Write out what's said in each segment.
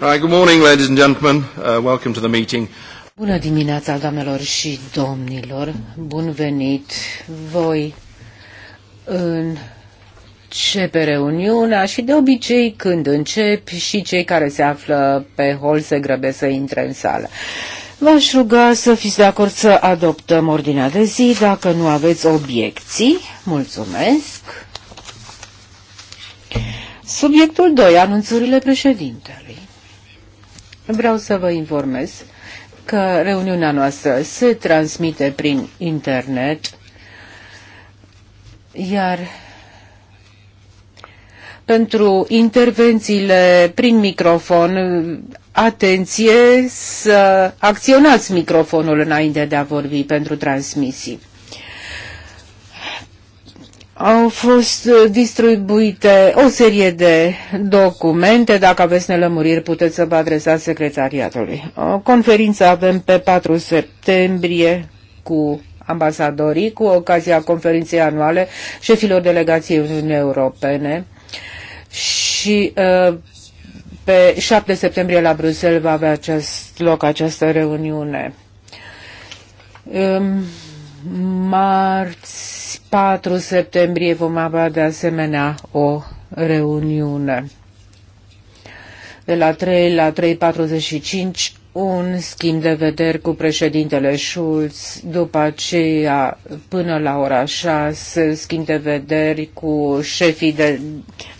Right, good morning, ladies and gentlemen. Uh, welcome to the meeting. Bună dimineața, doamnelor și domnilor. Bun venit. Voi în începe reuniunea și de obicei când încep și cei care se află pe hol se grăbesc să intre în sală. V-aș ruga să fiți de acord să adoptăm ordinea de zi dacă nu aveți obiecții. Mulțumesc! Subiectul 2. Anunțurile președintelui. Vreau să vă informez că reuniunea noastră se transmite prin internet, iar pentru intervențiile prin microfon, atenție să acționați microfonul înainte de a vorbi pentru transmisii. Au fost uh, distribuite o serie de documente. Dacă aveți nelămuriri, puteți să vă adresați secretariatului. O conferință avem pe 4 septembrie cu ambasadorii, cu ocazia conferinței anuale șefilor delegației Uniunii Europene și uh, pe 7 septembrie la Bruxelles va avea acest loc această reuniune. Um, Marți, 4 septembrie, vom avea de asemenea o reuniune. De la 3 la 3.45, un schimb de vederi cu președintele Schulz, după aceea până la ora 6, schimb de vederi cu șefii de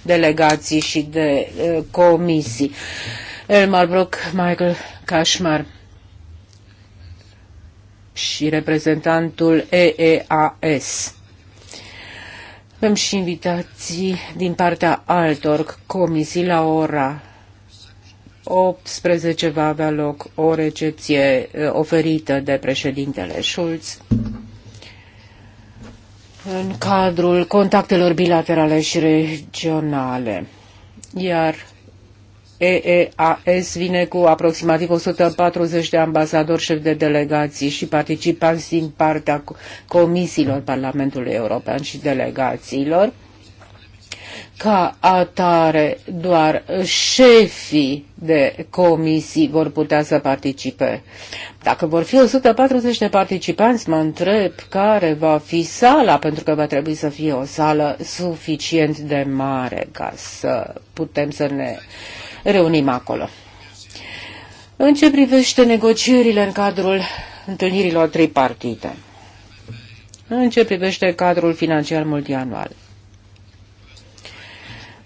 delegații și de uh, comisii. Elmar Brock, Michael Cashmar și reprezentantul EEAS. Avem și invitații din partea altor comisii la ora 18 va avea loc o recepție eh, oferită de președintele Schulz în cadrul contactelor bilaterale și regionale. Iar EEAS vine cu aproximativ 140 de ambasadori, șefi de delegații și participanți din partea comisiilor Parlamentului European și delegațiilor. Ca atare, doar șefii de comisii vor putea să participe. Dacă vor fi 140 de participanți, mă întreb care va fi sala, pentru că va trebui să fie o sală suficient de mare ca să putem să ne uh, reunim acolo. În ce privește negocierile în cadrul întâlnirilor tripartite? În ce privește cadrul financiar multianual?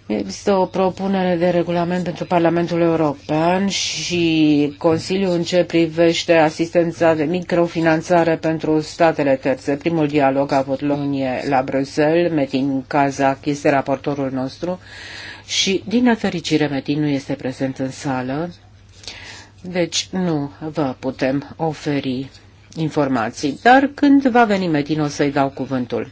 Există o propunere de regulament pentru Parlamentul European și Consiliul în ce privește asistența de microfinanțare pentru statele terțe. Primul dialog a avut luni la Bruxelles. Metin Kazak este raportorul nostru și, din nefericire, Metin nu este prezent în sală, deci nu vă putem oferi informații, dar când va veni Metin o să-i dau cuvântul.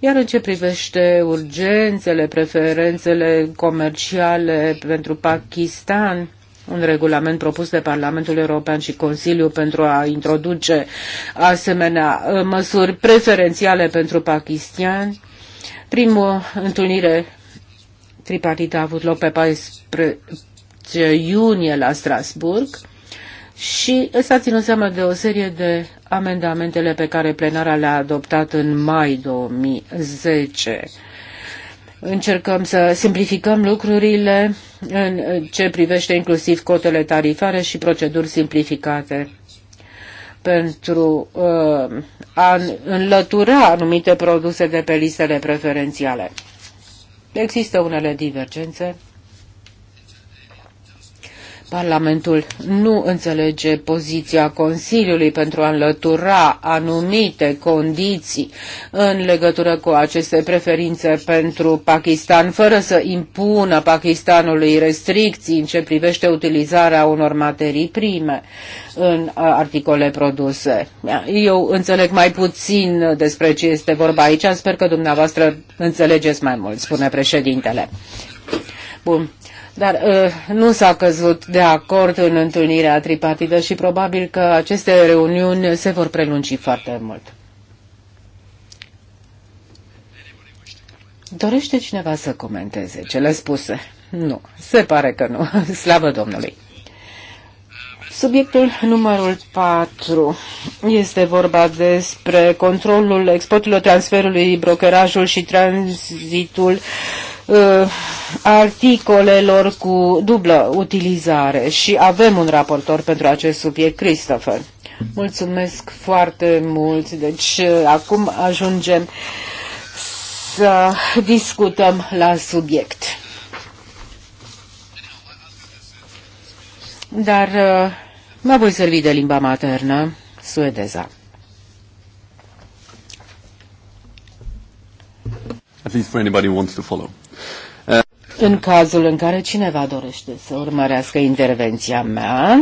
Iar în ce privește urgențele, preferențele comerciale pentru Pakistan, un regulament propus de Parlamentul European și Consiliu pentru a introduce asemenea uh, măsuri preferențiale pentru Pakistan. Primul întâlnire tripartită a avut loc pe 14 iunie la Strasburg și s-a ținut seama de o serie de amendamentele pe care plenara le-a adoptat în mai 2010. Încercăm să simplificăm lucrurile în ce privește inclusiv cotele tarifare și proceduri simplificate pentru uh, a înlătura anumite produse de pe listele preferențiale. Există unele divergențe Parlamentul nu înțelege poziția Consiliului pentru a înlătura anumite condiții în legătură cu aceste preferințe pentru Pakistan, fără să impună Pakistanului restricții în ce privește utilizarea unor materii prime în articole produse. Eu înțeleg mai puțin despre ce este vorba aici, sper că dumneavoastră înțelegeți mai mult, spune președintele. Bun. Dar uh, nu s-a căzut de acord în întâlnirea tripartită și probabil că aceste reuniuni se vor prelungi foarte mult. Dorește cineva să comenteze cele spuse? Nu, se pare că nu. Slavă Domnului! Subiectul numărul 4 este vorba despre controlul exporturilor, transferului, brokerajul și tranzitul Uh, articolelor cu dublă utilizare și avem un raportor pentru acest subiect, Christopher. Mulțumesc foarte mult. Deci uh, acum ajungem să discutăm la subiect. Dar uh, mă voi servi de limba maternă, suedeza. At least for anybody who wants to follow. În cazul în care cineva dorește să urmărească intervenția mea,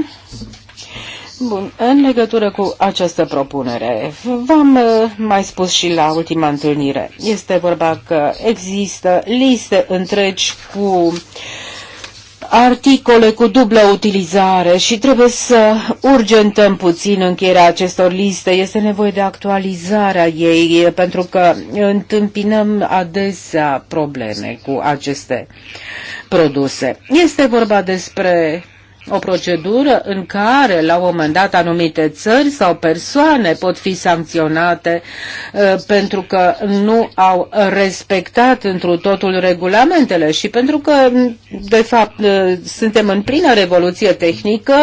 Bun, în legătură cu această propunere, v-am uh, mai spus și la ultima întâlnire. Este vorba că există liste întregi cu articole cu dublă utilizare și trebuie să urgentăm puțin încheierea acestor liste. Este nevoie de actualizarea ei pentru că întâmpinăm adesea probleme cu aceste produse. Este vorba despre o procedură în care la un moment dat anumite țări sau persoane pot fi sancționate uh, pentru că nu au respectat întru totul regulamentele și pentru că de fapt uh, suntem în plină revoluție tehnică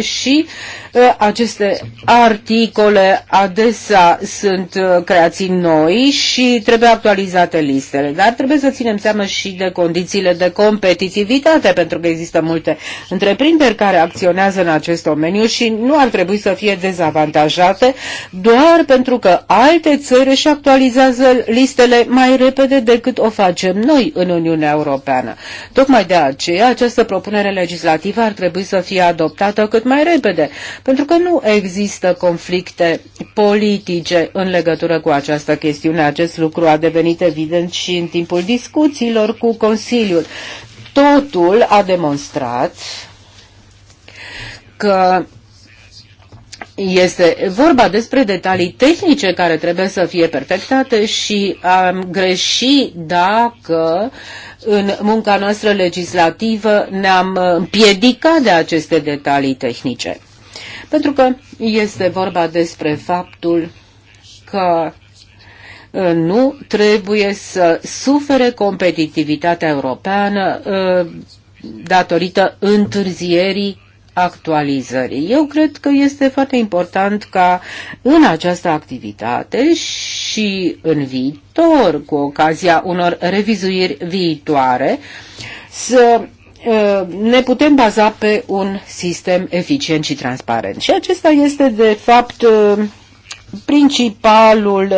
și uh, aceste articole adesea sunt creații noi și trebuie actualizate listele, dar trebuie să ținem seama și de condițiile de competitivitate pentru că există multe întreprinderi tineri care acționează în acest domeniu și nu ar trebui să fie dezavantajate doar pentru că alte țări își actualizează listele mai repede decât o facem noi în Uniunea Europeană. Tocmai de aceea această propunere legislativă ar trebui să fie adoptată cât mai repede, pentru că nu există conflicte politice în legătură cu această chestiune. Acest lucru a devenit evident și în timpul discuțiilor cu Consiliul. Totul a demonstrat că este vorba despre detalii tehnice care trebuie să fie perfectate și am greși dacă în munca noastră legislativă ne-am împiedicat de aceste detalii tehnice. Pentru că este vorba despre faptul că uh, nu trebuie să sufere competitivitatea europeană uh, datorită întârzierii actualizării. Eu cred că este foarte important ca în această activitate și în viitor, cu ocazia unor revizuiri viitoare, să ă, ne putem baza pe un sistem eficient și transparent. Și acesta este, de fapt, ă, principalul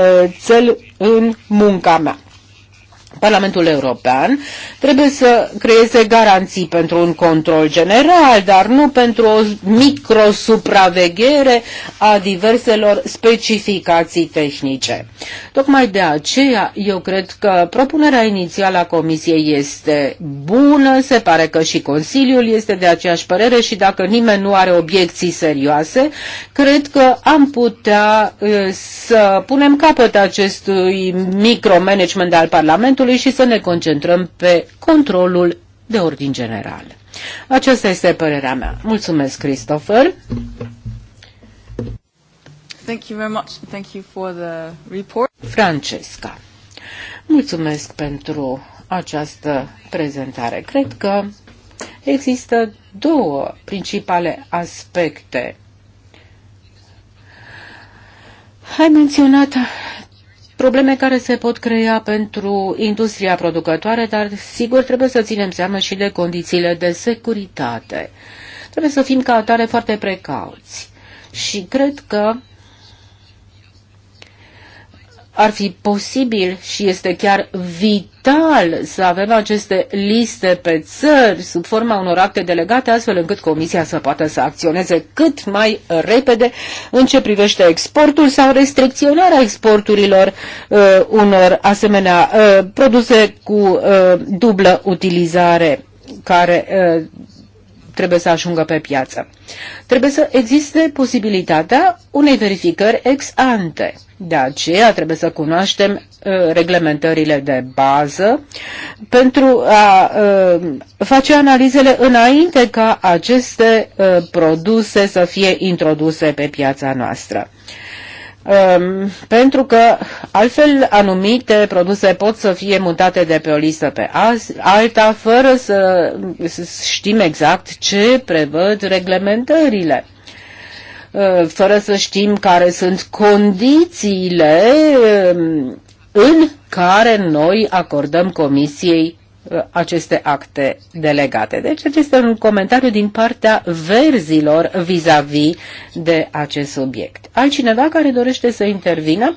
cel ă, în munca mea. Parlamentul European trebuie să creeze garanții pentru un control general, dar nu pentru o microsupraveghere a diverselor specificații tehnice. Tocmai de aceea, eu cred că propunerea inițială a Comisiei este bună, se pare că și Consiliul este de aceeași părere și dacă nimeni nu are obiecții serioase, cred că am putea eh, să punem capăt acestui micromanagement al Parlamentului bugetului și să ne concentrăm pe controlul de ordin general. Aceasta este părerea mea. Mulțumesc, Christopher. Thank you very much. Thank you for the report. Francesca. Mulțumesc pentru această prezentare. Cred că există două principale aspecte. Ai menționat probleme care se pot crea pentru industria producătoare, dar sigur trebuie să ținem seama și de condițiile de securitate. Trebuie să fim ca atare foarte precauți și cred că ar fi posibil și este chiar vital să avem aceste liste pe țări sub forma unor acte delegate, astfel încât Comisia să poată să acționeze cât mai repede în ce privește exportul sau restricționarea exporturilor uh, unor asemenea uh, produse cu uh, dublă utilizare care uh, trebuie să ajungă pe piață. Trebuie să existe posibilitatea unei verificări ex ante. De aceea trebuie să cunoaștem uh, reglementările de bază pentru a uh, face analizele înainte ca aceste uh, produse să fie introduse pe piața noastră. Ehm, pentru că altfel anumite produse pot să fie mutate de pe o listă pe alta fără să știm exact ce prevăd reglementările ehm, fără să știm care sunt condițiile ehm, în care noi acordăm comisiei aceste acte delegate. Deci acesta este un comentariu din partea verzilor vis-a-vis -vis de acest subiect. Altcineva care dorește să intervină?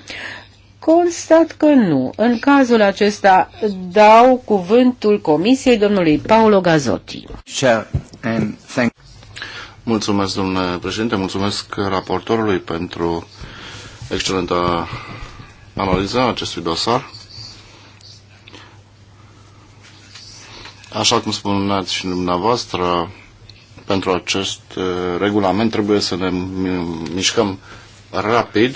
Constat că nu. În cazul acesta dau cuvântul Comisiei domnului Paolo Gazotti. Mulțumesc, domnule președinte, mulțumesc raportorului pentru excelenta analiza acestui dosar. Așa cum spuneați și dumneavoastră, pentru acest eh, regulament trebuie să ne mișcăm rapid.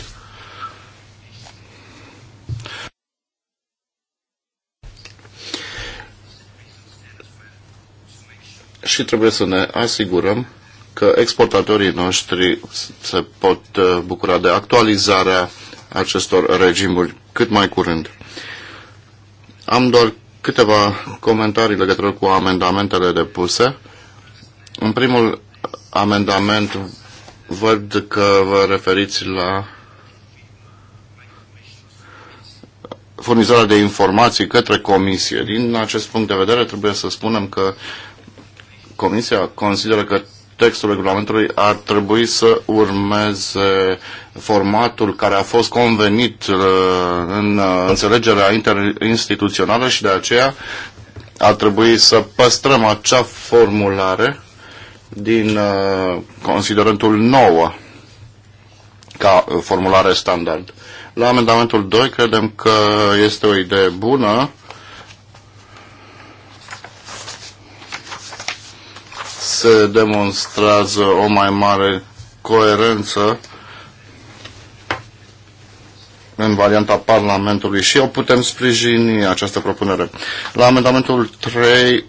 Și trebuie să ne asigurăm că exportatorii noștri se pot eh, bucura de actualizarea acestor regimuri cât mai curând. Am doar Câteva comentarii legătură cu amendamentele depuse. În primul amendament văd că vă referiți la furnizarea de informații către comisie. Din acest punct de vedere trebuie să spunem că comisia consideră că textul regulamentului ar trebui să urmeze formatul care a fost convenit uh, în uh, înțelegerea interinstituțională și de aceea ar trebui să păstrăm acea formulare din uh, considerentul 9 ca formulare standard. La amendamentul 2 credem că este o idee bună se demonstrează o mai mare coerență în varianta Parlamentului și o putem sprijini această propunere. La amendamentul 3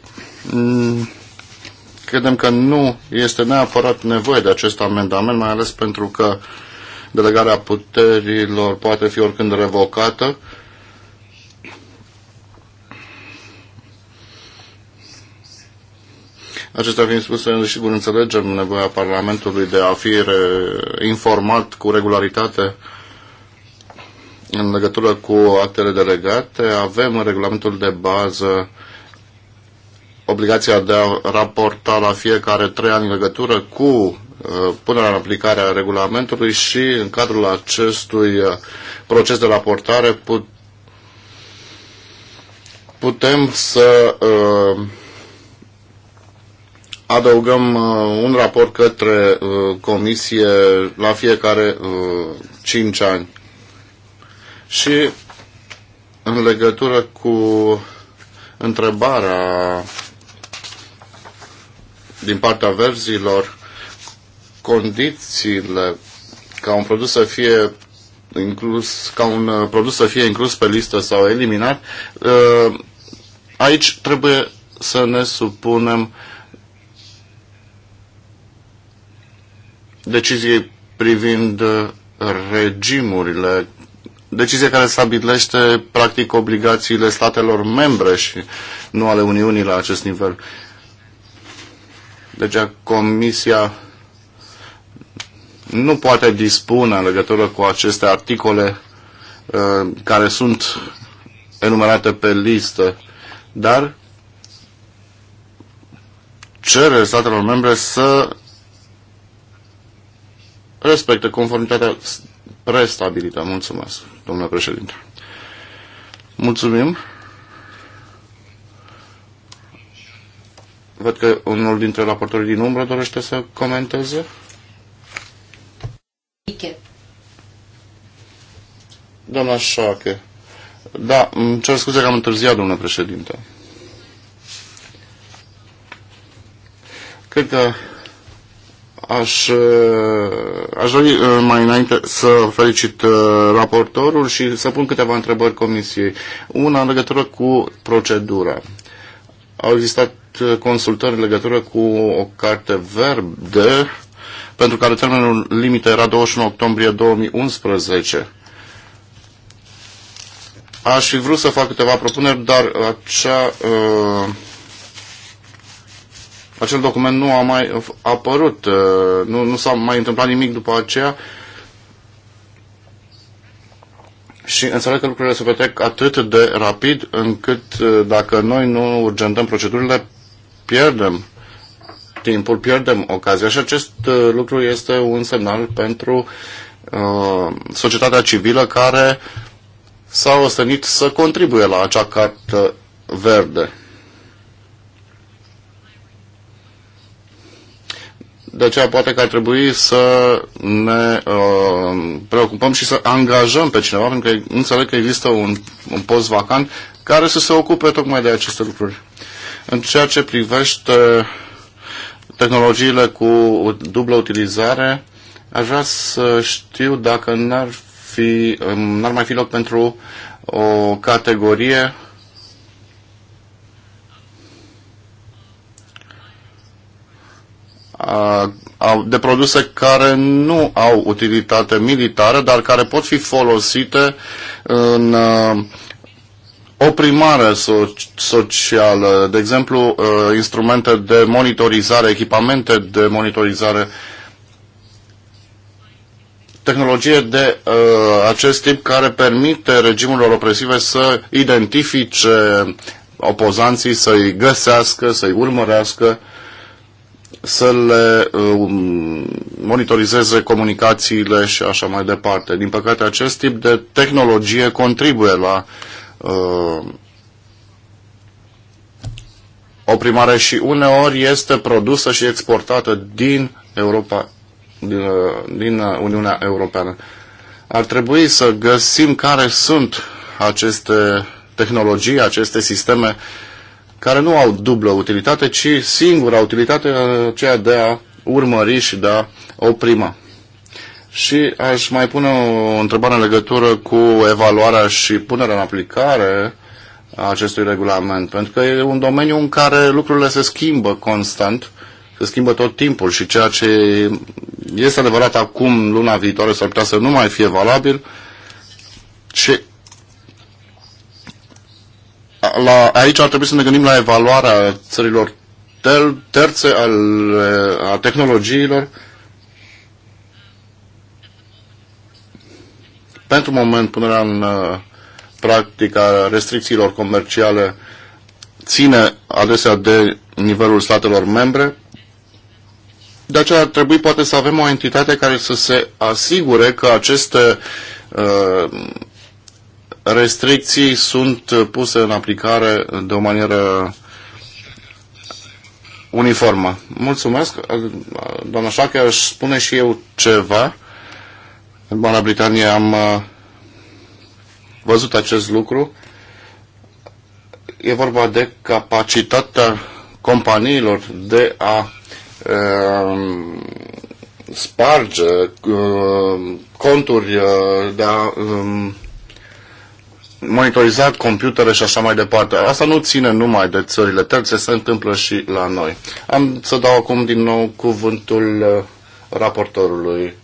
mm, credem că nu este neapărat nevoie de acest amendament, mai ales pentru că delegarea puterilor poate fi oricând revocată Acestea fiind spuse, sigur, înțelegem nevoia Parlamentului de a fi informat cu regularitate în legătură cu actele delegate. Avem în regulamentul de bază obligația de a raporta la fiecare trei ani în legătură cu uh, punerea în aplicare a regulamentului și în cadrul acestui uh, proces de raportare put, putem să uh, adăugăm uh, un raport către uh, comisie la fiecare 5 uh, ani. Și în legătură cu întrebarea din partea verzilor, condițiile ca un produs să fie inclus, ca un produs să fie inclus pe listă sau eliminat, aici trebuie să ne supunem uh, deciziei privind uh, regimurile, decizie care stabilește practic obligațiile statelor membre și nu ale Uniunii la acest nivel. Deci Comisia nu poate dispune în legătură cu aceste articole uh, care sunt enumerate pe listă, dar cere statelor membre să respectă conformitatea prestabilită. Mulțumesc, domnule președinte. Mulțumim. Văd că unul dintre raportorii din umbră dorește să comenteze. Doamna Șoache. Da, îmi cer scuze că am întârziat, domnule președinte. Cred că Aș, aș dori mai înainte să felicit raportorul și să pun câteva întrebări comisiei. Una în legătură cu procedura. Au existat consultări în legătură cu o carte verde pentru care termenul limită era 21 octombrie 2011. Aș fi vrut să fac câteva propuneri, dar acea uh, acel document nu a mai apărut, uh, nu, nu s-a mai întâmplat nimic după aceea. Și înțeleg că lucrurile se petrec atât de rapid încât uh, dacă noi nu urgentăm procedurile, pierdem timpul, pierdem ocazia și acest uh, lucru este un semnal pentru uh, societatea civilă care s-a ostenit să contribuie la acea cartă verde. de aceea poate că ar trebui să ne uh, preocupăm și să angajăm pe cineva, pentru că înțeleg că există un, un post vacant care să se ocupe tocmai de aceste lucruri. În ceea ce privește tehnologiile cu dublă utilizare, aș vrea să știu dacă n-ar, fi, n-ar mai fi loc pentru o categorie de produse care nu au utilitate militară, dar care pot fi folosite în oprimare socială, de exemplu instrumente de monitorizare, echipamente de monitorizare, tehnologie de uh, acest tip care permite regimurilor opresive să identifice opozanții, să-i găsească, să-i urmărească să le uh, um, monitorizeze comunicațiile și așa mai departe. Din păcate, acest tip de tehnologie contribuie la uh, oprimare și uneori este produsă și exportată din Europa, din, uh, din uh, Uniunea Europeană. Ar trebui să găsim care sunt aceste tehnologii, aceste sisteme uh, care nu au dublă utilitate, ci singura utilitate, uh, aceea de a urmări și de a oprima. Și aș mai pune o întrebare în legătură cu evaluarea și punerea în aplicare a acestui regulament, pentru că e un domeniu în care lucrurile se schimbă constant, se schimbă tot timpul și ceea ce este adevărat acum, luna viitoare, s-ar putea să nu mai fie valabil și la, aici ar trebui să ne gândim la evaluarea țărilor ter, terțe al, a tehnologiilor. Pentru moment, punerea în uh, practica restricțiilor comerciale ține adesea de nivelul statelor membre. De aceea ar trebui poate să avem o entitate care să se asigure că aceste uh, restricții sunt puse în aplicare de o manieră uniformă. Mulțumesc. Doamna Șache, aș spune și eu ceva. În Marea Britanie am uh, văzut acest lucru. E vorba de capacitatea companiilor de a uh, sparge uh, conturi, uh, de a uh, monitorizat computere și așa mai departe. Asta nu ține numai de țările terțe, se întâmplă și la noi. Am să dau acum din nou cuvântul uh, raportorului,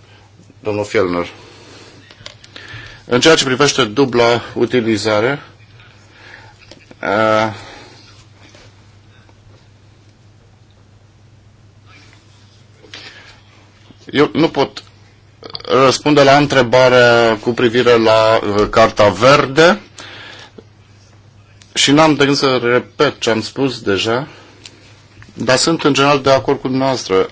domnul Fielner. În ceea ce privește dubla utilizare, a... Uh, eu nu pot răspunde la întrebarea cu privire la uh, Carta Verde. Și n-am de gând să repet ce am spus deja, dar sunt în general de acord cu dumneavoastră.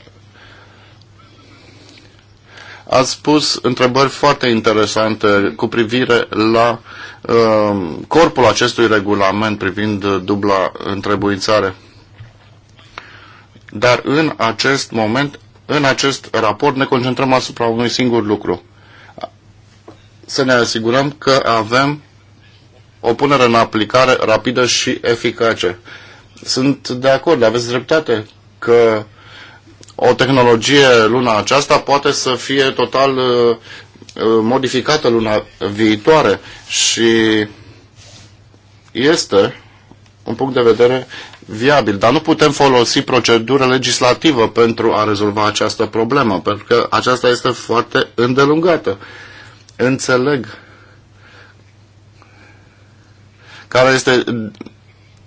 Ați spus întrebări foarte interesante cu privire la uh, corpul acestui regulament privind dubla întrebuințare. Dar în acest moment, în acest raport, ne concentrăm asupra unui singur lucru. Să ne asigurăm că avem o punere în aplicare rapidă și eficace. Sunt de acord, aveți dreptate că o tehnologie luna aceasta poate să fie total uh, uh, modificată luna viitoare și este un punct de vedere viabil, dar nu putem folosi procedură legislativă pentru a rezolva această problemă, pentru că aceasta este foarte îndelungată. Înțeleg care este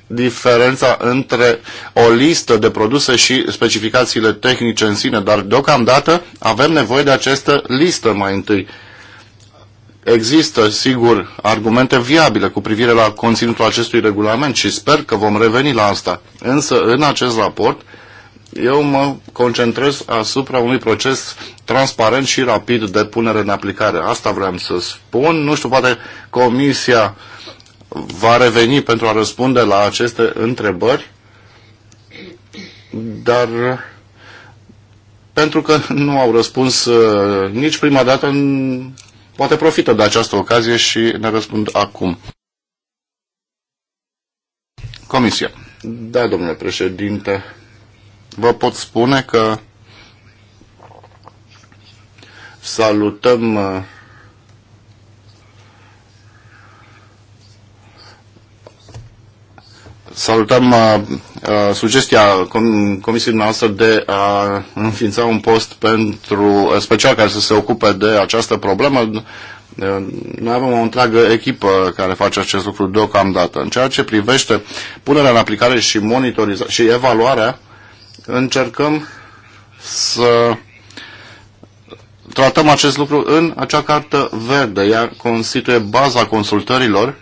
diferența între o listă de produse și specificațiile tehnice în sine, dar deocamdată avem nevoie de această listă mai întâi. Există, sigur, argumente viabile cu privire la conținutul acestui regulament și sper că vom reveni la asta. Însă, în acest raport, eu mă concentrez asupra unui proces transparent și rapid de punere în aplicare. Asta vreau să spun. Nu știu, poate Comisia uh, va reveni pentru a răspunde la aceste întrebări, dar pentru că nu au răspuns uh, nici prima dată, poate profită de această ocazie și ne răspund acum. Comisia. Da, domnule președinte, vă pot spune că salutăm uh, Salutăm uh, uh, sugestia com comisiei noastre de a înființa un post pentru uh, special care să se ocupe de această problemă. Uh, noi avem o întreagă echipă care face acest lucru deocamdată. În ceea ce privește punerea în aplicare și monitorizarea și evaluarea, încercăm să tratăm acest lucru în acea carte verde. Ea constituie baza consultărilor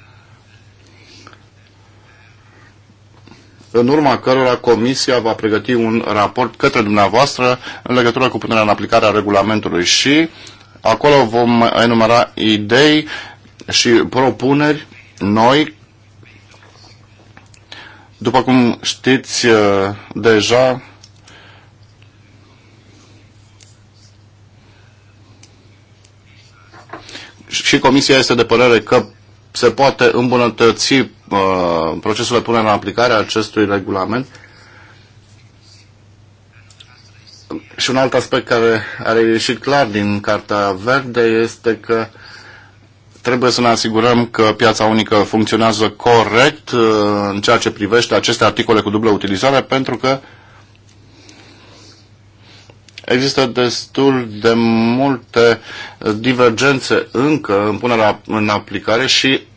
în urma cărora Comisia va pregăti un raport către dumneavoastră în legătură cu punerea în aplicare a regulamentului și acolo vom enumera idei și propuneri noi. După cum știți uh, deja, și Comisia este de părere că se poate îmbunătăți uh, procesul de punere în aplicare a acestui regulament. Și un alt aspect care are ieșit clar din Cartea Verde este că trebuie să ne asigurăm că piața unică funcționează corect uh, în ceea ce privește aceste articole cu dublă utilizare, pentru că există destul de multe divergențe încă în punerea în aplicare și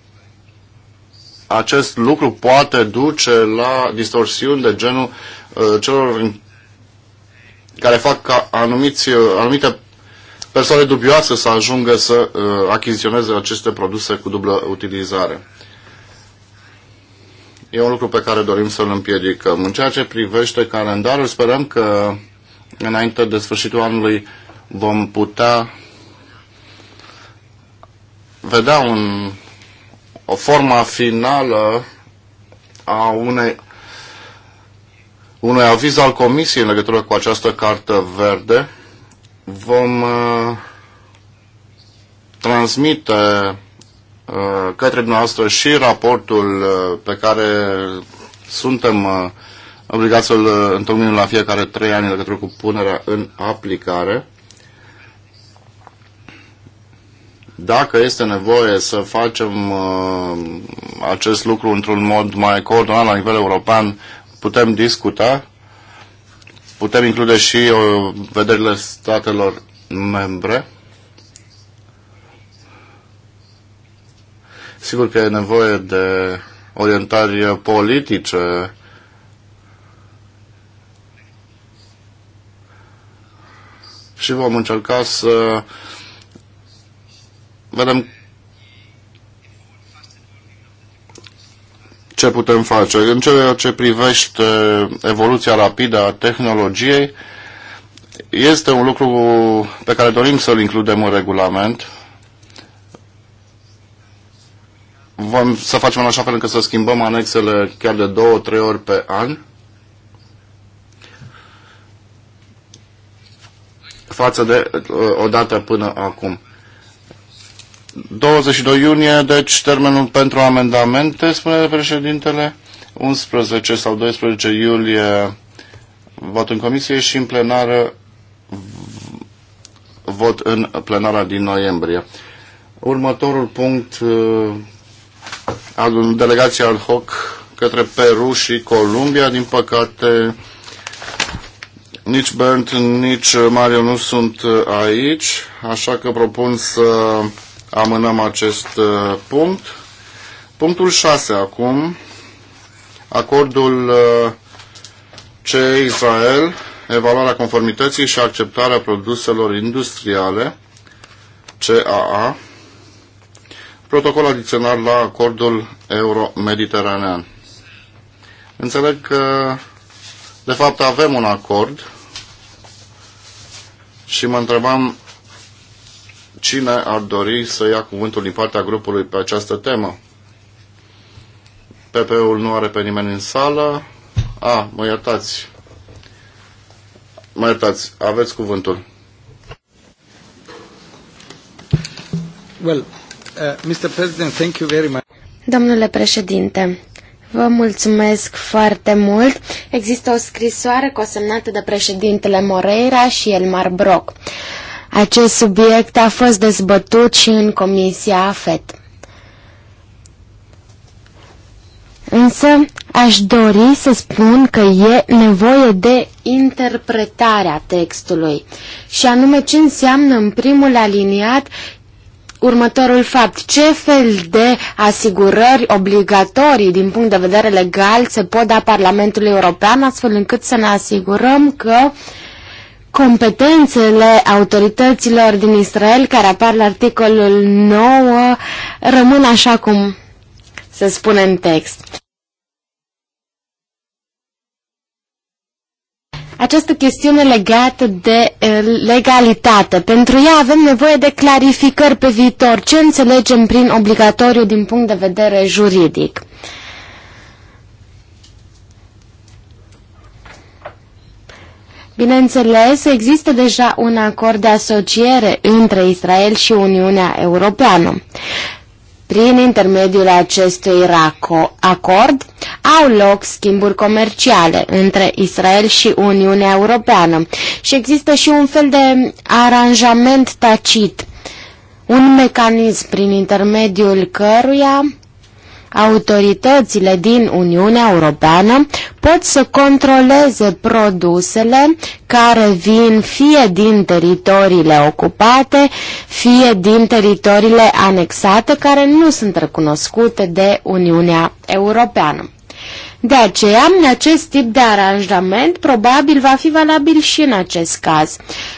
acest lucru poate duce la distorsiuni de genul uh, celor care fac ca anumiți, uh, anumite persoane dubioase să ajungă să uh, achiziționeze aceste produse cu dublă utilizare. E un lucru pe care dorim să-l împiedicăm. În ceea ce privește calendarul, sperăm că înainte de sfârșitul anului vom putea vedea un o formă finală a unei unui aviz al Comisiei în legătură cu această cartă verde. Vom uh, transmite uh, către dumneavoastră și raportul uh, pe care suntem obligați să-l întocmim la fiecare trei ani în legătură cu punerea în aplicare. dacă este nevoie să facem uh, acest lucru într-un mod mai coordonat la nivel european, putem discuta, putem include și uh, vederile statelor membre. Sigur că e nevoie de orientări politice și vom încerca să vedem ce putem face. În ceea ce privește evoluția rapidă a tehnologiei, este un lucru pe care dorim să-l includem în regulament. Vom să facem în așa fel încât să schimbăm anexele chiar de două, trei ori pe an. față de o dată până acum. 22 iunie, deci termenul pentru amendamente, spune președintele, 11 sau 12 iulie vot în comisie și în plenară vot în plenara din noiembrie. Următorul punct uh, al delegației ad hoc către Peru și Columbia, din păcate nici Bernd, nici Mario nu sunt uh, aici, așa că propun să amânăm acest uh, punct. Punctul 6 acum, acordul uh, CE-Israel, evaluarea conformității și acceptarea produselor industriale, CAA, protocol adițional la acordul euro-mediteranean. Înțeleg că, de fapt, avem un acord și mă întrebam Cine ar dori să ia cuvântul din partea grupului pe această temă? PP-ul nu are pe nimeni în sală. A, mă iertați. Mă iertați, aveți cuvântul. Well, uh, Mr. President, thank you very much. Domnule președinte, Vă mulțumesc foarte mult. Există o scrisoare consemnată de președintele Moreira și Elmar Brock. Acest subiect a fost dezbătut și în Comisia AFET. Însă aș dori să spun că e nevoie de interpretarea textului și anume ce înseamnă în primul aliniat următorul fapt. Ce fel de asigurări obligatorii din punct de vedere legal se pot da Parlamentului European astfel încât să ne asigurăm că uh, competențele autorităților din Israel, care apar la articolul 9, rămân așa cum se spune în text. Această chestiune legată de legalitate. Pentru ea avem nevoie de clarificări pe viitor. Ce înțelegem prin obligatoriu din punct de vedere juridic? Bineînțeles, există deja un acord de asociere între Israel și Uniunea Europeană. Prin intermediul acestui acord au loc schimburi comerciale între Israel și Uniunea Europeană și există și un fel de aranjament tacit, un mecanism prin intermediul căruia autoritățile din Uniunea Europeană pot să controleze produsele care vin fie din teritoriile ocupate, fie din teritoriile anexate, care nu sunt recunoscute de Uniunea Europeană. De aceea, acest tip de aranjament probabil va fi valabil și în acest caz.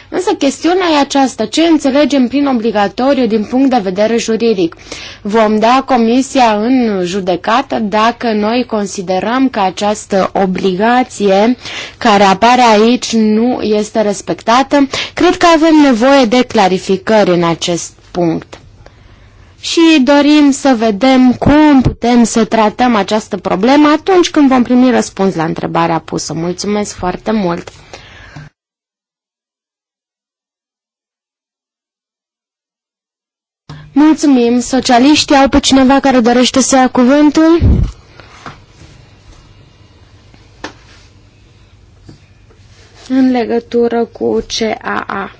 Însă chestiunea e aceasta, ce înțelegem prin obligatoriu din punct de vedere juridic? Vom da comisia în judecată dacă noi considerăm că această obligație care apare aici nu este respectată? Cred că avem nevoie de clarificări în acest punct și dorim să vedem cum putem să tratăm această problemă atunci când vom primi răspuns la întrebarea pusă. Mulțumesc foarte mult! Mulțumim. Socialiștii au pe cineva care dorește să ia cuvântul? În legătură cu CAA.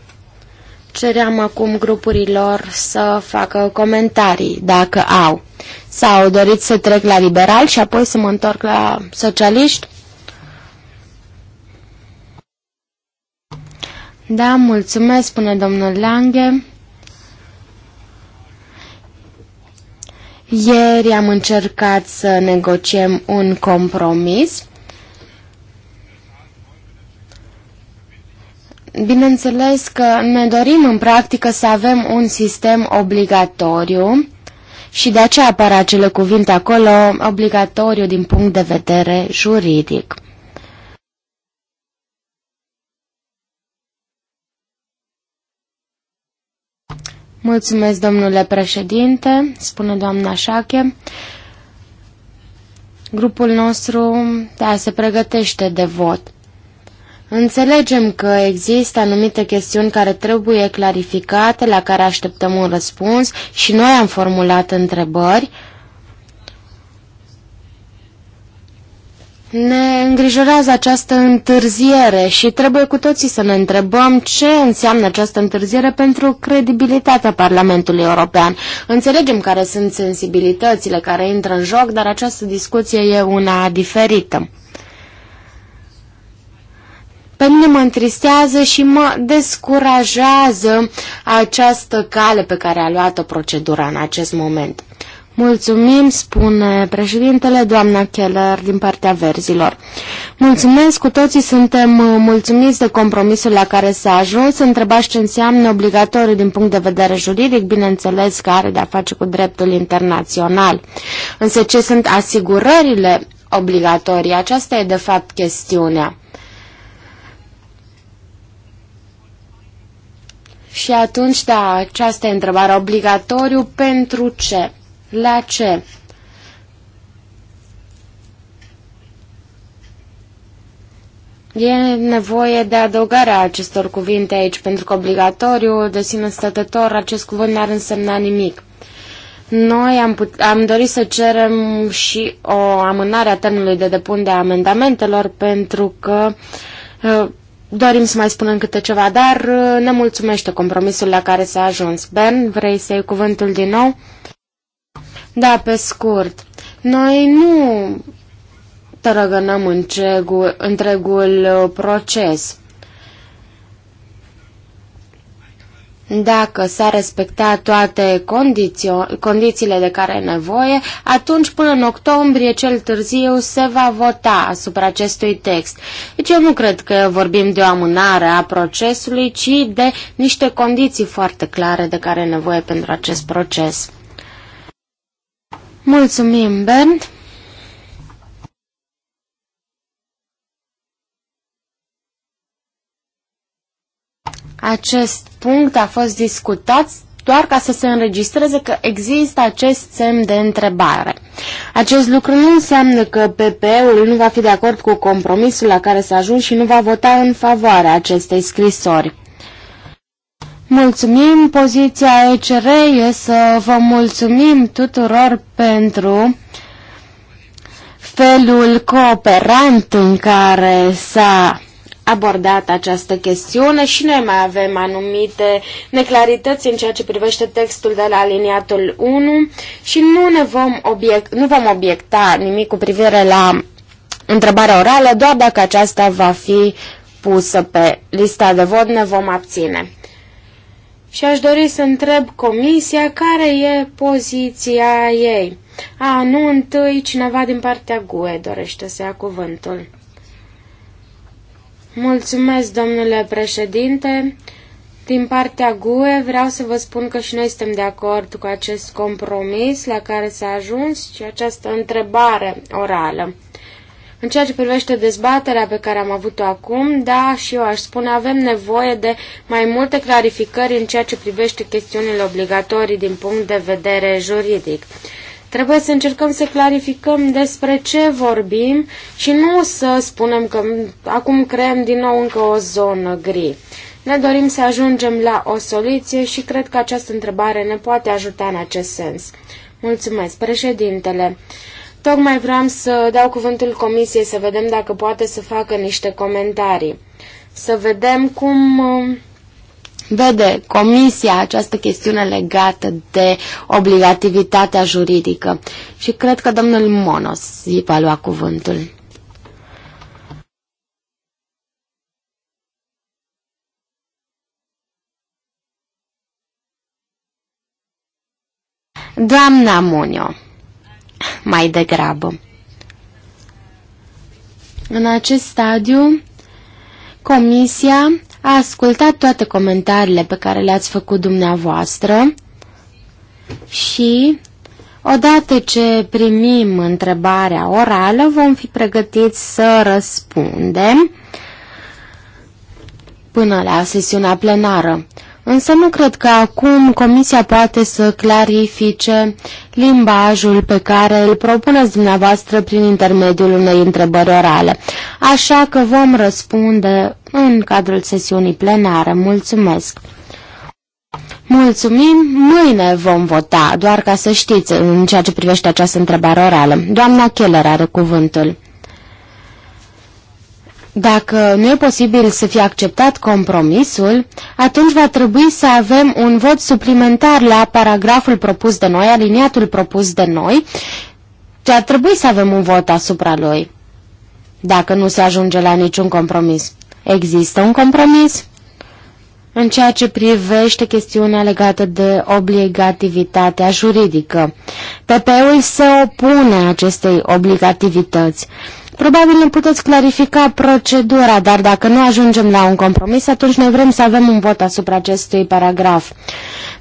Ceream acum grupurilor să facă comentarii, dacă au. Sau doriți să trec la liberal și apoi să mă întorc la socialiști? Da, mulțumesc, spune domnul Lange. Ieri am încercat să negociem un compromis Bineînțeles că ne dorim în practică să avem un sistem obligatoriu și de aceea apar acele cuvinte acolo, obligatoriu din punct de vedere juridic. Mulțumesc, domnule președinte, spune doamna Șache. Grupul nostru da, se pregătește de vot. Înțelegem că există anumite chestiuni care trebuie clarificate, la care așteptăm un răspuns și noi am formulat întrebări. Ne îngrijorează această întârziere și trebuie cu toții să ne întrebăm ce înseamnă această întârziere pentru credibilitatea Parlamentului European. Înțelegem care sunt sensibilitățile care intră în joc, dar această discuție e una diferită. Pe mine mă întristează și mă descurajează această cale pe care a luat-o procedura în acest moment. Mulțumim, spune președintele, doamna Keller, din partea verzilor. Mulțumesc, cu toții suntem mulțumiți de compromisul la care s-a ajuns. Întrebați ce înseamnă obligatoriu din punct de vedere juridic, bineînțeles că are de-a face cu dreptul internațional. Însă ce sunt asigurările obligatorii? Aceasta e de fapt chestiunea. Și atunci, da, această întrebare obligatoriu pentru ce? La ce? E nevoie de adăugarea acestor cuvinte aici, pentru că obligatoriu, de sine stătător, acest cuvânt n-ar însemna nimic. Noi am, put- am dorit să cerem și o amânare a termenului de depunere a amendamentelor, pentru că uh, dorim să mai spunem câte ceva, dar uh, ne mulțumește compromisul la care s-a ajuns. Ben, vrei să iei cuvântul din nou? Da, pe scurt. Noi nu tărăgănăm întregul, întregul uh, proces. Dacă s-a respectat toate condițiile de care e nevoie, atunci până în octombrie cel târziu se va vota asupra acestui text. Deci eu nu cred că vorbim de o amânare a procesului, ci de niște condiții foarte clare de care e nevoie pentru acest proces. Mulțumim, Bernd! Acest punct a fost discutat doar ca să se înregistreze că există acest semn de întrebare. Acest lucru nu înseamnă că PP-ul nu va fi de acord cu compromisul la care s-a ajuns și nu va vota în favoarea acestei scrisori. Mulțumim, poziția ECR e să vă mulțumim tuturor pentru felul cooperant în care s-a abordat această chestiune și noi mai avem anumite neclarități în ceea ce privește textul de la aliniatul 1 și nu ne vom, obiect, nu vom obiecta nimic cu privire la întrebarea orală, doar dacă aceasta va fi pusă pe lista de vot ne vom abține. Și aș dori să întreb comisia care e poziția ei. A, nu întâi cineva din partea GUE dorește să ia cuvântul. Mulțumesc, domnule președinte. Din partea GUE vreau să vă spun că și noi suntem de acord cu acest compromis la care s-a ajuns și această întrebare orală. În ceea ce privește dezbaterea pe care am avut-o acum, da, și eu aș spune, avem nevoie de mai multe clarificări în ceea ce privește chestiunile obligatorii din punct de vedere juridic. Trebuie să încercăm să clarificăm despre ce vorbim și nu să spunem că acum creăm din nou încă o zonă gri. Ne dorim să ajungem la o soluție și cred că această întrebare ne poate ajuta în acest sens. Mulțumesc, președintele. Tocmai vreau să dau cuvântul comisiei să vedem dacă poate să facă niște comentarii. Să vedem cum vede Comisia această chestiune legată de obligativitatea juridică? Și cred că domnul Monos îi va lua cuvântul. Doamna Munio, mai degrabă. În acest stadiu, Comisia a ascultat toate comentariile pe care le-ați făcut dumneavoastră și Odată ce primim întrebarea orală, vom fi pregătiți să răspundem până la sesiunea plenară. Însă nu cred că acum Comisia poate să clarifice limbajul pe care îl propuneți dumneavoastră prin intermediul unei întrebări orale. Așa că vom răspunde în cadrul sesiunii plenare. Mulțumesc! Mulțumim, mâine vom vota, doar ca să știți în ceea ce privește această întrebare orală. Doamna Keller are cuvântul. Dacă nu e posibil să fie acceptat compromisul, atunci va trebui să avem un vot suplimentar la paragraful propus de noi, aliniatul propus de noi, ce ar trebui să avem un vot asupra lui, dacă nu se ajunge la niciun compromis. Există un compromis? În ceea ce privește chestiunea legată de obligativitatea juridică, PP-ul se opune acestei obligativități. Probabil ne puteți clarifica procedura, dar dacă nu ajungem la un compromis, atunci noi vrem să avem un vot asupra acestui paragraf.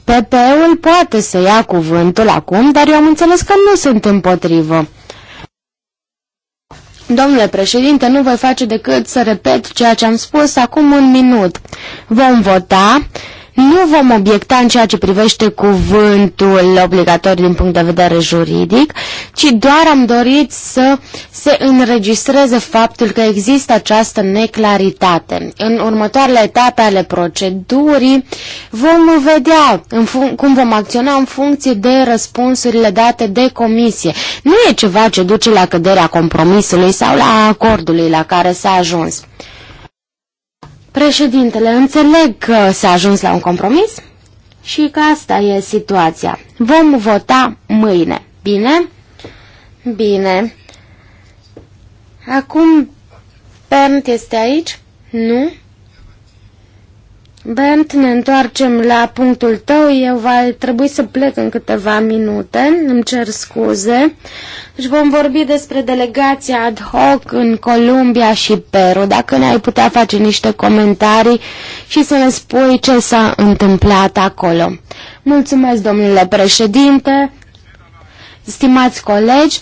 PP-ul poate să ia cuvântul acum, dar eu am înțeles că nu sunt împotrivă. Domnule președinte, nu voi face decât să repet ceea ce am spus acum un minut. Vom vota nu vom obiecta în ceea ce privește cuvântul obligatoriu din punct de vedere juridic, ci doar am dorit să se înregistreze faptul că există această neclaritate. În următoarele etape ale procedurii vom vedea în cum vom acționa în funcție de răspunsurile date de comisie. Nu e ceva ce duce la căderea compromisului sau la acordului la care s-a ajuns. Președintele, înțeleg că s-a ajuns la un compromis și că asta e situația. Vom vota mâine. Bine? Bine. Acum Pernt este aici? Nu? Bent, ne întoarcem la punctul tău. Eu va trebui să plec în câteva minute. Îmi cer scuze. Deci vom vorbi despre delegația ad hoc în Columbia și Peru. Dacă ne-ai putea face niște comentarii și să ne spui ce s-a întâmplat acolo. Mulțumesc, domnule președinte, stimați colegi.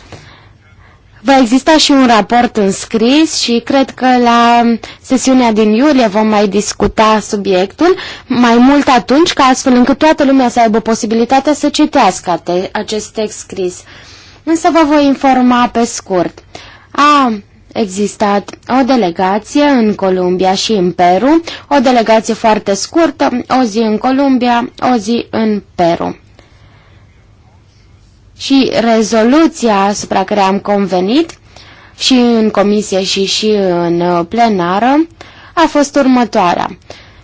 Va exista și un raport înscris și cred că la sesiunea din iulie vom mai discuta subiectul, mai mult atunci, ca astfel încât toată lumea să aibă posibilitatea să citească acest text scris. Însă vă voi informa pe scurt. A existat o delegație în Columbia și în Peru, o delegație foarte scurtă, o zi în Columbia, o zi în Peru și rezoluția asupra care am convenit și în comisie și și în uh, plenară a fost următoarea.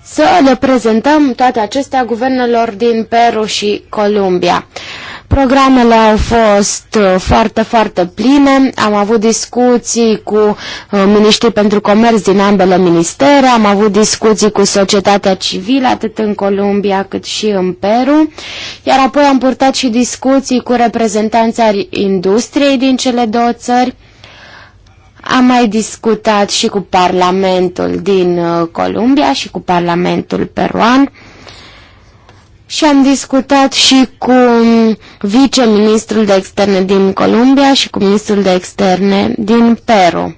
Să le prezentăm toate acestea guvernelor din Peru și Columbia. Programele au fost uh, foarte, foarte pline. Am avut discuții cu uh, miniștrii pentru comerț din ambele ministere, am avut discuții cu societatea civilă, atât în Columbia cât și în Peru, iar apoi am purtat și discuții cu reprezentanții industriei din cele două țări. Am mai discutat și cu Parlamentul din uh, Columbia și cu Parlamentul peruan și am discutat și cu viceministrul de externe din Columbia și cu ministrul de externe din Peru.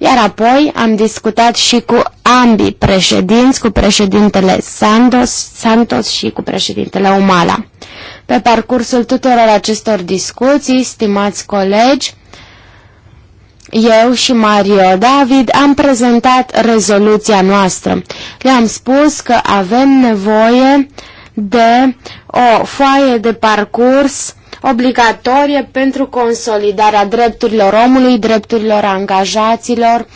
Iar apoi am discutat și cu ambii președinți, cu președintele Santos, Santos și cu președintele Umala. Pe parcursul tuturor acestor discuții, stimați colegi, eu și Mario David am prezentat rezoluția noastră. Le-am spus că avem nevoie de o foaie de parcurs obligatorie pentru consolidarea drepturilor omului, drepturilor angajaților,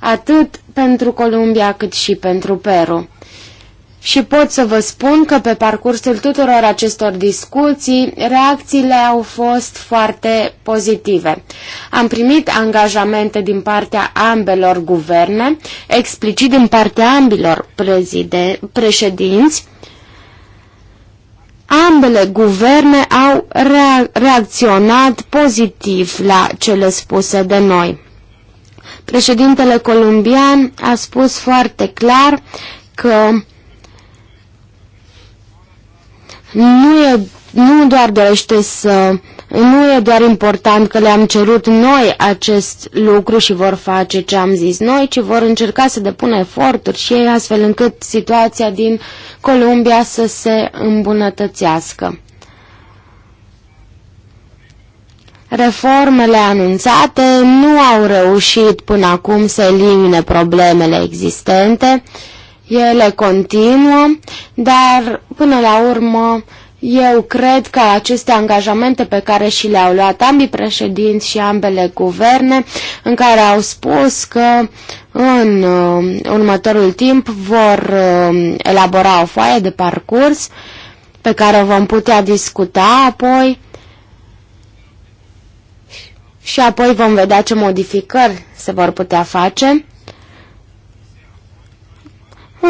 atât pentru Columbia cât și pentru Peru. Și pot să vă spun că pe parcursul tuturor acestor discuții, reacțiile au fost foarte pozitive. Am primit angajamente din partea ambelor guverne, explicit din partea ambilor președinți. Ambele guverne au rea reacționat pozitiv la cele spuse de noi. Președintele colombian a spus foarte clar că nu e nu doar dorește să... Nu e doar important că le-am cerut noi acest lucru și vor face ce am zis noi, ci vor încerca să depună eforturi și ei astfel încât situația din Columbia să se îmbunătățească. Reformele anunțate nu au reușit până acum să elimine problemele existente, uh, ele continuă, dar până la urmă eu cred că aceste angajamente pe care și le-au luat ambii președinți și ambele guverne, în care au spus că în uh, următorul timp vor uh, elabora o foaie de parcurs pe care o vom putea discuta apoi și apoi vom vedea ce modificări se vor putea face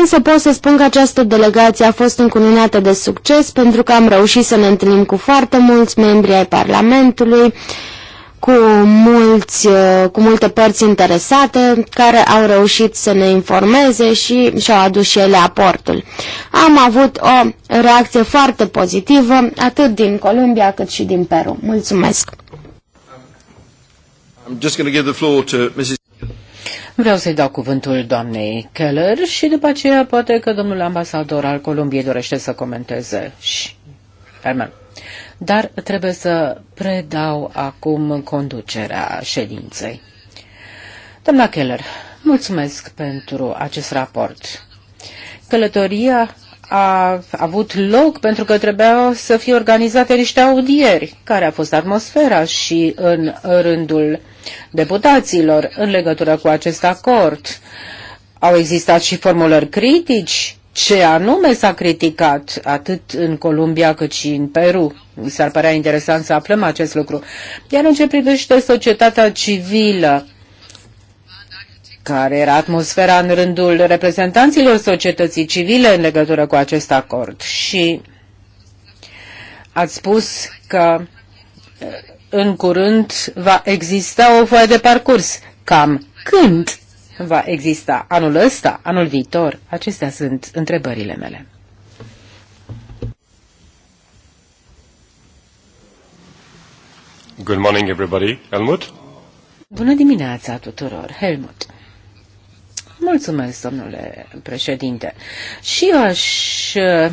însă pot să spun că această delegație a fost încununată de succes pentru că am reușit să ne întâlnim cu foarte mulți membri ai Parlamentului, cu, mulți, uh, cu multe părți interesate care au reușit să ne informeze și și-au adus și ele aportul. Am avut o reacție foarte pozitivă atât din Columbia cât și din Peru. Mulțumesc! I'm just going to give the floor to Mrs. Vreau să-i dau cuvântul doamnei Keller și după aceea poate că domnul ambasador al Columbiei dorește să comenteze și Herman. Dar trebuie să predau acum conducerea ședinței. Doamna Keller, mulțumesc pentru acest raport. Călătoria a avut loc pentru că trebuiau să fie organizate niște audieri, care a fost atmosfera și în rândul deputaților în legătură cu acest acord. Au existat și formulări critici, ce anume s-a criticat atât în Columbia cât și în Peru. Mi s-ar părea interesant să aflăm acest lucru. Iar în ce privește societatea civilă, care era atmosfera în rândul reprezentanților societății civile în legătură cu acest acord. Și ați spus că uh, în curând va exista o foaie de parcurs. Cam când va exista? Anul ăsta? Anul viitor? Acestea sunt întrebările mele. Good morning, everybody. Helmut? Bună dimineața tuturor. Helmut. Mulțumesc, domnule președinte. Și eu aș eh,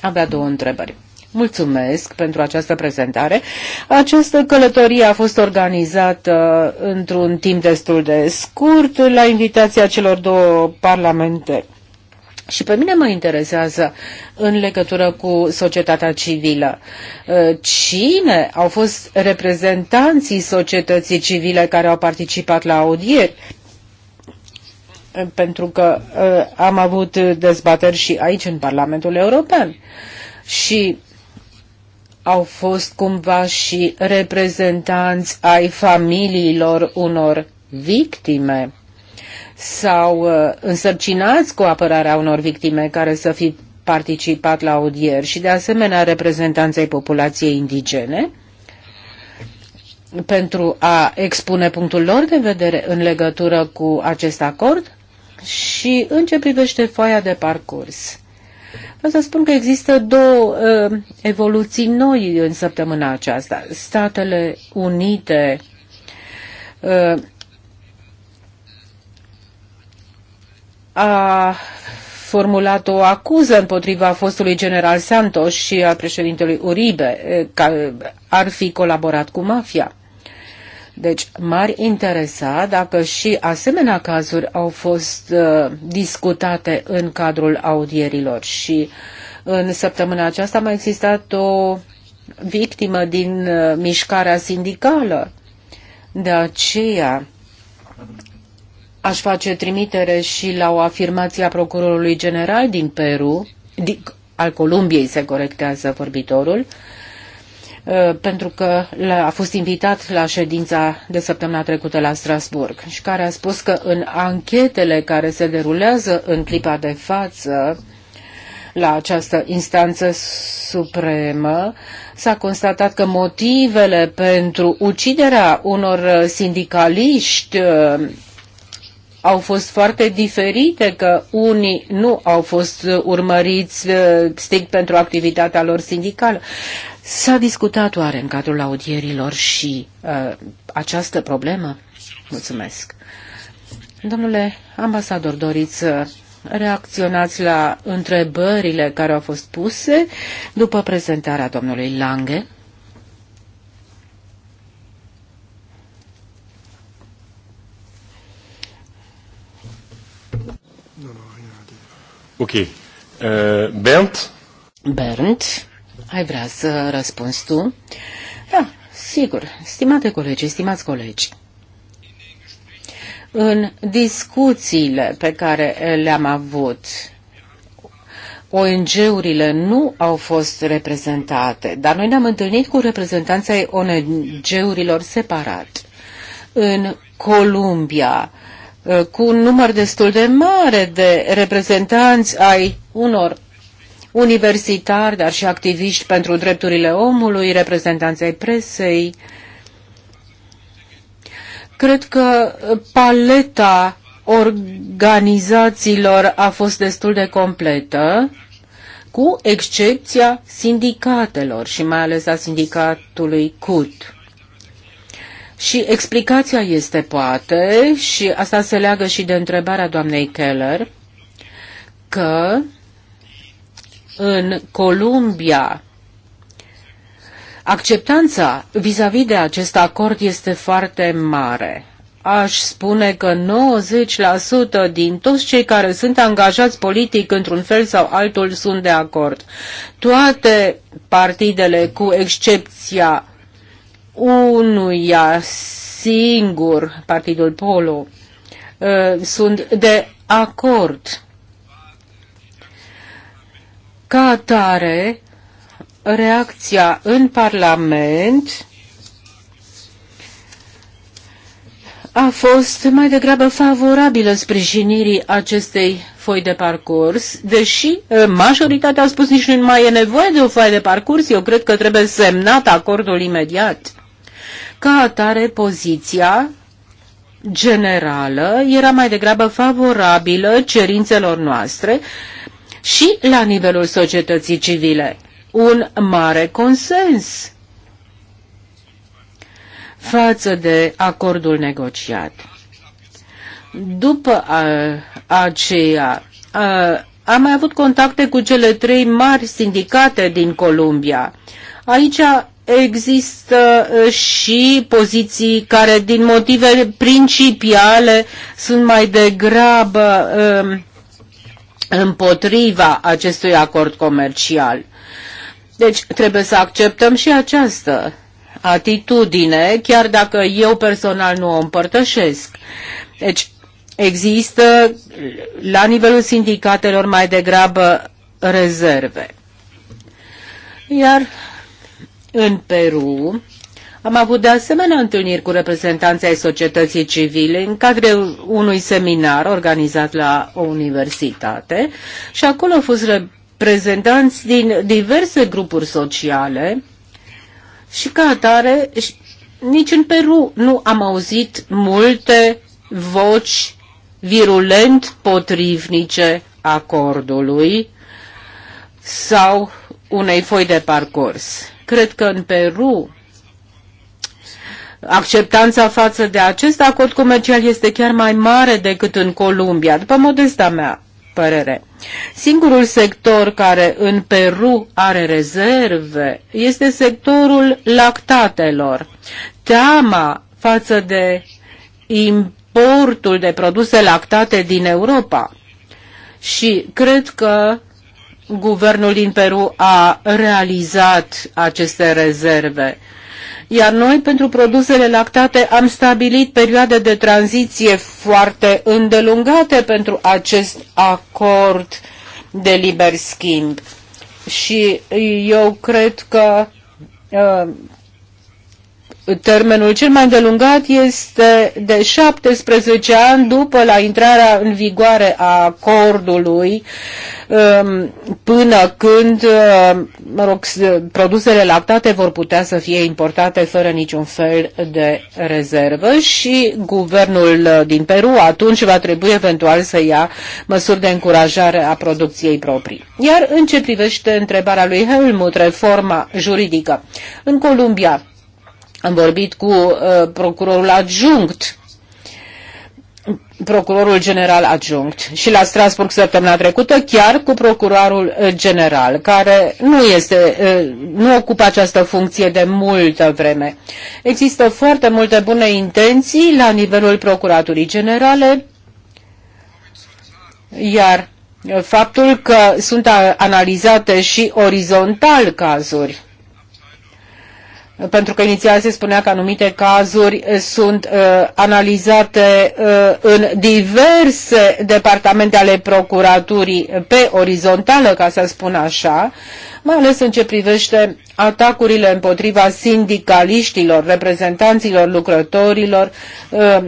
avea două întrebări. Mulțumesc pentru această prezentare. Această călătorie a fost organizată eh, într-un timp destul de scurt la invitația celor două parlamente. Și pe mine mă interesează în legătură cu societatea civilă. Eh, cine au fost reprezentanții societății civile care au participat la audieri? pentru că uh, am avut dezbateri și aici în Parlamentul European și au fost cumva și reprezentanți ai familiilor unor victime sau uh, însărcinați cu apărarea unor victime care să fi participat la audieri și de asemenea reprezentanței populației indigene pentru a expune punctul lor de vedere în legătură cu acest acord? Și în ce privește foaia de parcurs, vreau să spun că există două uh, evoluții noi în săptămâna aceasta. Statele Unite uh, a formulat o acuză împotriva fostului general Santos și a președintelui Uribe, uh, că uh, ar fi colaborat cu mafia. Deci m-ar interesa dacă și asemenea cazuri au fost uh, discutate în cadrul audierilor și în săptămâna aceasta mai existat o victimă din uh, mișcarea sindicală. De aceea aș face trimitere și la o afirmație a procurorului general din Peru, din, al Columbiei se corectează vorbitorul, Uh, pentru că a fost invitat la ședința de săptămâna trecută la Strasburg și care a spus că în anchetele care se derulează în clipa de față la această instanță supremă s-a constatat că motivele pentru uciderea unor sindicaliști uh, au fost foarte diferite, că unii nu au fost uh, urmăriți uh, strict pentru activitatea lor sindicală. S-a discutat oare în cadrul audierilor și uh, această problemă? Mulțumesc. Domnule ambasador, doriți să reacționați la întrebările care au fost puse după prezentarea domnului Lange? Non, non, rien à dire. Ok. Uh, Bernd? Bernd, ai vrea să răspunzi tu? Da, sigur. Stimate colegi, stimați colegi, în discuțiile pe care le-am avut, ONG-urile nu au fost reprezentate, dar noi ne-am întâlnit cu reprezentanții ONG-urilor separat. În Columbia, uh, Uh, cu un număr destul de mare de reprezentanți ai unor universitari, dar și activiști pentru drepturile omului, reprezentanți ai presei. Cred că paleta organizațiilor a fost destul de completă, cu excepția sindicatelor și mai ales a sindicatului CUT. Și explicația este poate, și asta se leagă și de întrebarea doamnei Keller, că în Columbia acceptanța vis-a-vis -vis de acest acord este foarte mare. Aș spune că 90% din toți cei care sunt angajați politic într-un fel sau altul sunt de acord. Toate partidele, cu excepția unuia singur, Partidul Polo, uh, sunt de acord. Ca atare, reacția în Parlament a fost mai degrabă favorabilă sprijinirii acestei foi de parcurs, deși uh, majoritatea a spus nici nu mai e nevoie de o foaie de parcurs, eu cred că trebuie semnat acordul imediat. Ca atare, poziția generală era mai degrabă favorabilă cerințelor noastre și la nivelul societății civile. Un mare consens față de acordul negociat. După a, aceea, a, am mai avut contacte cu cele trei mari sindicate din Columbia. Aici există și poziții care din motive principiale sunt mai degrabă împotriva acestui acord comercial. Deci trebuie să acceptăm și această atitudine, chiar dacă eu personal nu o împărtășesc. Deci există la nivelul sindicatelor mai degrabă rezerve. Iar în Peru am avut de asemenea întâlniri cu reprezentanții ai societății civile în cadrul unui seminar organizat la o universitate și acolo au fost reprezentanți din diverse grupuri sociale și ca atare nici în Peru nu am auzit multe voci virulent potrivnice acordului sau unei foi de parcurs. Cred că în Peru acceptanța față de acest acord comercial este chiar mai mare decât în Columbia, după modesta mea părere. Singurul sector care în Peru are rezerve este sectorul lactatelor. Teama față de importul de produse lactate din Europa. Și cred că guvernul din Peru a realizat aceste rezerve. Iar noi, pentru produsele lactate, am stabilit perioade de tranziție foarte îndelungate pentru acest acord de liber schimb. Și eu cred că uh, Termenul cel mai îndelungat este de 17 ani după la intrarea în vigoare a acordului um, până când um, mă rog, produsele lactate vor putea să fie importate fără niciun fel de rezervă și guvernul uh, din Peru atunci va trebui eventual să ia măsuri de încurajare a producției proprii. Iar în ce privește întrebarea lui Helmut, reforma juridică, în Columbia, am vorbit cu uh, procurorul adjunct procurorul general adjunct și la Strasburg săptămâna trecută chiar cu procurorul uh, general, care nu, este, uh, nu ocupă această funcție de multă vreme. Există foarte multe bune intenții la nivelul procuraturii generale, iar faptul că sunt analizate și orizontal cazuri pentru că inițial se spunea că anumite cazuri eh, sunt uh, analizate uh, în diverse departamente ale procuraturii pe orizontală, ca să spun așa, mai ales în ce privește atacurile împotriva sindicaliștilor, reprezentanților lucrătorilor, uh,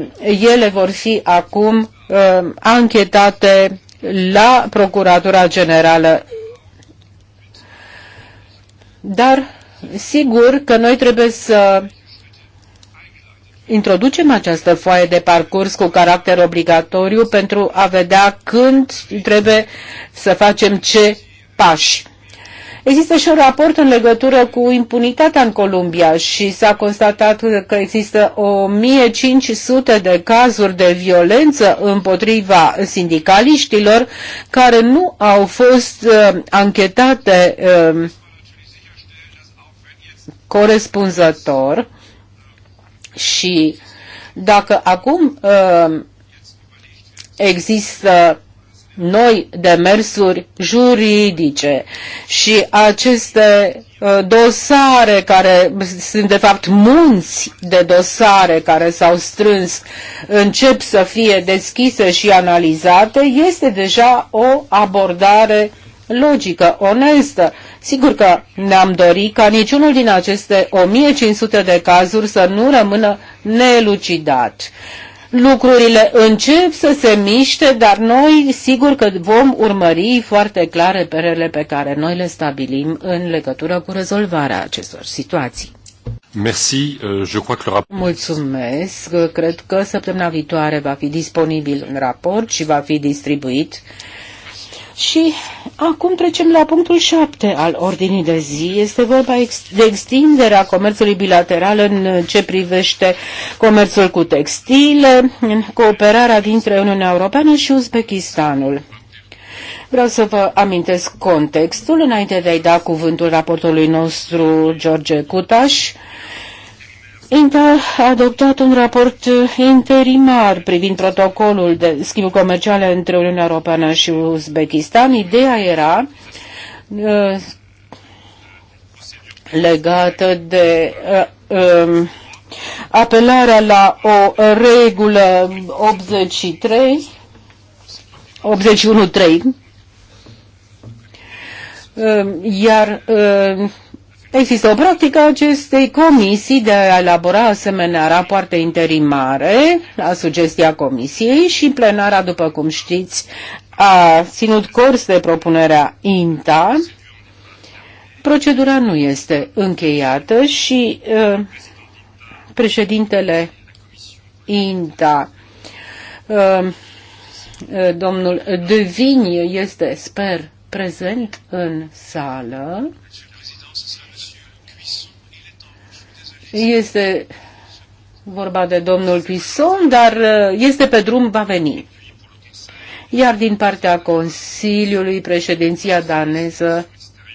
ele vor fi acum uh, anchetate la Procuratura Generală. Dar Sigur că noi trebuie să introducem această foaie de parcurs cu caracter obligatoriu pentru a vedea când trebuie să facem ce pași. Există și un raport în legătură cu impunitatea în Columbia și s-a constatat că există 1500 de cazuri de violență împotriva sindicaliștilor care nu au fost uh, anchetate uh, corespunzător și dacă acum uh, există noi demersuri juridice și aceste uh, dosare care sunt de fapt munți de dosare care s-au strâns încep să fie deschise și analizate, este deja o abordare logică, onestă. Sigur că ne-am dorit ca niciunul din aceste 1500 de cazuri să nu rămână nelucidat. Lucrurile încep să se miște, dar noi sigur că vom urmări foarte clar reperele pe care noi le stabilim în legătură cu rezolvarea acestor situații. Merci, euh, je crois que le rapport... Mulțumesc, cred că săptămâna viitoare va fi disponibil un raport și va fi distribuit și acum trecem la punctul 7 al ordinii de zi. Este vorba de extinderea comerțului bilateral în ce privește comerțul cu textile, în cooperarea dintre Uniunea Europeană și Uzbekistanul. Vreau să vă amintesc contextul înainte de a-i da cuvântul raportului nostru George Cutaș. Inter a adoptat un raport eh, interimar privind protocolul de schimb comercial între Uniunea Europeană și Uzbekistan. Ideea era uh, legată de uh, apelarea la o regulă 83, 81.3, 3, iar uh, Există o practică acestei comisii de a elabora asemenea rapoarte interimare la sugestia comisiei și plenara, după cum știți, a ținut curs de propunerea INTA. Procedura nu este încheiată și uh, președintele INTA uh, uh domnul Devin este, sper, prezent în sală. Este vorba de domnul Pison, dar uh, este pe drum, va veni. Iar din partea Consiliului, președinția daneză,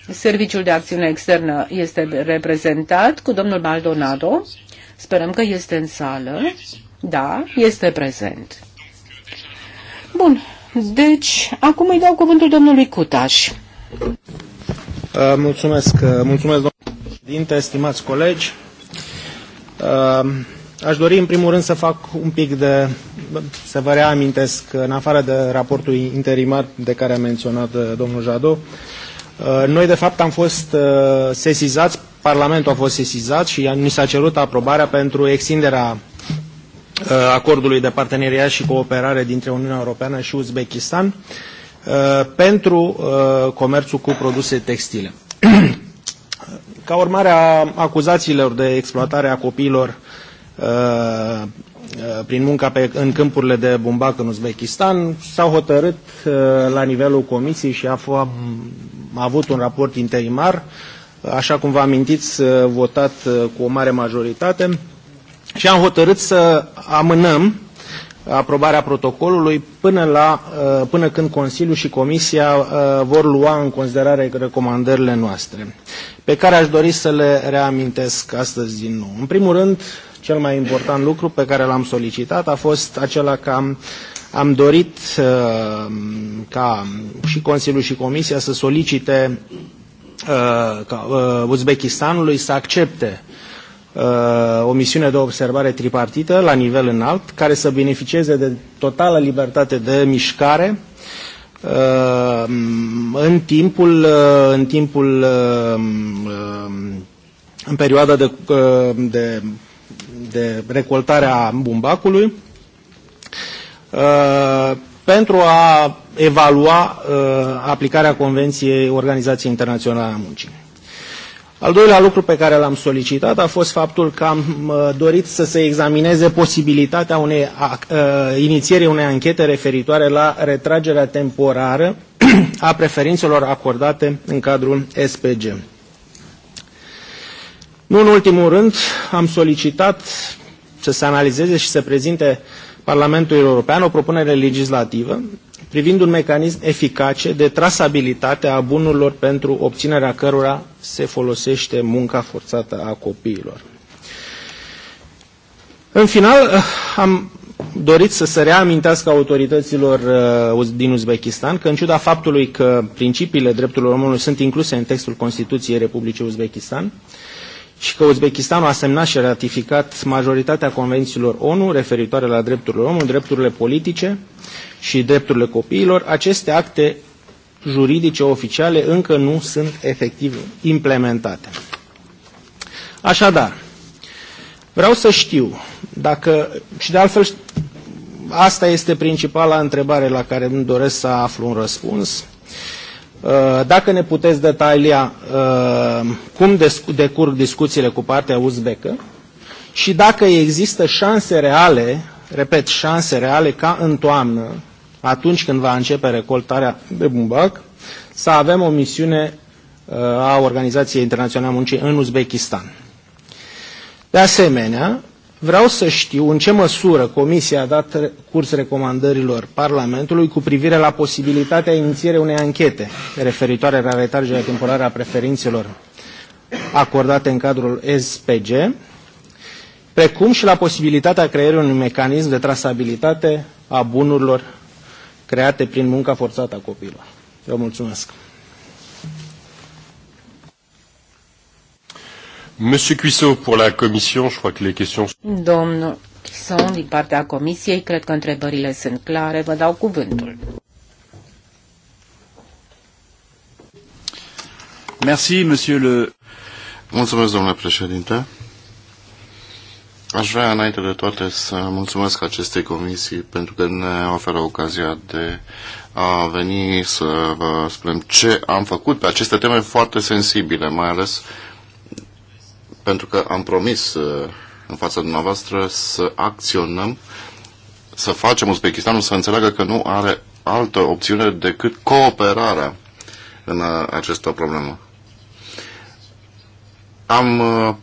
Serviciul de Acțiune Externă este reprezentat cu domnul Maldonado. Sperăm că este în sală. Da, este prezent. Bun, deci acum îi dau cuvântul domnului Cutaș. Uh, mulțumesc, uh, mulțumesc domnule președinte, stimați colegi. Ehm, aș dori în primul rând să fac un pic de, să vă reamintesc, în afară de raportul interimar de care a menționat eh, domnul Jado, eh, noi de fapt am fost eh, sesizați, Parlamentul a fost sesizat și ni s-a cerut aprobarea pentru extinderea acordului de parteneriat și cooperare dintre Uniunea Europeană și Uzbekistan pentru comerțul cu produse textile. Ca urmare a acuzațiilor de exploatare a copiilor uh, uh, prin munca pe, în câmpurile de bumbac în Uzbekistan, s-au hotărât uh, la nivelul comisiei și a, a avut un raport interimar, așa cum vă amintiți, votat cu o mare majoritate, și am hotărât să amânăm aprobarea protocolului până, la, uh, până când Consiliul și Comisia uh, vor lua în considerare recomandările noastre, pe care aș dori să le reamintesc astăzi din nou. În primul rând, cel mai important lucru pe care l-am solicitat a fost acela că am, am dorit uh, ca și Consiliul și Comisia să solicite ca, Uzbekistanului să accepte Uh, o misiune de observare tripartită la nivel înalt, care să beneficieze de totală libertate de mișcare uh, în timpul, uh, în timpul în perioada de, de, de recoltare a bumbacului pentru a evalua aplicarea Convenției Organizației Internaționale a Muncii. Al doilea lucru pe care l-am solicitat a fost faptul că am dorit să se examineze posibilitatea unei ă, inițierii unei anchete referitoare la retragerea temporară a preferințelor acordate în cadrul SPG. Nu în ultimul rând, am solicitat să se analizeze și să prezinte Parlamentului European o propunere legislativă privind un mecanism eficace de trasabilitate a bunurilor pentru obținerea cărora se folosește munca forțată a copiilor. În final, eh, am dorit să se reamintească autorităților eh, din Uzbekistan că în ciuda faptului că principiile drepturilor omului sunt incluse în textul Constituției Republicii Uzbekistan, și că Uzbekistanul a semnat și a ratificat majoritatea convențiilor ONU referitoare la drepturile omului, drepturile politice și drepturile copiilor, aceste acte juridice oficiale încă nu sunt efectiv implementate. Așadar, vreau să știu dacă, și de altfel asta este principala întrebare la care îmi doresc să aflu un răspuns, Uh, dacă ne puteți detalia uh, cum decurg discuțiile cu partea uzbecă și dacă există șanse reale, repet, șanse reale ca în toamnă, atunci când va începe recoltarea de bumbac, să avem o misiune uh, a Organizației Internaționale a Muncii în Uzbekistan. De asemenea, Vreau să știu în ce măsură Comisia a dat curs recomandărilor Parlamentului cu privire la posibilitatea inițierii unei anchete referitoare la retargerea temporară a preferințelor acordate în cadrul SPG, precum și la posibilitatea creării unui mecanism de trasabilitate a bunurilor create prin munca forțată a copiilor. Vă mulțumesc! Monsieur pour la Commission, je crois que les questions... Domnul Cuisseau, din partea Comisiei, cred că întrebările sunt clare. Vă dau cuvântul. Merci, monsieur le... Mulțumesc, domnule președinte. Aș vrea înainte de toate să mulțumesc acestei comisii pentru că ne oferă ocazia de a veni să vă spunem ce am făcut pe aceste teme foarte sensibile, mai ales pentru că am promis uh, în fața dumneavoastră să acționăm, să facem Uzbekistanul să înțeleagă că nu are altă opțiune decât cooperarea în uh, această problemă. Am uh,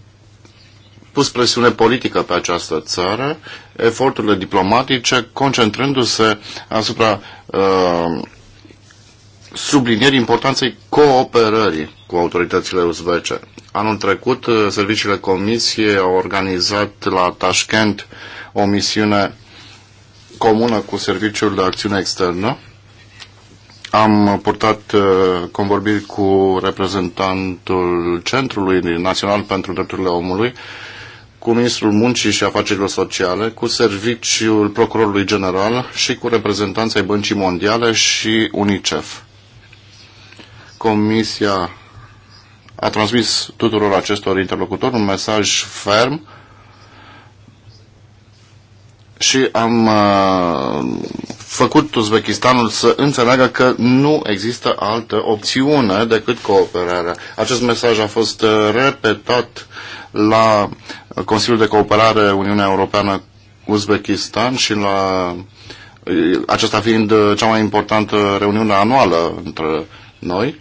pus presiune politică pe această țară, eforturile diplomatice concentrându-se asupra uh, sublinierii importanței cooperării cu autoritățile uzbece. Anul trecut, uh, serviciile comisiei au organizat la Tashkent o misiune comună cu Serviciul de Acțiune Externă. Am purtat uh, convorbiri cu reprezentantul Centrului Național pentru Drepturile Omului, cu Ministrul Muncii și Afacerilor Sociale, cu Serviciul Procurorului General și cu reprezentanța Băncii Mondiale și UNICEF. Comisia a transmis tuturor acestor interlocutori un mesaj ferm și am uh, făcut Uzbekistanul să înțeleagă că nu există altă opțiune decât cooperarea. Acest mesaj a fost uh, repetat la Consiliul de Cooperare Uniunea Europeană Uzbekistan și la uh, acesta fiind uh, cea mai importantă reuniune anuală între noi.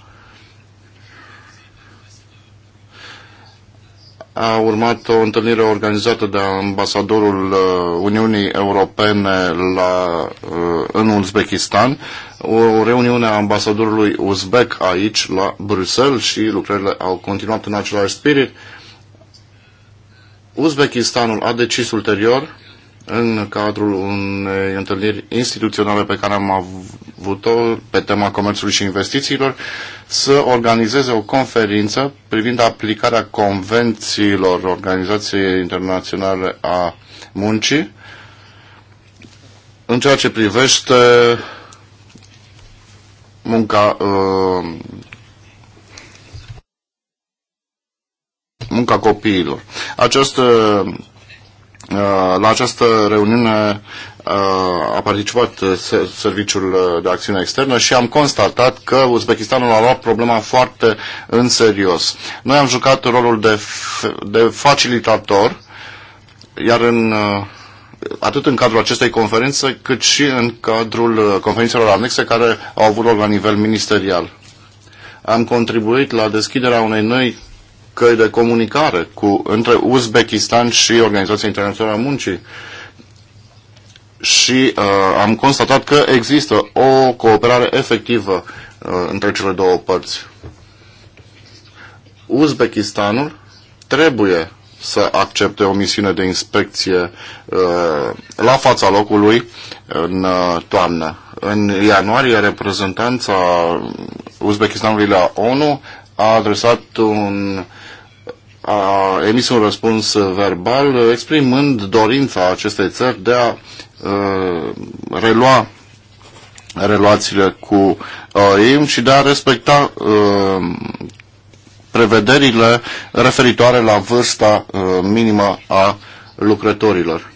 A urmat o întâlnire organizată de ambasadorul uh, Uniunii Europene la, uh, în Uzbekistan, o reuniune a ambasadorului uzbek aici, la Bruxelles, și lucrările au continuat în același spirit. Uzbekistanul a decis ulterior în cadrul unei întâlniri instituționale pe care am avut-o pe tema comerțului și investițiilor, să organizeze o conferință privind aplicarea convențiilor Organizației Internaționale a Muncii în ceea ce privește munca uh, munca copiilor. Această Uh, la această reuniune uh, a participat uh, Serviciul de Acțiune Externă și am constatat că Uzbekistanul a luat problema foarte în serios. Noi am jucat rolul de, de facilitator, iar în, atât în cadrul acestei conferințe, cât și în cadrul conferințelor anexe care au avut loc la nivel ministerial. Am contribuit la deschiderea unei noi căi de comunicare cu, între Uzbekistan și Organizația Internațională a Muncii. Și uh, am constatat că există o cooperare efectivă uh, între cele două părți. Uzbekistanul trebuie să accepte o misiune de inspecție uh, la fața locului în uh, toamnă. În ianuarie, reprezentanța Uzbekistanului la ONU a adresat un a emis un răspuns verbal exprimând dorința acestei țări de a uh, relua relațiile cu OIM uh, și de a respecta uh, prevederile referitoare la vârsta uh, minimă a lucrătorilor.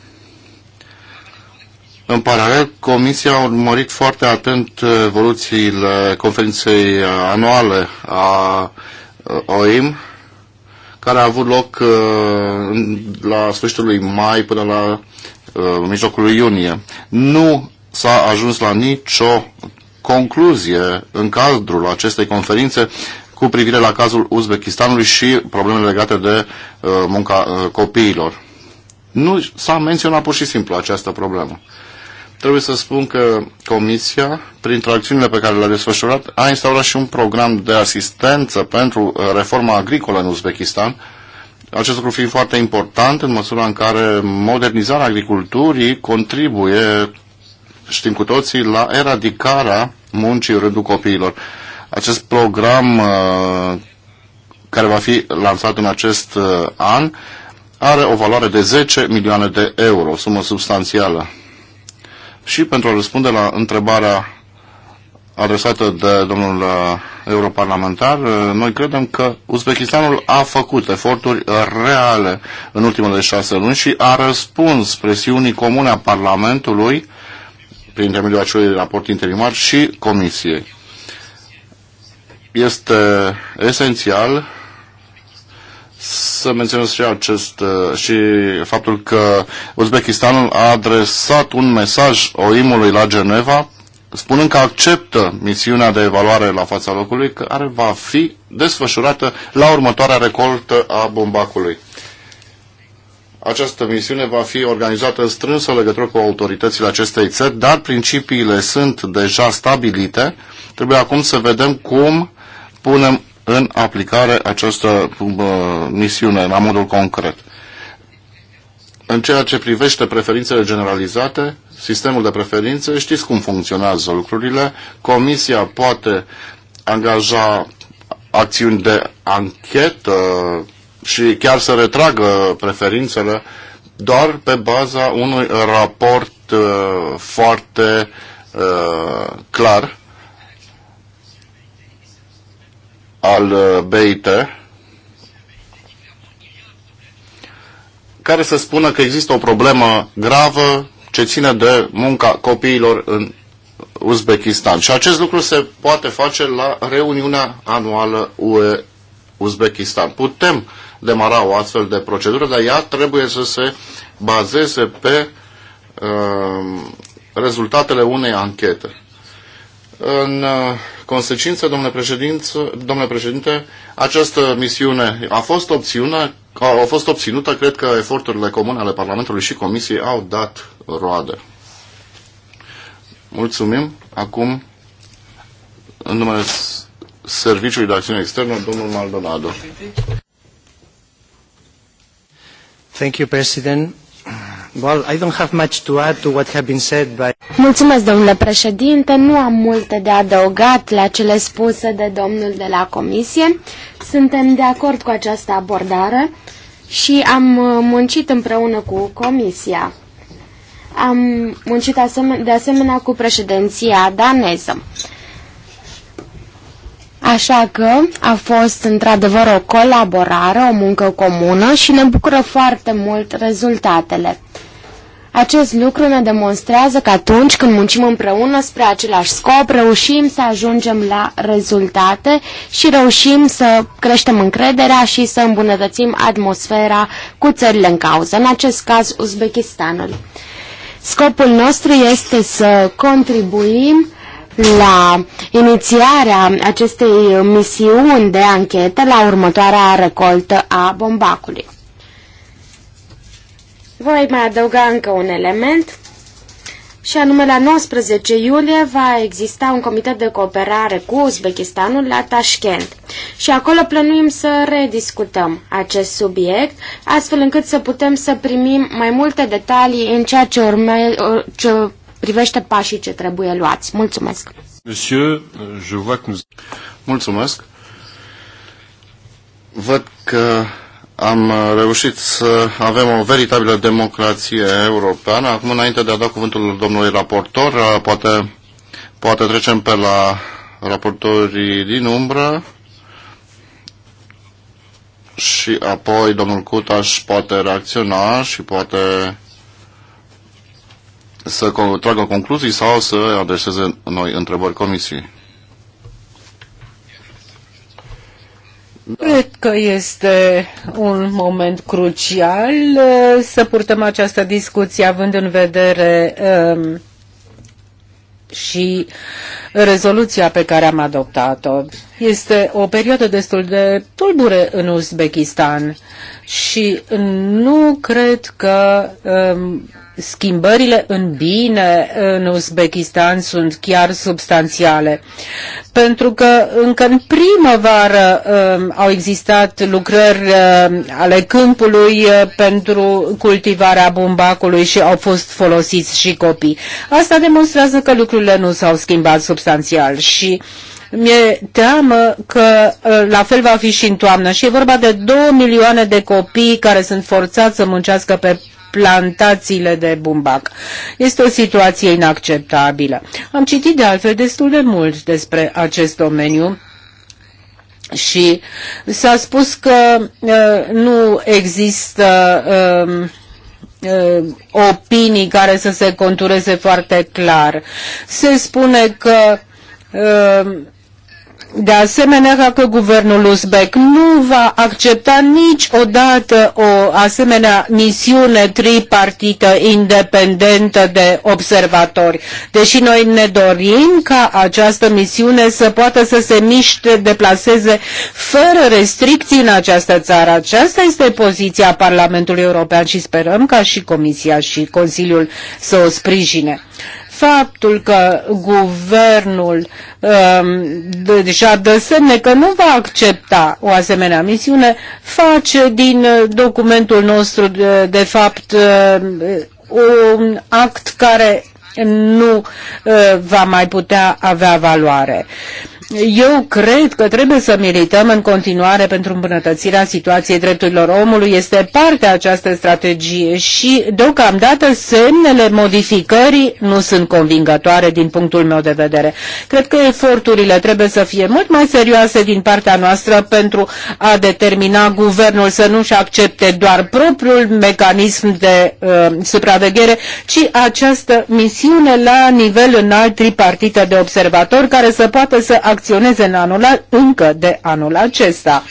În paralel, Comisia a urmărit foarte atent evoluțiile conferinței anuale a uh, OIM, care a avut loc uh, la sfârșitul lui mai până la uh, mijlocul lui iunie. Nu s-a ajuns la nicio concluzie în cadrul acestei conferințe cu privire la cazul Uzbekistanului și problemele legate de uh, munca copiilor. Nu s-a menționat pur și simplu această problemă. Trebuie să spun că Comisia, printre acțiunile pe care le-a desfășurat, a instaurat și un program de asistență pentru uh, reforma agricolă în Uzbekistan, acest lucru fiind foarte important în măsura în care modernizarea agriculturii contribuie, știm cu toții, la eradicarea muncii în rândul copiilor. Acest program uh, care va fi lansat în acest uh, an are o valoare de 10 milioane de euro, sumă substanțială. Și pentru a răspunde la întrebarea adresată de domnul uh, europarlamentar, uh, noi credem că Uzbekistanul a făcut eforturi reale în ultimele șase luni și a răspuns presiunii comune a Parlamentului prin intermediul acelui raport interimar și Comisiei. Este esențial să menționez și acest uh, și faptul că Uzbekistanul a adresat un mesaj OIM-ului la Geneva spunând că acceptă misiunea de evaluare la fața locului care va fi desfășurată la următoarea recoltă a bombacului. Această misiune va fi organizată în strânsă legătură cu autoritățile acestei țări, dar principiile sunt deja stabilite. Trebuie acum să vedem cum punem în aplicare această uh, misiune la modul concret. În ceea ce privește preferințele generalizate, sistemul de preferințe, știți cum funcționează lucrurile. Comisia poate angaja acțiuni de anchetă și chiar să retragă preferințele doar pe baza unui raport uh, foarte uh, clar al uh, BIT care să spună că există o problemă gravă ce ține de munca copiilor în Uzbekistan. Și acest lucru se poate face la reuniunea anuală UE Uzbekistan. Putem demara o astfel de procedură, dar ea trebuie să se bazeze pe uh, rezultatele unei anchete. În uh, consecință, domnule președinte, domnule președinte, această misiune a fost, opțiune, a, a fost obținută, cred că eforturile comune ale Parlamentului și Comisiei au dat roade. Mulțumim. Acum, în numele Serviciului de Acțiune Externă, domnul Maldonado. Thank you, President. Well, I don't have much to add to what have been said by... Mulțumesc, domnule președinte. Nu am multe de adăugat la cele spuse de domnul de la comisie. Suntem de acord cu această abordare și am uh, muncit împreună cu comisia. Am muncit de asemenea cu președinția daneză. Așa că a fost într-adevăr o colaborare, o muncă comună și ne bucură foarte mult rezultatele. Acest lucru ne demonstrează că atunci când muncim împreună spre același scop, reușim să ajungem la rezultate și reușim să creștem încrederea și să îmbunătățim atmosfera cu țările în cauză, în acest caz Uzbekistanul. Scopul nostru este să contribuim la inițierea acestei misiuni de anchetă la următoarea recoltă a bombacului. Voi mai adăuga încă un element și anume la 19 iulie va exista un comitet de cooperare cu Uzbekistanul la Tashkent și acolo plănuim să rediscutăm acest subiect, astfel încât să putem să primim mai multe detalii în ceea ce, urme, ce privește pașii ce trebuie luați. Mulțumesc! Monsieur, je vois que nous... Mulțumesc! Văd că am uh, reușit să avem o veritabilă democrație europeană. Acum, înainte de a da cuvântul domnului raportor, uh, poate, poate trecem pe la raportorii din umbră și apoi domnul Cutaș poate reacționa și poate să tragă concluzii sau să adreseze noi întrebări comisiei. Cred că este un moment crucial uh, să purtăm această discuție având în vedere um, și rezoluția pe care am adoptat-o. Este o perioadă destul de tulbure în Uzbekistan și nu cred că um, schimbările în bine în Uzbekistan sunt chiar substanțiale. Pentru că încă în primăvară um, au existat lucrări um, ale câmpului uh, pentru cultivarea bumbacului și au fost folosiți și copii. Asta demonstrează că lucrurile nu s-au schimbat substanțial și mi-e teamă că uh, la fel va fi și în toamnă și e vorba de două milioane de copii care sunt forțați să muncească pe plantațiile de bumbac. Este o situație inacceptabilă. Am citit de altfel destul de mult despre acest domeniu și s-a spus că uh, nu există um, uh, opinii care să se contureze foarte clar. Se spune că um, de asemenea că guvernul uzbek nu va accepta niciodată o asemenea misiune tripartită independentă de observatori. Deși noi ne dorim ca această misiune să poată să se miște, deplaseze fără restricții în această țară. Aceasta este poziția Parlamentului European și sperăm ca și Comisia și Consiliul să o sprijine faptul că guvernul um, deja dă semne că nu va accepta o asemenea misiune face din uh, documentul nostru de, de fapt uh, un act care nu uh, va mai putea avea valoare. Uh, eu cred că trebuie să milităm în continuare pentru îmbunătățirea situației drepturilor omului. Este parte a această strategie și deocamdată semnele modificării nu sunt convingătoare din punctul meu de vedere. Cred că eforturile trebuie să fie mult mai serioase din partea noastră pentru a determina guvernul să nu-și accepte doar propriul mecanism de uh, supraveghere, ci această misiune la nivel înalt tripartită de observatori care să poată să accepte acționeze în anul, încă de anul acesta.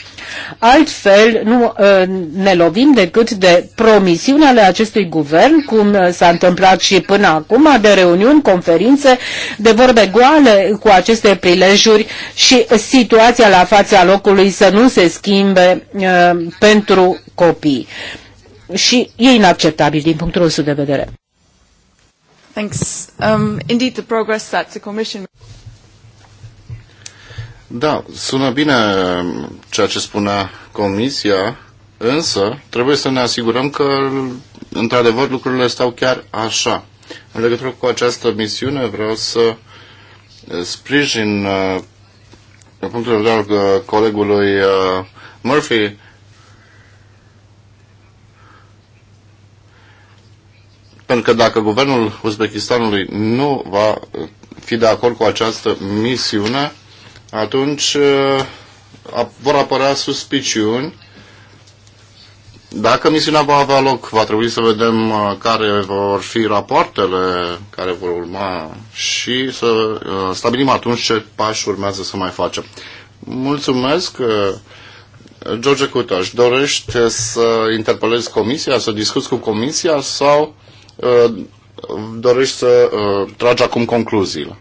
Altfel, nu ă, ne lovim decât de promisiunea ale acestui guvern, cum s-a întâmplat și până acum, de reuniuni, conferințe, de vorbe goale cu aceste prilejuri și situația la fața locului să nu se schimbe ă, pentru copii. Și e inacceptabil din punctul nostru de vedere. Thanks. Um, indeed, the progress that the Commission da, sună bine um, ceea ce spunea Comisia, însă trebuie să ne asigurăm că, într-adevăr, lucrurile stau chiar așa. În legătură cu această misiune vreau să uh, sprijin uh, din punctul de vedere al uh, colegului Murphy pentru că dacă guvernul Uzbekistanului nu va fi de acord cu această misiune, atunci uh, vor apărea suspiciuni. Dacă misiunea va avea loc, va trebui să vedem uh, care vor fi rapoartele care vor urma și să uh, stabilim atunci ce pași urmează să mai facem. Mulțumesc! George Cutaș, dorește să interpelezi comisia, să discuți cu comisia sau dorești să tragi acum concluziile?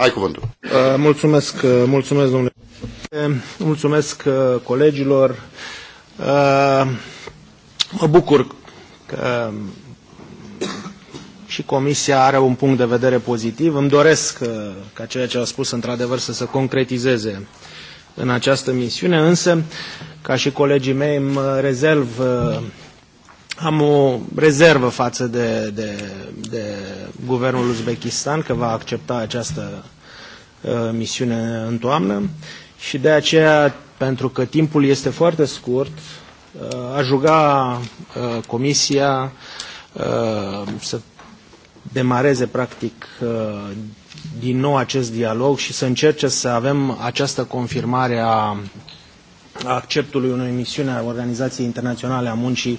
Ai cuvântul. Uh, mulțumesc, uh, mulțumesc domnule. Mulțumesc uh, colegilor. Mă bucur că și Comisia are un punct de vedere pozitiv. Îmi doresc ca ceea ce a spus într-adevăr să se concretizeze în această misiune, însă, ca și colegii mei, îmi rezerv am o rezervă față de, de, de guvernul Uzbekistan că va accepta această uh, misiune în toamnă și de aceea, pentru că timpul este foarte scurt, uh, aș ruga uh, Comisia uh, să demareze practic uh, din nou acest dialog și să încerce să avem această confirmare a acceptului unei misiuni a Organizației Internaționale a Muncii uh,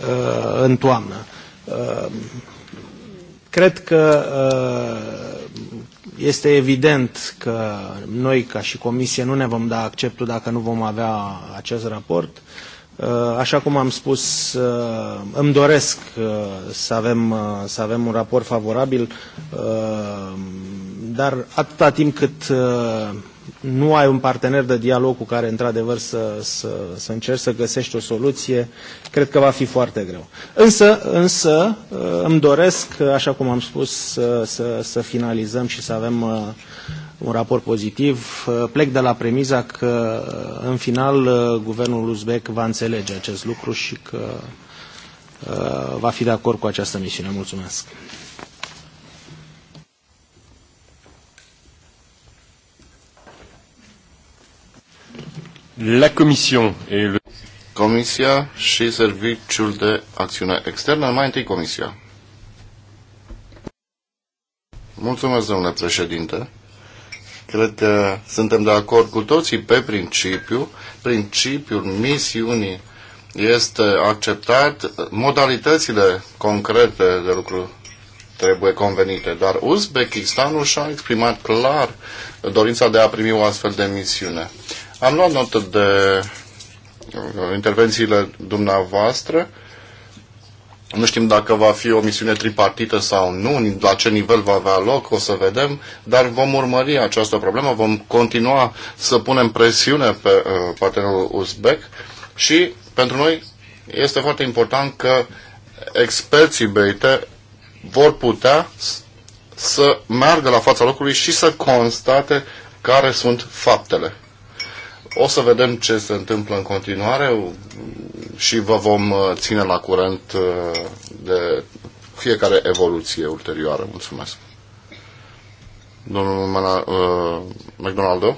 uh, în toamnă. Uh, cred că uh, este evident că noi, ca și Comisie, nu ne vom da acceptul dacă nu vom avea acest raport. Uh, așa cum am spus, uh, îmi doresc uh, să avem, să avem un raport favorabil, dar atâta timp cât nu ai un partener de dialog cu care, într-adevăr, să, să, să încerci să găsești o soluție, cred că va fi foarte greu. Însă, însă uh, îmi doresc, uh, așa cum am spus, să, să, să finalizăm și să avem uh, un raport pozitiv. Plec de la premiza că, în final, guvernul uzbek va înțelege acest lucru și că va fi de acord cu această misiune. Mulțumesc! La Commission et le... Comisia și Serviciul de Acțiune Externă, mai întâi Comisia. Mulțumesc, domnule președinte. Cred că suntem de acord cu toții pe principiu. Principiul misiunii este acceptat. Modalitățile concrete de lucru trebuie convenite, dar Uzbekistanul și-a exprimat clar dorința de a primi o astfel de misiune. Am luat notă de uh, intervențiile dumneavoastră. Nu știm dacă va fi o misiune tripartită sau nu, la ce nivel va avea loc, o să vedem, dar vom urmări această problemă, vom continua să punem presiune pe uh, partenerul uzbek și pentru noi este foarte important că experții BIT vor putea să meargă la fața locului și să constate care sunt faptele. O să vedem ce se întâmplă în continuare și vă vom uh, ține la curent uh, de fiecare evoluție ulterioară. Mulțumesc. Domnul Mana, uh, McDonaldo?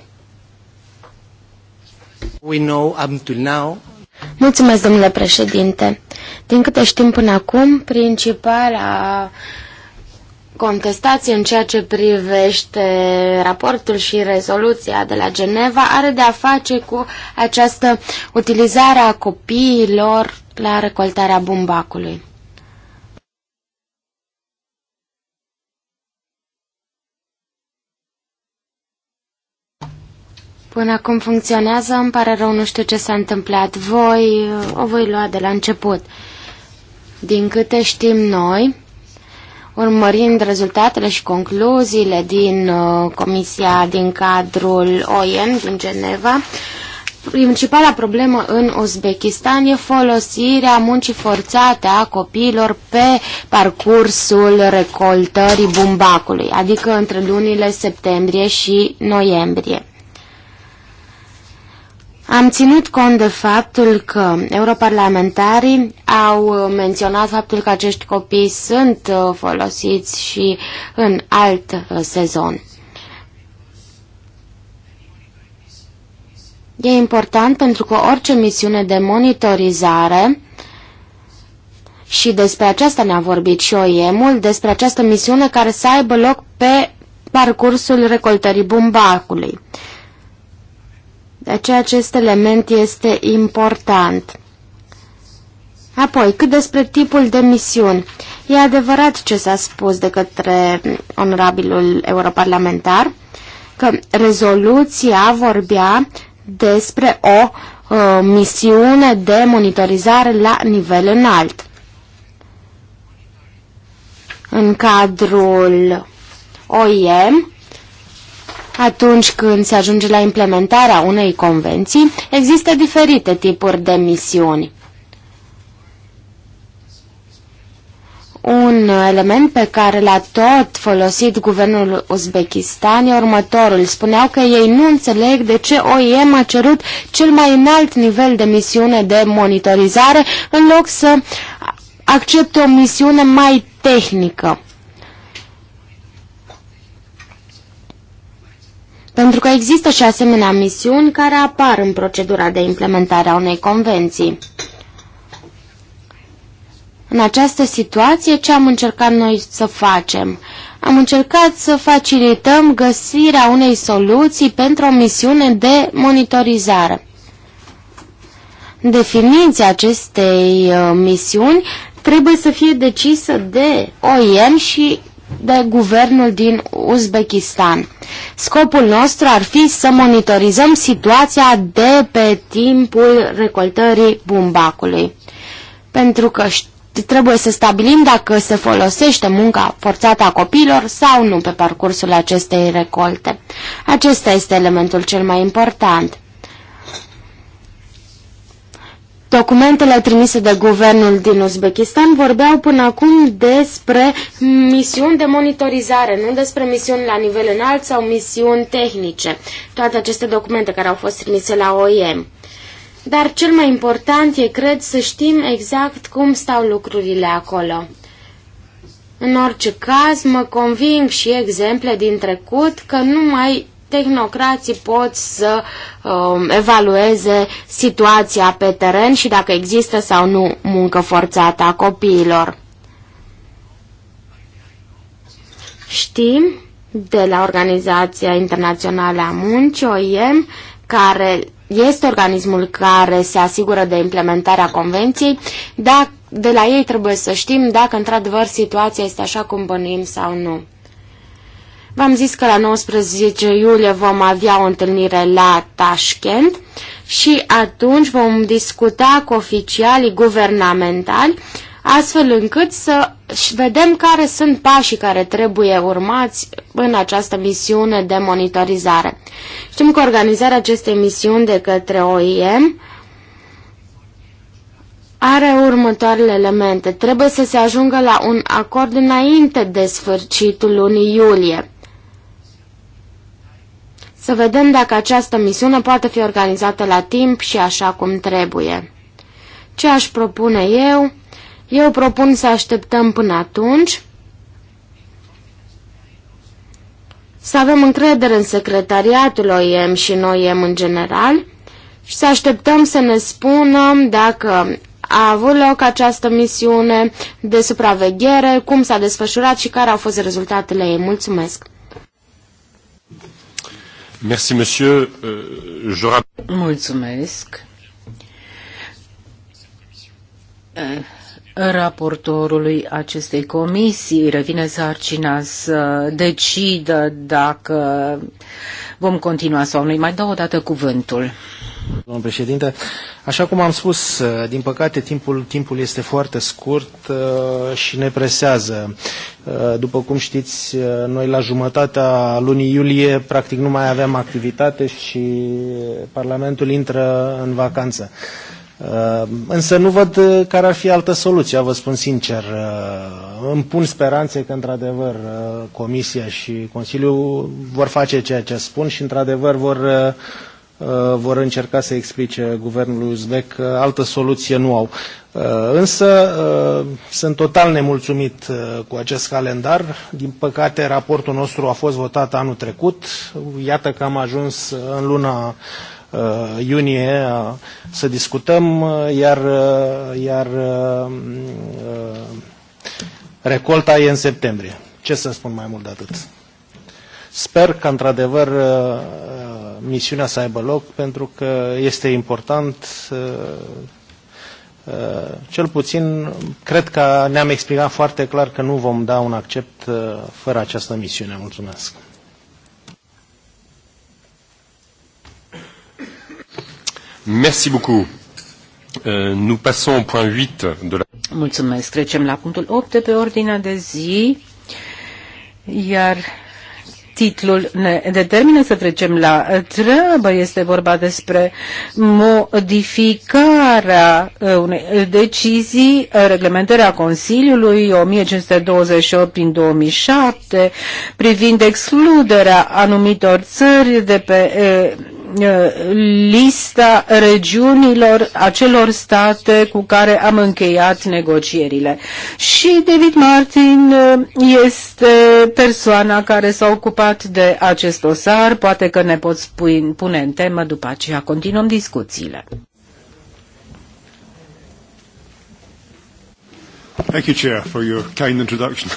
We know up to now Mulțumesc, domnule președinte. Din câte știm până acum, principala contestați în ceea ce privește raportul și rezoluția de la Geneva are de a face cu această utilizare a copiilor la recoltarea bumbacului. Până acum funcționează, îmi pare rău, nu știu ce s-a întâmplat. Voi o voi lua de la început. Din câte știm noi, urmărind rezultatele și concluziile din uh, Comisia din cadrul OIM din Geneva, principala problemă în Uzbekistan e folosirea muncii forțate a copiilor pe parcursul recoltării bumbacului, adică între lunile septembrie și noiembrie. Am ținut cont de faptul că europarlamentarii au uh, menționat faptul că acești copii sunt uh, folosiți și în alt uh, sezon. E important pentru că orice misiune de monitorizare și despre aceasta ne-a vorbit și OIM-ul, despre această misiune care să aibă loc pe parcursul recoltării bumbacului. De aceea acest element este important. Apoi, cât despre tipul de misiuni. E adevărat ce s-a spus de către onorabilul europarlamentar, că rezoluția vorbea despre o uh, misiune de monitorizare la nivel înalt. În cadrul OIM atunci când se ajunge la implementarea unei convenții, există diferite tipuri de misiuni. Un element pe care l-a tot folosit guvernul Uzbekistan e următorul. Spuneau că ei nu înțeleg de ce OIM a cerut cel mai înalt nivel de misiune de monitorizare în loc să accepte o misiune mai tehnică. Pentru că există și asemenea misiuni care apar în procedura de implementare a unei convenții. În această situație, ce am încercat noi să facem? Am încercat să facilităm găsirea unei soluții pentru o misiune de monitorizare. Definiția acestei uh, misiuni trebuie să fie decisă de OIM și de guvernul din Uzbekistan. Scopul nostru ar fi să monitorizăm situația de pe timpul recoltării bumbacului, pentru că trebuie să stabilim dacă se folosește munca forțată a copiilor sau nu pe parcursul acestei recolte. Acesta este elementul cel mai important. Documentele trimise de guvernul din Uzbekistan vorbeau până acum despre misiuni de monitorizare, nu despre misiuni la nivel înalt sau misiuni tehnice. Toate aceste documente care au fost trimise la OIM. Dar cel mai important e, cred, să știm exact cum stau lucrurile acolo. În orice caz, mă conving și exemple din trecut că nu mai tehnocrații pot să um, evalueze situația pe teren și dacă există sau nu muncă forțată a copiilor. Știm de la Organizația Internațională a Muncii, OIM, care este organismul care se asigură de implementarea convenției, dacă de la ei trebuie să știm dacă într-adevăr situația este așa cum bănuim sau nu. V-am zis că la 19 iulie vom avea o întâlnire la Tashkent și atunci vom discuta cu oficialii guvernamentali astfel încât să vedem care sunt pașii care trebuie urmați în această misiune de monitorizare. Știm că organizarea acestei misiuni de către OIM are următoarele elemente. Trebuie să se ajungă la un acord înainte de sfârșitul lunii iulie. Să vedem dacă această misiune poate fi organizată la timp și așa cum trebuie. Ce aș propune eu? Eu propun să așteptăm până atunci, să avem încredere în secretariatul OIM și în OIM în general și să așteptăm să ne spună dacă a avut loc această misiune de supraveghere, cum s-a desfășurat și care au fost rezultatele ei. Mulțumesc! Merci, monsieur. Euh, je... Mulțumesc. Eh, raportorului acestei comisii revine sarcina să decidă dacă vom continua sau nu. Mai dau o dată cuvântul. Domnul președinte, așa cum am spus, uh, din păcate timpul, timpul este foarte scurt uh, și ne presează. Uh, după cum știți, noi la jumătatea lunii iulie practic nu mai aveam activitate și Parlamentul intră în vacanță. Însă nu văd care ar fi altă soluție, vă spun sincer. Îmi pun speranțe că, într-adevăr, Comisia și Consiliul vor face ceea ce spun și, într-adevăr, vor Uh, vor încerca să explice guvernului uzbek că uh, altă soluție nu au. Uh, însă sunt total nemulțumit cu acest calendar. Din păcate, raportul nostru a fost votat anul trecut. Iată că am ajuns în luna iunie să discutăm, iar, iar recolta e în septembrie. Ce să spun mai mult de atât? Sper că, într-adevăr, uh, misiunea să aibă loc, pentru că este important, uh, uh, cel puțin, cred că ne-am explicat foarte clar că nu vom da un accept fără această misiune. Mulțumesc! Merci beaucoup. Euh, nous passons au point 8 de la... Mulțumesc. Trecem la punctul 8 de pe ordinea de zi, iar titlul ne determină să trecem la treabă. Este vorba despre modificarea uh, unei decizii, uh, reglementarea Consiliului 1528 din 2007 privind excluderea anumitor țări de pe uh, lista regiunilor acelor state cu care am încheiat negocierile. Și David Martin este persoana care s-a ocupat de acest dosar. Poate că ne poți pune în temă după aceea. Continuăm discuțiile. Thank you, Chair, for your kind introduction.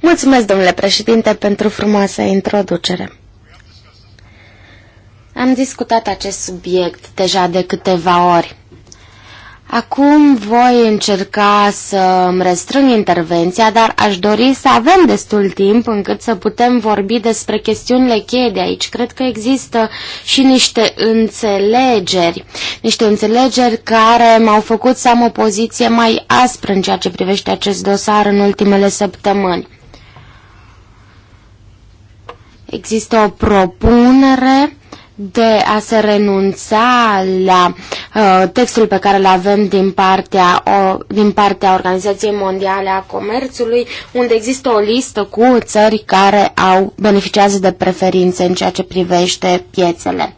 Mulțumesc, domnule președinte, pentru frumoasa introducere. Am discutat acest subiect deja de câteva ori. Acum voi încerca să îmi restrâng intervenția, dar aș dori să avem destul timp încât să putem vorbi despre chestiunile cheie de aici. Cred că există și niște înțelegeri, niște înțelegeri care m-au făcut să am o poziție mai aspră în ceea ce privește acest dosar în ultimele săptămâni. Există o propunere de a se renunța la uh, textul pe care îl avem din partea, o, din partea Organizației Mondiale a Comerțului, unde există o listă cu țări care au beneficiază de preferințe în ceea ce privește piețele.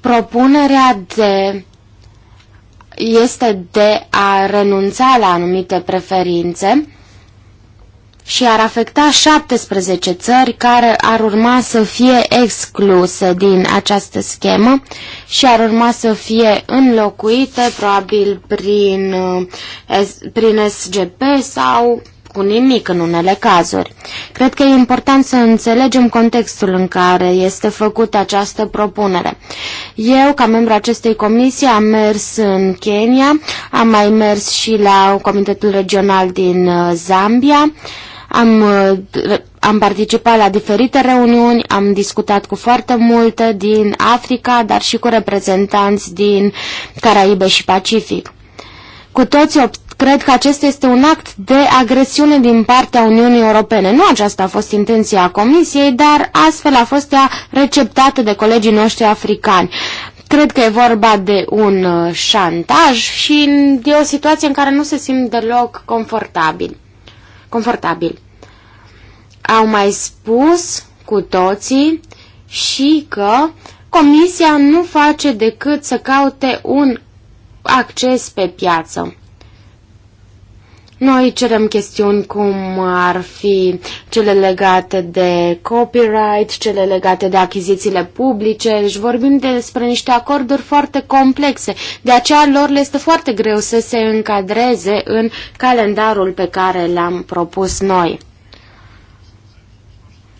Propunerea de este de a renunța la anumite preferințe și ar afecta 17 țări care ar urma să fie excluse din această schemă și ar urma să fie înlocuite probabil prin, uh, prin SGP sau cu nimic în unele cazuri. Cred că e important să înțelegem contextul în care este făcută această propunere. Eu, ca membru acestei comisii, am mers în Kenya, am mai mers și la Comitetul Regional din uh, Zambia, uh, am, uh, am participat la diferite reuniuni, am discutat cu foarte multe din Africa, dar și cu reprezentanți din Caraibe și Pacific. Cu toți cred că acesta este un act de agresiune din partea Uniunii Europene. Nu aceasta a fost intenția Comisiei, dar astfel a fost ea receptată de colegii noștri africani. Cred că e vorba de un uh, șantaj și de o situație în care nu se simt deloc confortabil confortabil. Au mai spus cu toții și că Comisia nu face decât să caute un acces pe piață. Noi cerem chestiuni cum ar fi cele legate de copyright, cele legate de achizițiile publice și vorbim despre niște acorduri foarte complexe. De aceea lor le este foarte greu să se încadreze în calendarul pe care l-am propus noi.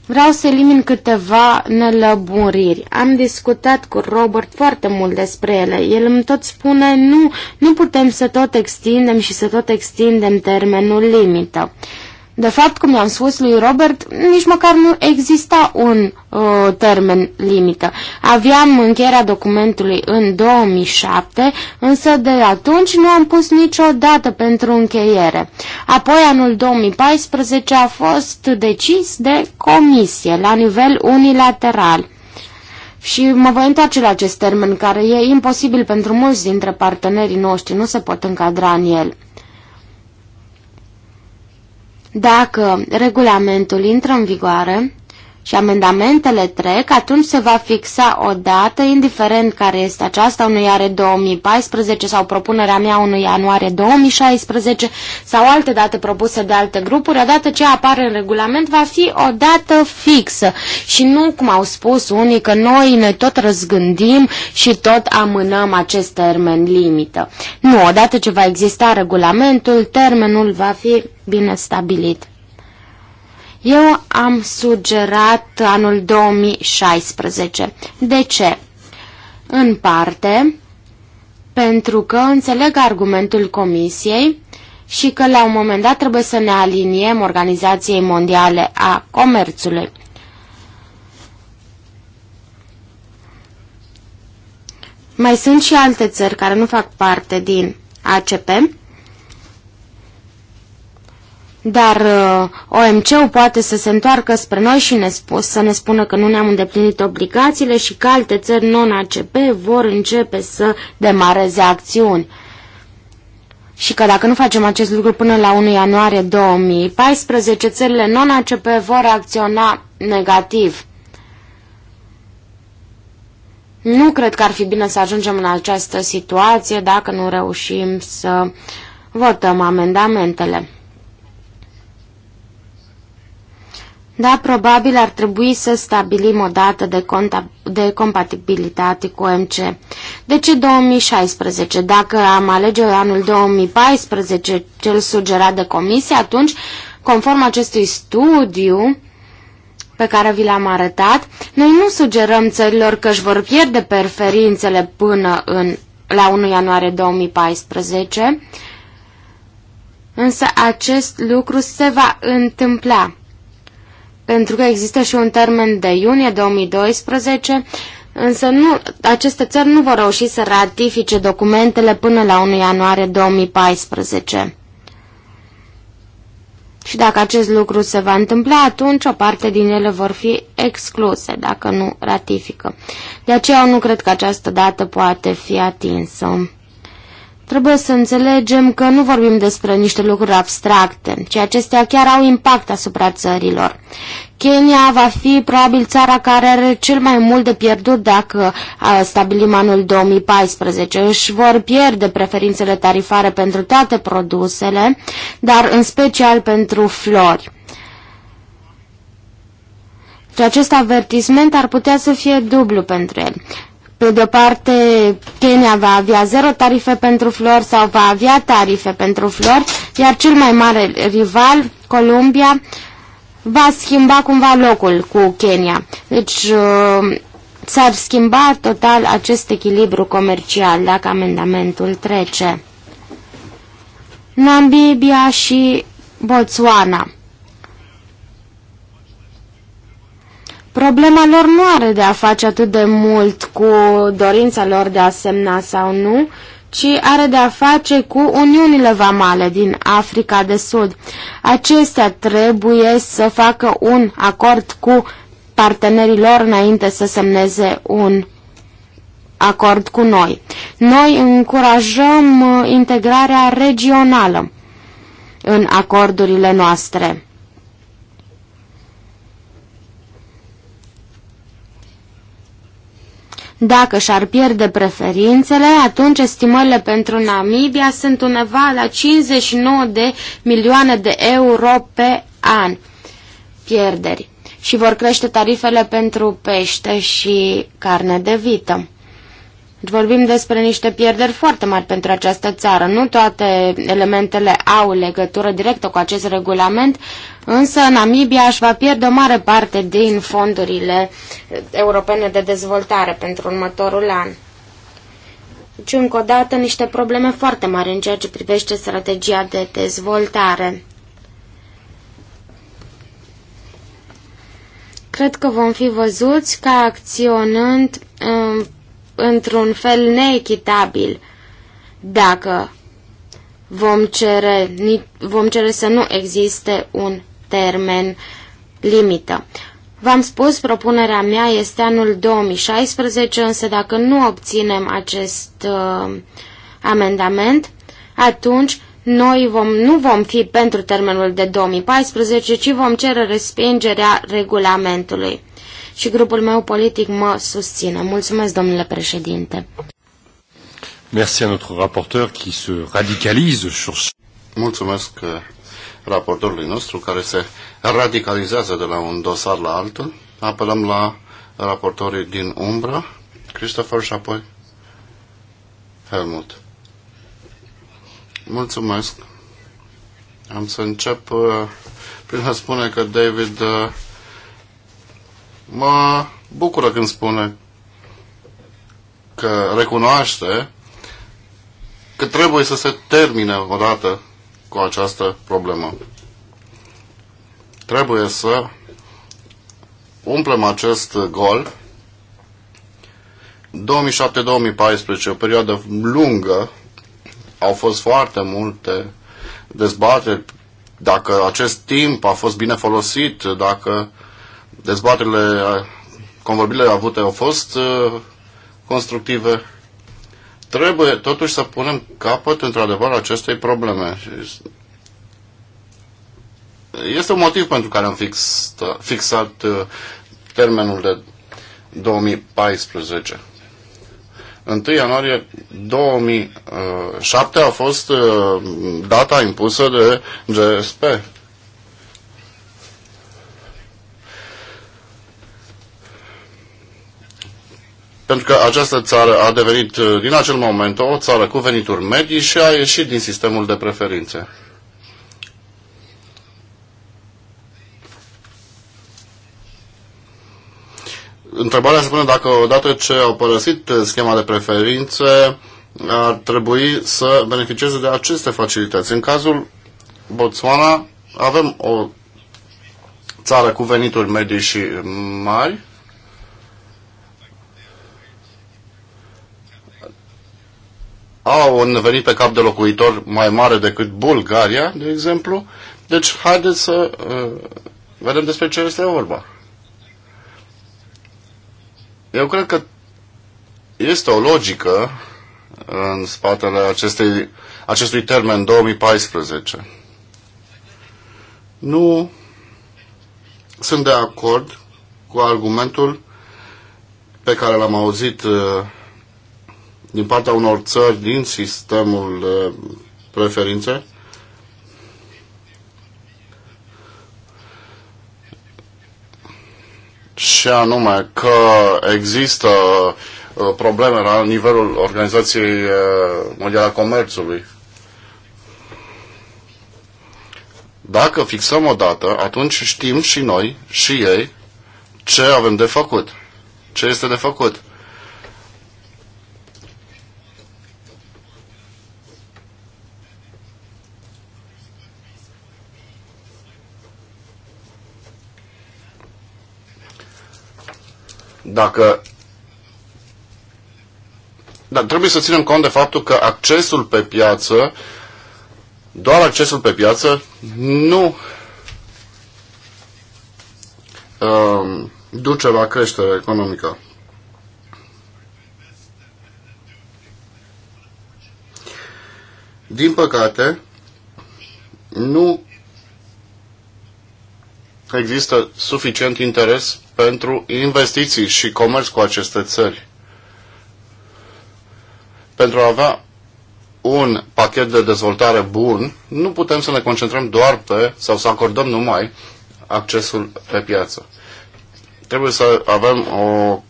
Vreau să elimin câteva nelăburiri. Am discutat cu Robert foarte mult despre ele. El îmi tot spune, nu, nu putem să tot extindem și să tot extindem termenul limită. Uh, de fapt, cum i-am spus lui Robert, nici măcar nu exista un uh, termen limită. Aveam încheierea documentului în 2007, însă de atunci nu am pus nicio dată pentru încheiere. Apoi, anul 2014 a fost decis de comisie la nivel unilateral. Și mă voi întoarce la acest termen care e imposibil pentru mulți dintre partenerii noștri, nu se pot încadra în el. Dacă regulamentul intră în vigoare, și amendamentele trec, atunci se va fixa o dată, indiferent care este aceasta, unui are 2014 sau propunerea mea unui ianuarie 2016 sau alte date propuse de alte grupuri, odată ce apare în regulament va fi o dată fixă și nu, cum au spus unii, că noi ne tot răzgândim și tot amânăm acest termen limită. Nu, odată ce va exista regulamentul, termenul va fi bine stabilit. Eu am sugerat anul 2016. De ce? În parte, pentru că înțeleg argumentul Comisiei și că la un moment dat trebuie să ne aliniem Organizației Mondiale a Comerțului. Mai sunt și alte țări care nu fac parte din ACP dar uh, OMC-ul poate să se întoarcă spre noi și ne spus, să ne spună că nu ne-am îndeplinit obligațiile și că alte țări non-ACP vor începe să demareze acțiuni. Și că dacă nu facem acest lucru până la 1 ianuarie 2014, țările non-ACP vor acționa negativ. Nu cred că ar fi bine să ajungem în această situație dacă nu reușim să votăm amendamentele. Da, probabil ar trebui să stabilim o dată de, de compatibilitate cu OMC. De ce 2016? Dacă am alege anul 2014, cel sugerat de comisie, atunci, conform acestui studiu, pe care vi l-am arătat, noi nu sugerăm țărilor că își vor pierde preferințele până în, la 1 ianuarie 2014, însă acest lucru se va întâmpla pentru că există și un termen de iunie 2012, însă nu, aceste țări nu vor reuși să ratifice documentele până la 1 ianuarie 2014. Și dacă acest lucru se va întâmpla, atunci o parte din ele vor fi excluse dacă nu ratifică. De aceea nu cred că această dată poate fi atinsă. Trebuie să înțelegem că nu vorbim despre niște lucruri abstracte, ci acestea chiar au impact asupra țărilor. Kenya va fi probabil țara care are cel mai mult de pierdut dacă stabilim anul 2014. Își vor pierde preferințele tarifare pentru toate produsele, dar în special pentru flori. Și deci acest avertisment ar putea să fie dublu pentru el. Pe de o parte, Kenya va avea zero tarife pentru flori sau va avea tarife pentru flori, iar cel mai mare rival, Columbia, va schimba cumva locul cu Kenya. Deci uh, s-ar schimba total acest echilibru comercial dacă amendamentul trece. Namibia și Botswana. Problema lor nu are de a face atât de mult cu dorința lor de a semna sau nu, ci are de a face cu Uniunile Vamale din Africa de Sud. Acestea trebuie să facă un acord cu partenerii lor înainte să semneze un acord cu noi. Noi încurajăm uh, integrarea regională în acordurile noastre. Dacă și-ar pierde preferințele, atunci estimările pentru Namibia sunt undeva la 59 de milioane de euro pe an pierderi și vor crește tarifele pentru pește și carne de vită. Vorbim despre niște pierderi foarte mari pentru această țară. Nu toate elementele au legătură directă cu acest regulament, însă Namibia își va pierde o mare parte din fondurile europene de dezvoltare pentru următorul an. Deci, încă o dată, niște probleme foarte mari în ceea ce privește strategia de dezvoltare. Cred că vom fi văzuți ca acționând într-un fel neechitabil dacă vom cere, vom cere să nu existe un termen limită. V-am spus, propunerea mea este anul 2016, însă dacă nu obținem acest uh, amendament, atunci noi vom, nu vom fi pentru termenul de 2014, ci vom cere respingerea regulamentului și grupul meu politic mă susține. Mulțumesc, domnule președinte. Merci à notre rapporteur qui se radicalise sur Mulțumesc eh, raportorului nostru care se radicalizează de la un dosar la altul. Apelăm la raportorii din umbra, Christopher și apoi Helmut. Mulțumesc. Am să încep eh, prin a spune că David eh, Mă bucură când spune că recunoaște că trebuie să se termine odată cu această problemă. Trebuie să umplem acest gol. 2007-2014, o perioadă lungă, au fost foarte multe dezbateri dacă acest timp a fost bine folosit, dacă Dezbaterile, convorbirile avute au fost uh, constructive. Trebuie totuși să punem capăt, într-adevăr, acestei probleme. Este un motiv pentru care am fix, fixat uh, termenul de 2014. 1 ianuarie 2007 uh, a fost data impusă de GSP. pentru că această țară a devenit uh, din acel moment o țară cu venituri medii și a ieșit din sistemul de preferințe. Întrebarea se pune dacă odată ce au părăsit uh, schema de preferințe ar trebui să beneficieze de aceste facilități. În cazul Botswana avem o țară cu venituri medii și mari, au un venit pe cap de locuitor mai mare decât Bulgaria, de exemplu. Deci, haideți să uh, vedem despre ce este vorba. Eu cred că este o logică în spatele acestei, acestui termen 2014. Nu sunt de acord cu argumentul pe care l-am auzit uh, din partea unor țări din sistemul preferințe. Și anume că există uh, probleme la nivelul Organizației uh, Mondiale a Comerțului. Dacă fixăm o dată, atunci știm și noi și ei ce avem de făcut. Ce este de făcut? Dacă dar trebuie să ținem cont de faptul că accesul pe piață, doar accesul pe piață, nu uh, duce la creștere economică. Din păcate, nu există suficient interes pentru investiții și comerț cu aceste țări. Pentru a avea un pachet de dezvoltare bun, nu putem să ne concentrăm doar pe, sau să acordăm numai, accesul pe piață. Trebuie să avem o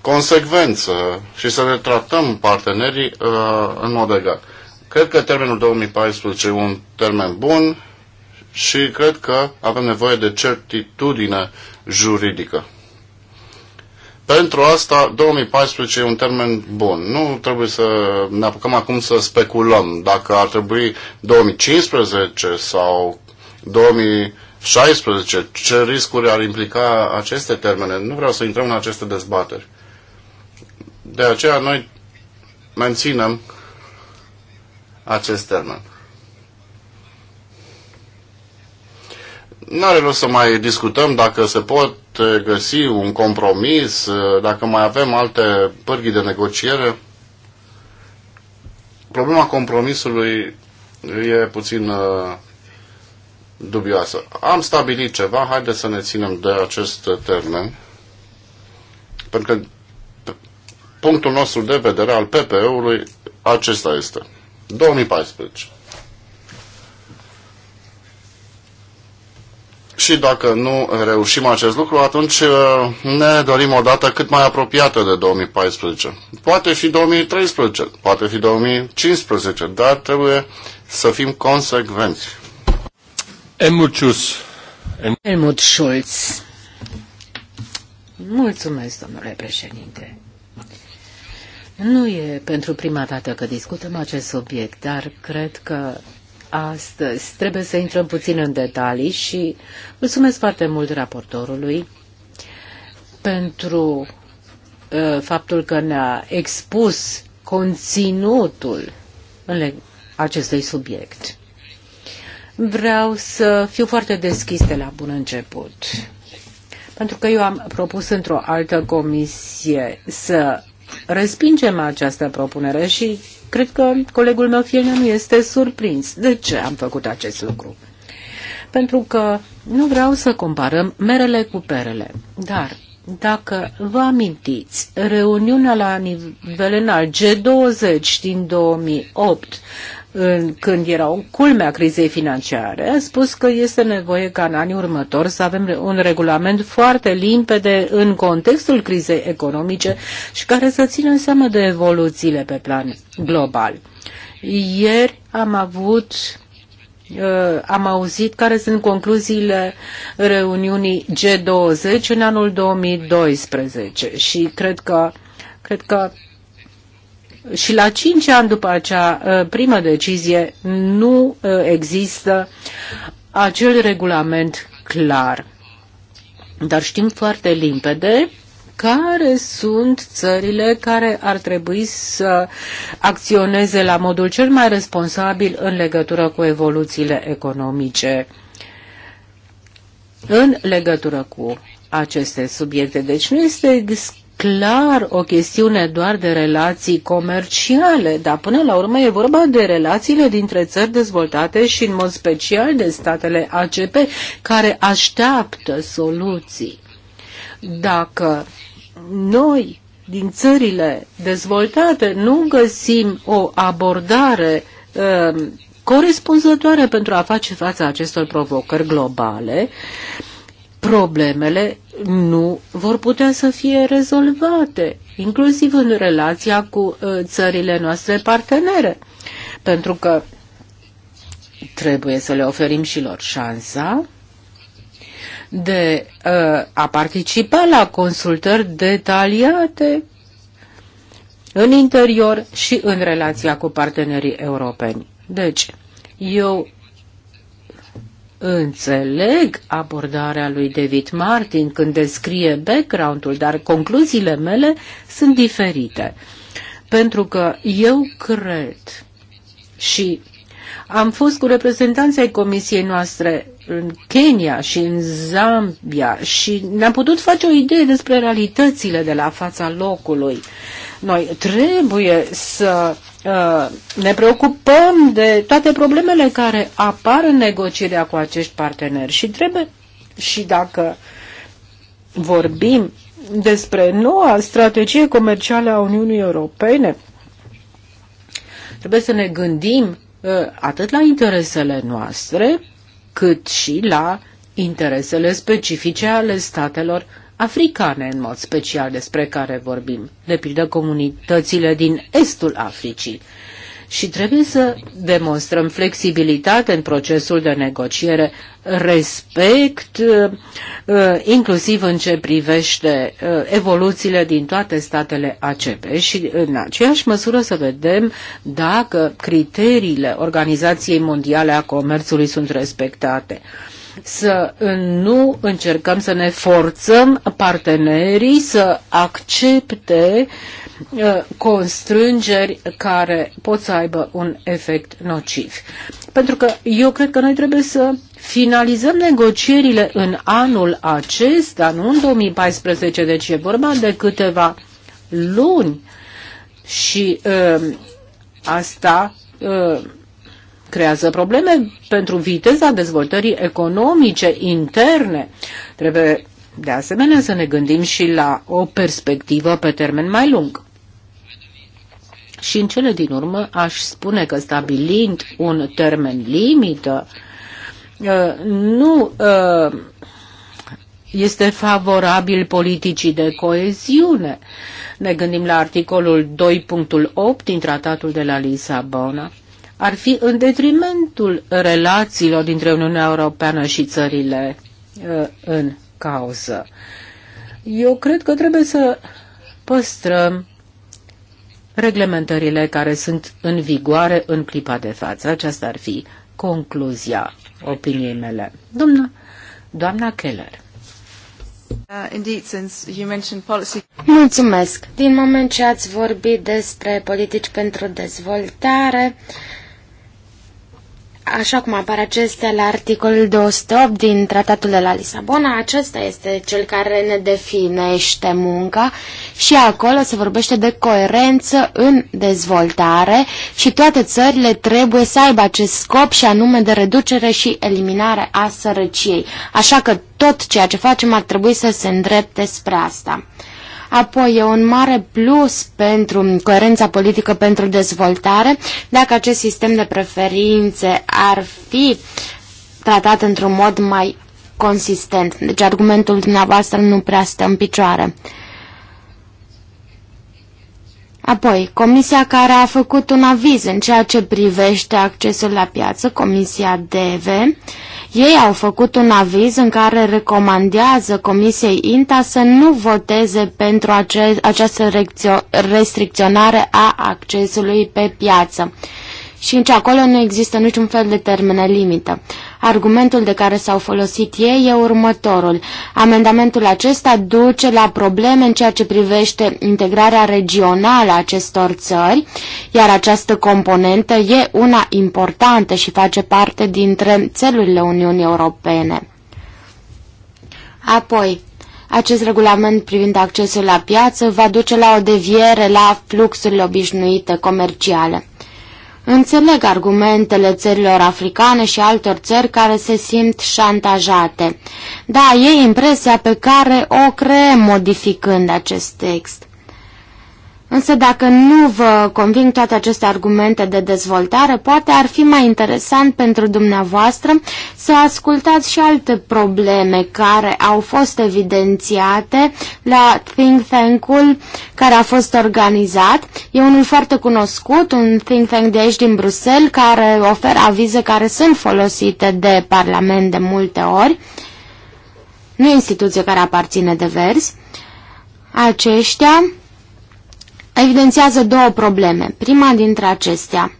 consecvență și să ne tratăm partenerii uh, în mod egal. Cred că termenul 2014 e un termen bun, și cred că avem nevoie de certitudine juridică. Pentru asta, 2014 e un termen bun. Nu trebuie să ne apucăm acum să speculăm dacă ar trebui 2015 sau 2016, ce riscuri ar implica aceste termene. Nu vreau să intrăm în aceste dezbateri. De aceea noi menținem acest termen. Nu are rost să mai discutăm dacă se pot găsi un compromis, dacă mai avem alte pârghii de negociere. Problema compromisului e puțin uh, dubioasă. Am stabilit ceva, haideți să ne ținem de acest termen, pentru că punctul nostru de vedere al PPE-ului acesta este. 2014. Și dacă nu reușim acest lucru, atunci uh, ne dorim o dată cât mai apropiată de 2014. Poate fi 2013, poate fi 2015, dar trebuie să fim consecvenți. Helmut Helmut Schulz. Mulțumesc, domnule președinte. Nu e pentru prima dată că discutăm acest subiect, dar cred că astăzi. Trebuie să intrăm puțin în detalii și mulțumesc foarte mult raportorului pentru uh, faptul că ne-a expus conținutul acestui subiect. Vreau să fiu foarte deschis de la bun început, pentru că eu am propus într-o altă comisie să respingem această propunere și cred că colegul meu nu este surprins. De ce am făcut acest lucru? Pentru că nu vreau să comparăm merele cu perele, dar dacă vă amintiți, reuniunea la nivel înalt G20 din 2008 în, când erau culmea crizei financiare, a spus că este nevoie ca în anii următori să avem un regulament foarte limpede în contextul crizei economice și care să țină seama de evoluțiile pe plan global. Ieri am avut uh, am auzit care sunt concluziile reuniunii G20 în anul 2012 și cred că, cred că și la cinci ani după acea uh, primă decizie nu uh, există acel regulament clar. Dar știm foarte limpede care sunt țările care ar trebui să acționeze la modul cel mai responsabil în legătură cu evoluțiile economice în legătură cu aceste subiecte. Deci nu este clar o chestiune doar de relații comerciale, dar până la urmă e vorba de relațiile dintre țări dezvoltate și în mod special de statele ACP care așteaptă soluții. Dacă noi din țările dezvoltate nu găsim o abordare uh, corespunzătoare pentru a face față acestor provocări globale, uh, problemele nu vor putea să fie rezolvate, inclusiv în relația cu uh, țările noastre partenere, pentru că trebuie să le oferim și lor șansa de uh, a participa la consultări detaliate în interior și în relația cu partenerii europeni. Deci, eu Înțeleg abordarea lui David Martin când descrie background-ul, dar concluziile mele sunt diferite. Pentru că eu cred și am fost cu reprezentanții ai comisiei noastre în Kenya și în Zambia și ne-am putut face o idee despre realitățile de la fața locului. Noi trebuie să uh, ne preocupăm de toate problemele care apar în negocierea cu acești parteneri și trebuie și dacă vorbim despre noua strategie comercială a Uniunii Europene, trebuie să ne gândim uh, atât la interesele noastre, cât și la interesele specifice ale statelor africane în mod special despre care vorbim, de pildă comunitățile din estul Africii. Și trebuie să demonstrăm flexibilitate în procesul de negociere, respect uh, uh, inclusiv în ce privește uh, evoluțiile din toate statele ACP și în aceeași măsură să vedem dacă criteriile Organizației Mondiale a Comerțului sunt respectate să nu încercăm să ne forțăm partenerii să accepte uh, constrângeri care pot să aibă un efect nociv. Pentru că eu cred că noi trebuie să finalizăm negocierile în anul acesta, nu în 2014, deci e vorba de câteva luni și ă, asta ă, creează probleme pentru viteza dezvoltării economice interne. Trebuie de asemenea să ne gândim și la o perspectivă pe termen mai lung. Și în cele din urmă aș spune că stabilind un termen limită, uh, nu uh, este favorabil politicii de coeziune. Ne gândim la articolul 2.8 din Tratatul de la Lisabona, ar fi în detrimentul relațiilor dintre Uniunea Europeană și țările uh, în cauză. Eu cred că trebuie să păstrăm reglementările care sunt în vigoare în clipa de față. Aceasta ar fi concluzia opiniei mele. Doamna, Doamna Keller. Uh, Mulțumesc. Din moment ce ați vorbit despre politici pentru dezvoltare, așa cum apar acestea la articolul 208 din Tratatul de la Lisabona, acesta este cel care ne definește munca și acolo se vorbește de coerență în dezvoltare și toate țările trebuie să aibă acest scop și anume de reducere și eliminare a sărăciei. Așa că tot ceea ce facem ar trebui să se îndrepte spre asta apoi e un mare plus pentru coerența politică pentru dezvoltare dacă acest sistem de preferințe ar fi tratat într-un mod mai consistent. Deci argumentul dumneavoastră nu prea stă în picioare. Apoi, comisia care a făcut un aviz în ceea ce privește accesul la piață, comisia DEVE, ei au făcut un aviz în care recomandează comisiei INTA să nu voteze pentru ace această restricționare a accesului pe piață și nici acolo nu există niciun fel de termene limită. Argumentul de care s-au folosit ei e următorul. Amendamentul acesta duce la probleme în ceea ce privește integrarea regională a acestor țări, iar această componentă e una importantă și face parte dintre țelurile Uniunii Europene. Apoi, acest regulament privind accesul la piață va duce la o deviere la fluxurile obișnuite comerciale. Înțeleg argumentele țărilor africane și altor țări care se simt șantajate. Da, e impresia pe care o creăm modificând acest text. Însă dacă nu vă conving toate aceste argumente de dezvoltare, poate ar fi mai interesant pentru dumneavoastră să ascultați și alte probleme care au fost evidențiate la think tank-ul care a fost organizat. E unul foarte cunoscut, un think tank de aici din Bruxelles, care oferă avize care sunt folosite de Parlament de multe ori. Nu e instituție care aparține de verzi. Aceștia evidențiază două probleme. Prima dintre acestea,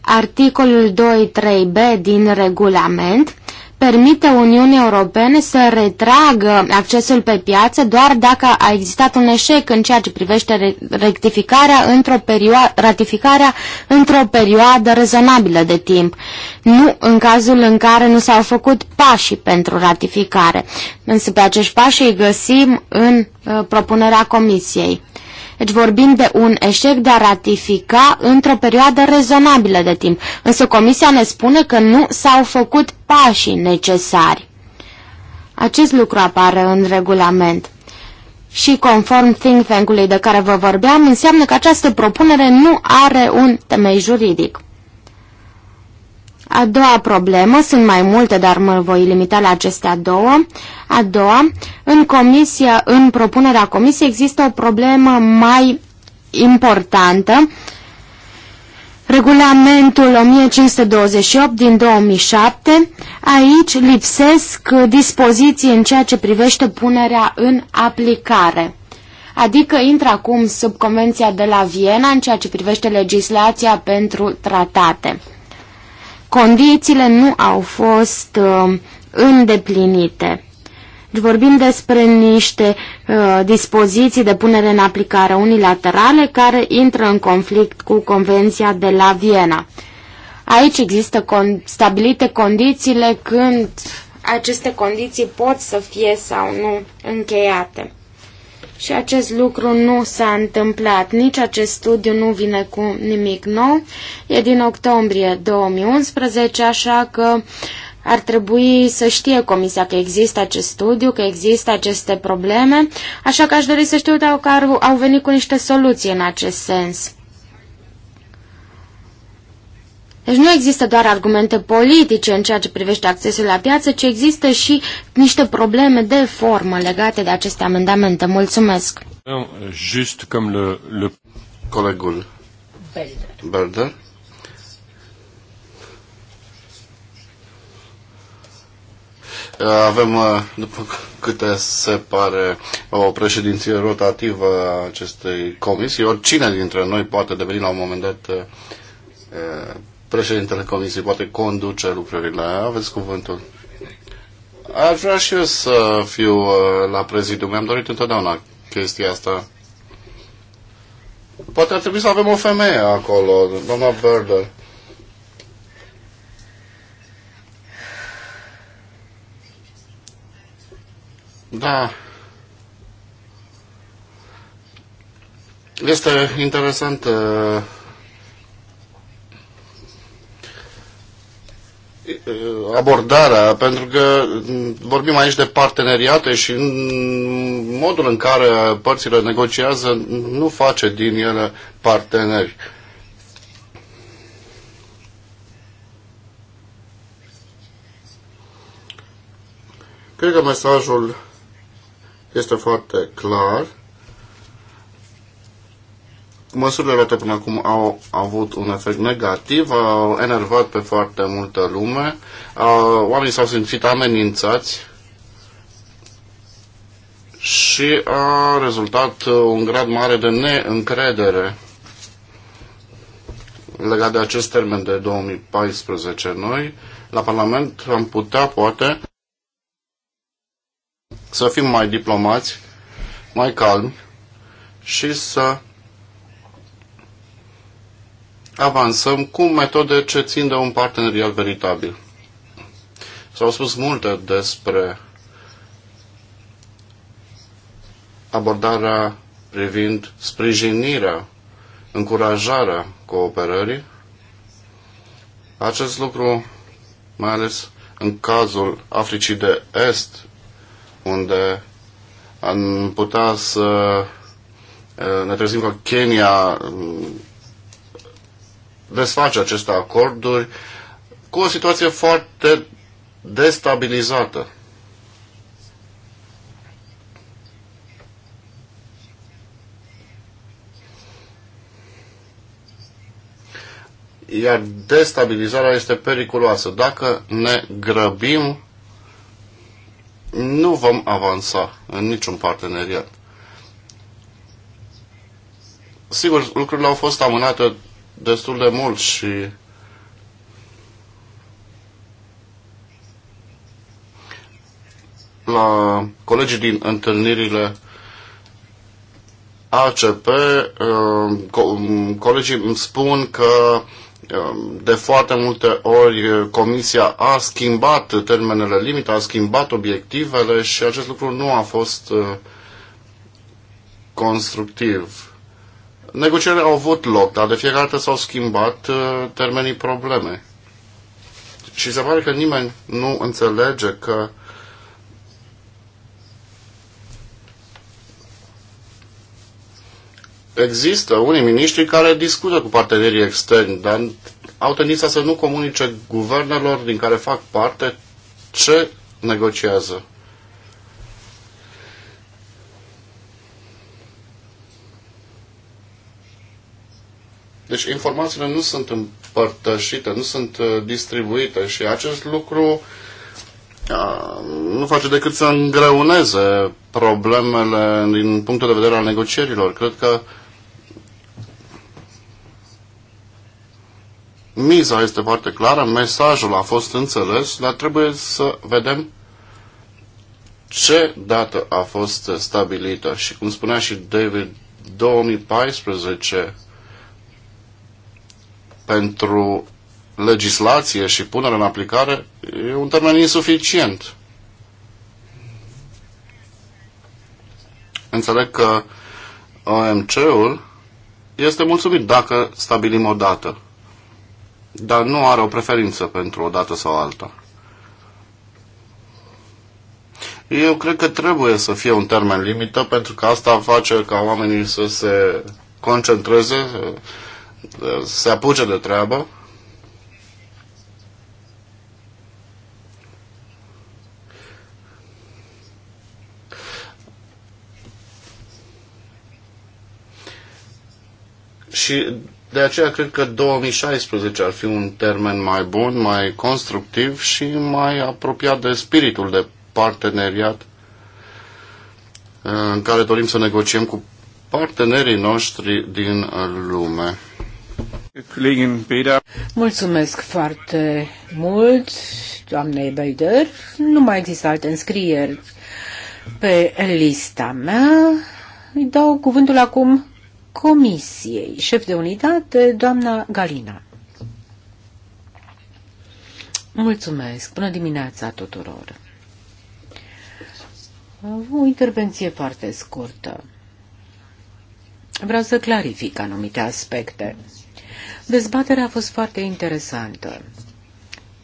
articolul 2.3b din regulament permite Uniunii Europene să retragă accesul pe piață doar dacă a existat un eșec în ceea ce privește rectificarea într-o perioadă, ratificarea într-o perioadă rezonabilă de timp, nu în cazul în care nu s-au făcut pașii pentru ratificare. Însă pe acești pași îi găsim în uh, propunerea Comisiei. Deci vorbim de un eșec de a ratifica într-o perioadă rezonabilă de timp. Însă Comisia ne spune că nu s-au făcut pașii necesari. Acest lucru apare în regulament. Și conform think tank-ului de care vă vorbeam, înseamnă că această propunere nu are un temei juridic. A doua problemă, sunt mai multe, dar mă voi limita la acestea două. A doua, în, comisia, în propunerea comisiei există o problemă mai importantă. Regulamentul 1528 din 2007, aici lipsesc dispoziții în ceea ce privește punerea în aplicare adică intră acum sub Convenția de la Viena în ceea ce privește legislația pentru tratate condițiile nu au fost uh, îndeplinite. Deci vorbim despre niște uh, dispoziții de punere în aplicare unilaterale care intră în conflict cu Convenția de la Viena. Aici există con stabilite condițiile când aceste condiții pot să fie sau nu încheiate și acest lucru nu s-a întâmplat. Nici acest studiu nu vine cu nimic nou. E din octombrie 2011, așa că ar trebui să știe Comisia că există acest studiu, că există aceste probleme, așa că aș dori să știu dacă au venit cu niște soluții în acest sens. Deci nu există doar argumente politice în ceea ce privește accesul la piață, ci există și niște probleme de formă legate de aceste amendamente. Mulțumesc! Just cum le, le... colegul Belder. Avem, uh, după câte se pare, o președinție rotativă a acestei comisii. Oricine dintre noi poate deveni la un moment dat uh, președintele Comisiei poate conduce lucrările. Aveți cuvântul. Aș vrea și eu să fiu uh, la prezidiu. Mi-am dorit întotdeauna chestia asta. Poate ar trebui să avem o femeie acolo, doamna Verde. Da. Este interesant uh, abordarea, pentru că vorbim aici de parteneriate și modul în care părțile negociază nu face din ele parteneri. Cred că mesajul este foarte clar. Măsurile luate până acum au avut un efect negativ, au enervat pe foarte multă lume, oamenii s-au simțit amenințați și a rezultat uh, un grad mare de neîncredere legat de acest termen de 2014. Noi, la Parlament, am putea, poate, să fim mai diplomați, mai calmi și să avansăm cu metode ce țin de un parteneriat veritabil. S-au spus multe despre abordarea privind sprijinirea, încurajarea cooperării. Acest lucru, mai ales în cazul Africii de Est, unde am putea să eh, ne trezim că Kenya desface aceste acorduri cu o situație foarte destabilizată. Iar destabilizarea este periculoasă. Dacă ne grăbim, nu vom avansa în niciun parteneriat. Sigur, lucrurile au fost amânate destul de mult și la colegii din întâlnirile ACP, uh, colegii îmi spun că uh, de foarte multe ori uh, Comisia a schimbat termenele limite, a schimbat obiectivele și acest lucru nu a fost constructiv. Negocierile au avut loc, dar de fiecare dată s-au schimbat uh, termenii probleme. Și se pare că nimeni nu înțelege că există unii miniștri care discută cu partenerii externi, dar au tendința să nu comunice guvernelor din care fac parte ce negociază. Deci informațiile nu sunt împărtășite, nu sunt uh, distribuite și acest lucru uh, nu face decât să îngreuneze problemele din punctul de vedere al negocierilor. Cred că miza este foarte clară, mesajul a fost înțeles, dar trebuie să vedem ce dată a fost stabilită. Și cum spunea și David, 2014 pentru legislație și punere în aplicare e un termen insuficient. Înțeleg că OMC-ul este mulțumit dacă stabilim o dată, dar nu are o preferință pentru o dată sau alta. Eu cred că trebuie să fie un termen limită pentru că asta face ca oamenii să se concentreze se apuce de treabă. Și de aceea cred că 2016 ar fi un termen mai bun, mai constructiv și mai apropiat de spiritul de parteneriat în care dorim să negociem cu partenerii noștri din lume. Mulțumesc foarte mult, doamnei Bader. Nu mai există alte înscrieri pe lista mea. Îi dau cuvântul acum Comisiei, șef de unitate, doamna Galina. Mulțumesc. Bună dimineața tuturor. O intervenție foarte scurtă. Vreau să clarific anumite aspecte. Dezbaterea a fost foarte interesantă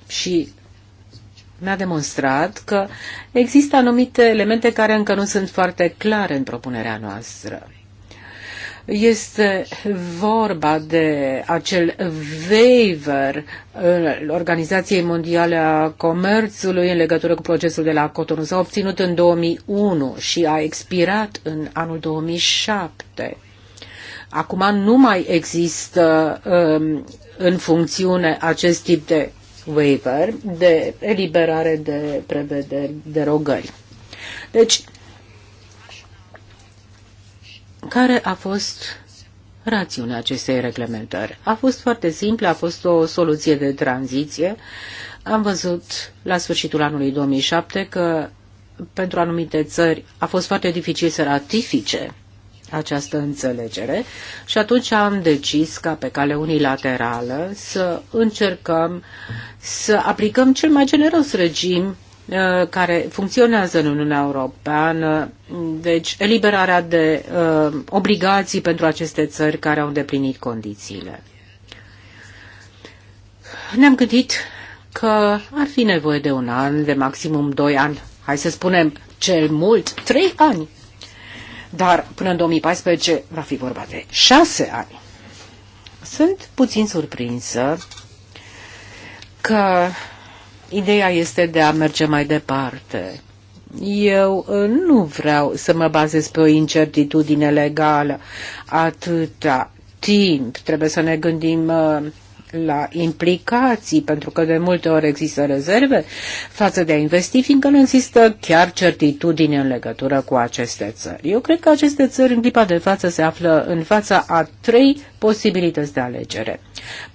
și mi-a demonstrat că există anumite elemente care încă nu sunt foarte clare în propunerea noastră. Este vorba de acel waiver Organizației Mondiale a Comerțului în legătură cu procesul de la Cotonou. S-a obținut în 2001 și a expirat în anul 2007. Acum nu mai există um, în funcțiune acest tip de waiver, de eliberare de prevederi, derogări. Deci, care a fost rațiunea acestei reglementări? A fost foarte simplă, a fost o soluție de tranziție. Am văzut la sfârșitul anului 2007 că pentru anumite țări a fost foarte dificil să ratifice această înțelegere și atunci am decis ca pe cale unilaterală să încercăm să aplicăm cel mai generos regim uh, care funcționează în Uniunea Europeană, deci eliberarea de uh, obligații pentru aceste țări care au îndeplinit condițiile. Ne-am gândit că ar fi nevoie de un an, de maximum doi ani, hai să spunem cel mult trei ani dar până în 2014 va fi vorba de șase ani. Sunt puțin surprinsă că ideea este de a merge mai departe. Eu uh, nu vreau să mă bazez pe o incertitudine legală atâta timp. Trebuie să ne gândim uh, la implicații, pentru că de multe ori există rezerve față de a investi, fiindcă nu există chiar certitudine în legătură cu aceste țări. Eu cred că aceste țări în clipa de față se află în fața a trei posibilități de alegere.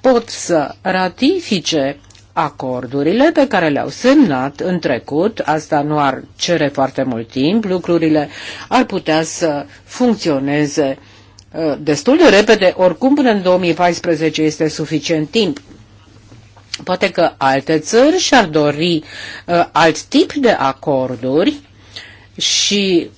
Pot să ratifice acordurile pe care le-au semnat în trecut, asta nu ar cere foarte mult timp, lucrurile ar putea să funcționeze uh, Uh, destul de repede, oricum până în 2014 este suficient timp. Poate că alte țări și-ar dori uh, alt tip de acorduri și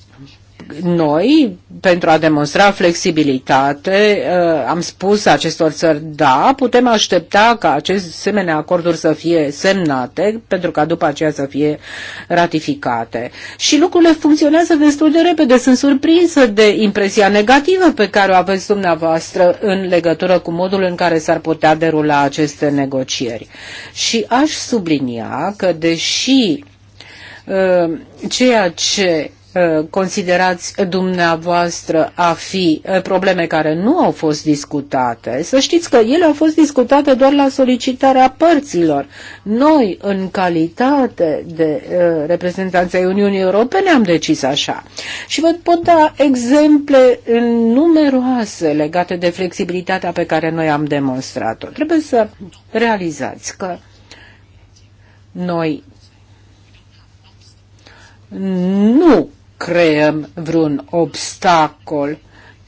noi, pentru a demonstra flexibilitate, uh, am spus acestor țări, da, putem aștepta ca acest semene acorduri să fie semnate, pentru ca după aceea să fie ratificate. Și lucrurile funcționează destul de repede. Sunt surprinsă de impresia negativă pe care o aveți dumneavoastră în legătură cu modul în care s-ar putea derula aceste negocieri. Și aș sublinia că, deși uh, ceea ce Uh, considerați dumneavoastră a fi uh, probleme care nu au fost discutate. Să știți că ele au fost discutate doar la solicitarea părților. Noi, în calitate de uh, reprezentanți ai Uniunii Europene, am decis așa. Și vă pot da exemple numeroase legate de flexibilitatea pe care noi am demonstrat-o. Trebuie să realizați că noi nu creăm vreun obstacol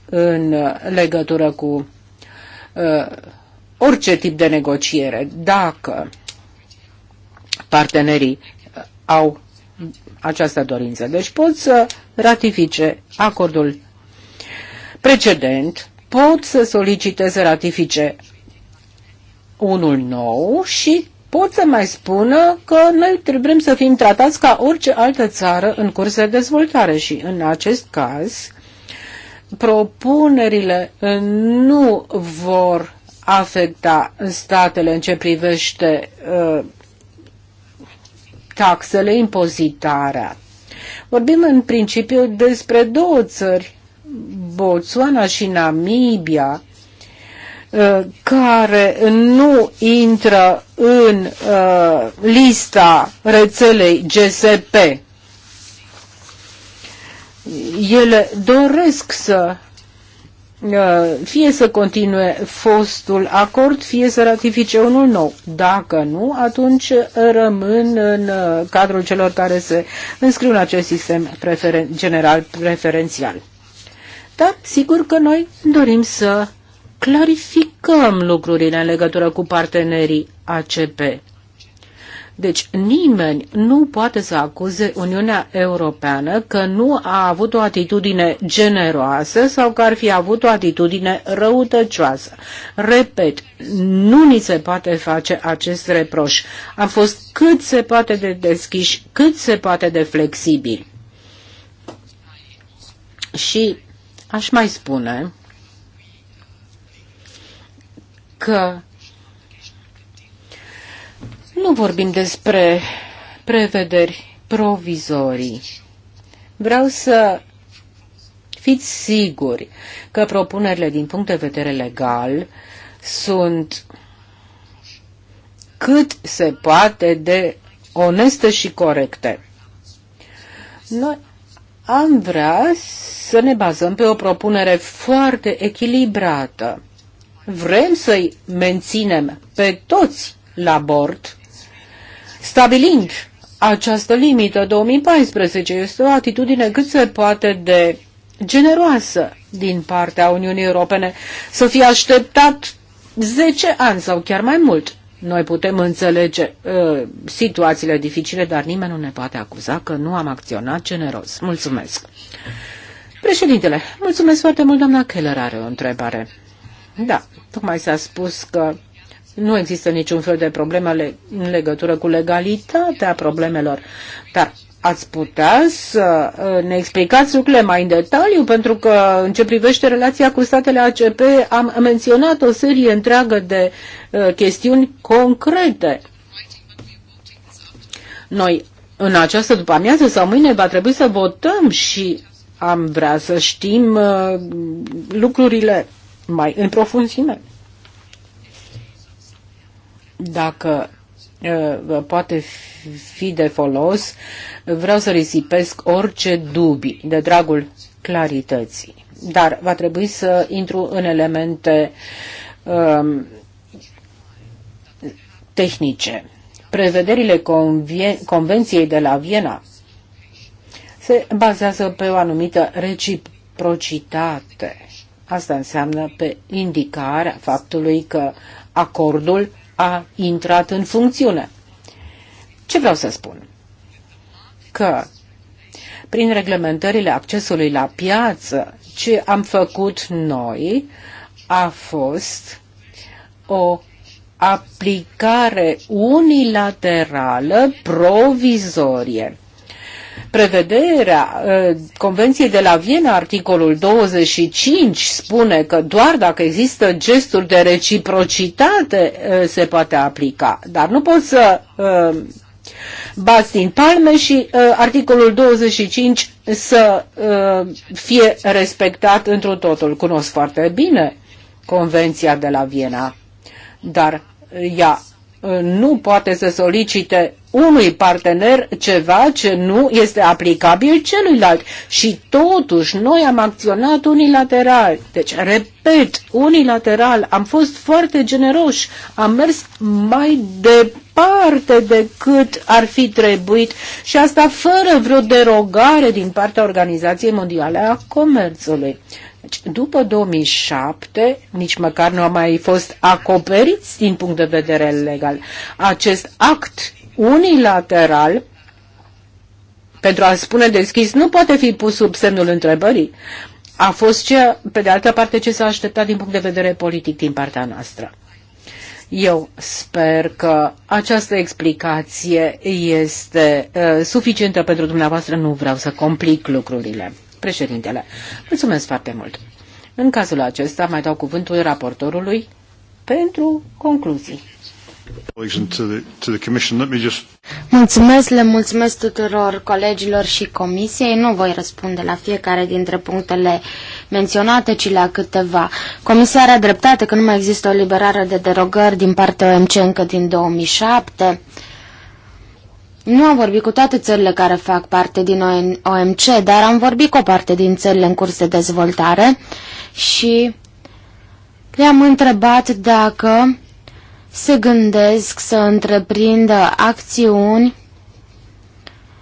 în legătură cu uh, orice tip de negociere. Dacă partenerii uh, au această dorință. Deci pot să ratifice acordul precedent, pot să solicite să ratifice unul nou și pot să mai spună că noi trebuie să fim tratați ca orice altă țară în curs de dezvoltare și în acest caz propunerile nu vor afecta statele în ce privește uh, taxele, impozitarea. Vorbim în principiu despre două țări, Botswana și Namibia, Uh, care nu intră în uh, lista rețelei GSP. Ele doresc să uh, fie să continue fostul acord, fie să ratifice unul nou. Dacă nu, atunci rămân în cadrul celor care se înscriu în acest sistem preferen general preferențial. Dar sigur că noi dorim să clarificăm lucrurile în legătură cu partenerii ACP. Deci nimeni nu poate să acuze Uniunea Europeană că nu a avut o atitudine generoasă sau că ar fi avut o atitudine răutăcioasă. Repet, nu ni se poate face acest reproș. Am fost cât se poate de deschiși, cât se poate de flexibili. Și aș mai spune că nu vorbim despre prevederi provizorii. Vreau să fiți siguri că propunerile din punct de vedere legal sunt cât se poate de oneste și corecte. Noi am vrea să ne bazăm pe o propunere foarte echilibrată vrem să-i menținem pe toți la bord, stabilind această limită 2014 este o atitudine cât se poate de generoasă din partea Uniunii Europene să fie așteptat 10 ani sau chiar mai mult. Noi putem înțelege uh, situațiile dificile, dar nimeni nu ne poate acuza că nu am acționat generos. Mulțumesc. Președintele, mulțumesc foarte mult, doamna Keller are o întrebare. Da, tocmai s-a spus că nu există niciun fel de probleme în legătură cu legalitatea problemelor, dar ați putea să uh, ne explicați lucrurile mai în detaliu, pentru că în ce privește relația cu statele ACP am menționat o serie întreagă de uh, chestiuni concrete. Noi în această după amiază sau mâine va trebui să votăm și am vrea să știm uh, lucrurile mai în profunzime. Dacă poate fi de folos, vreau să risipesc orice dubii de dragul clarității. Dar va trebui să intru în elemente um, tehnice. Prevederile conven Convenției de la Viena se bazează pe o anumită reciprocitate Asta înseamnă pe indicarea faptului că acordul a intrat în funcțiune. Ce vreau să spun? Că prin reglementările accesului la piață, ce am făcut noi a fost o aplicare unilaterală provizorie Prevederea ă, Convenției de la Viena, articolul 25, spune că doar dacă există gesturi de reciprocitate ă, se poate aplica, dar nu poți să ă, bați din palme și articolul 25 să fie respectat întru totul. Cunosc foarte bine Convenția de la Viena, dar ea nu poate să solicite unui partener ceva ce nu este aplicabil celuilalt. Și totuși noi am acționat unilateral. Deci, repet, unilateral. Am fost foarte generoși. Am mers mai departe decât ar fi trebuit și asta fără vreo derogare din partea Organizației Mondiale a Comerțului. Deci, după 2007, nici măcar nu a mai fost acoperiți din punct de vedere legal. Acest act unilateral pentru a spune deschis nu poate fi pus sub semnul întrebării. A fost ce, pe de altă parte, ce s-a așteptat din punct de vedere politic din partea noastră. Eu sper că această explicație este uh, suficientă pentru dumneavoastră, nu vreau să complic lucrurile. Președintele, mulțumesc foarte mult. În cazul acesta mai dau cuvântul raportorului pentru concluzii. Mulțumesc, le mulțumesc tuturor colegilor și comisiei. Nu voi răspunde la fiecare dintre punctele menționate, ci la câteva. Comisia are dreptate că nu mai există o liberare de derogări din partea OMC încă din 2007. Nu am vorbit cu toate țările care fac parte din OMC, dar am vorbit cu o parte din țările în curs de dezvoltare și le-am întrebat dacă se gândesc să întreprindă acțiuni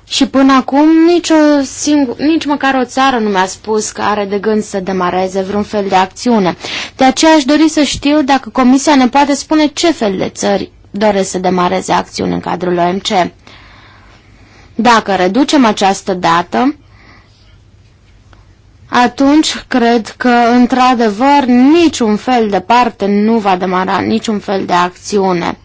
și până acum nicio singur, nici măcar o țară nu mi-a spus că are de gând să demareze vreun fel de acțiune. De aceea aș dori să știu dacă Comisia ne poate spune ce fel de țări doresc să demareze acțiuni în cadrul OMC. Dacă reducem această dată, atunci cred că, într-adevăr, niciun fel de parte nu va demara niciun fel de acțiune.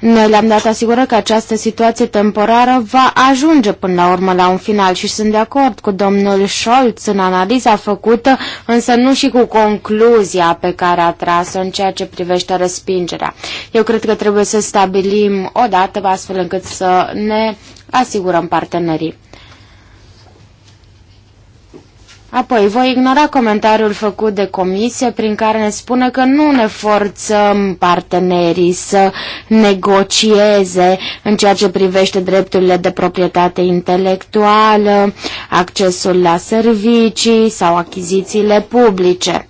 Noi le-am dat asigură că această situație temporară va ajunge până la urmă la un final și sunt de acord cu domnul Scholz în analiza făcută, însă nu și cu concluzia pe care a tras-o în ceea ce privește respingerea. Eu cred că trebuie să stabilim o dată astfel încât să ne asigurăm partenerii. Apoi, voi ignora comentariul făcut de comisie prin care ne spune că nu ne forțăm partenerii să negocieze în ceea ce privește drepturile de proprietate intelectuală, accesul la servicii sau achizițiile publice.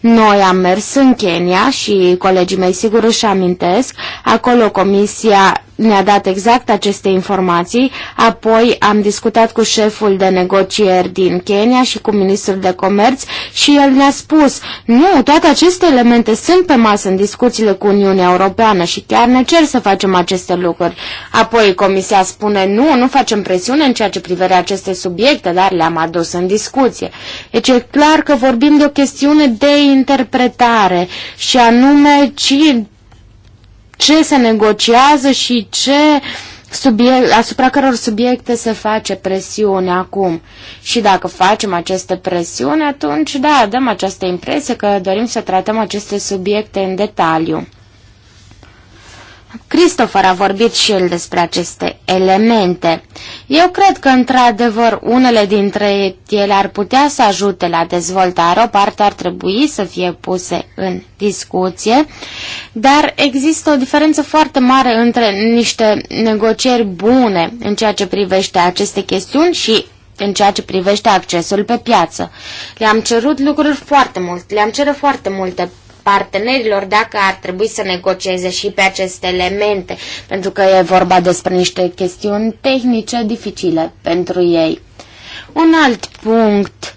Noi am mers în Kenya și colegii mei sigur își amintesc, acolo comisia ne-a dat exact aceste informații, apoi am discutat cu șeful de negocieri din Kenya și cu ministrul de comerț și el ne-a spus, nu, toate aceste elemente sunt pe masă în discuțiile cu Uniunea Europeană și chiar ne cer să facem aceste lucruri. Apoi Comisia spune, nu, nu facem presiune în ceea ce privește aceste subiecte, dar le-am adus în discuție. Deci e clar că vorbim de o chestiune de interpretare și anume ci, ce se negociază și ce subiect, asupra căror subiecte se face presiune acum. Și dacă facem aceste presiuni, atunci da, dăm această impresie că dorim să tratăm aceste subiecte în detaliu. Christopher a vorbit și el despre aceste elemente. Eu cred că, într-adevăr, unele dintre ele ar putea să ajute la dezvoltare, o parte ar trebui să fie puse în discuție, dar există o diferență foarte mare între niște negocieri bune în ceea ce privește aceste chestiuni și în ceea ce privește accesul pe piață. Le-am cerut lucruri foarte mult, le-am cerut foarte multe partenerilor dacă ar trebui să negocieze și pe aceste elemente, pentru că e vorba despre niște chestiuni tehnice dificile pentru ei. Un alt punct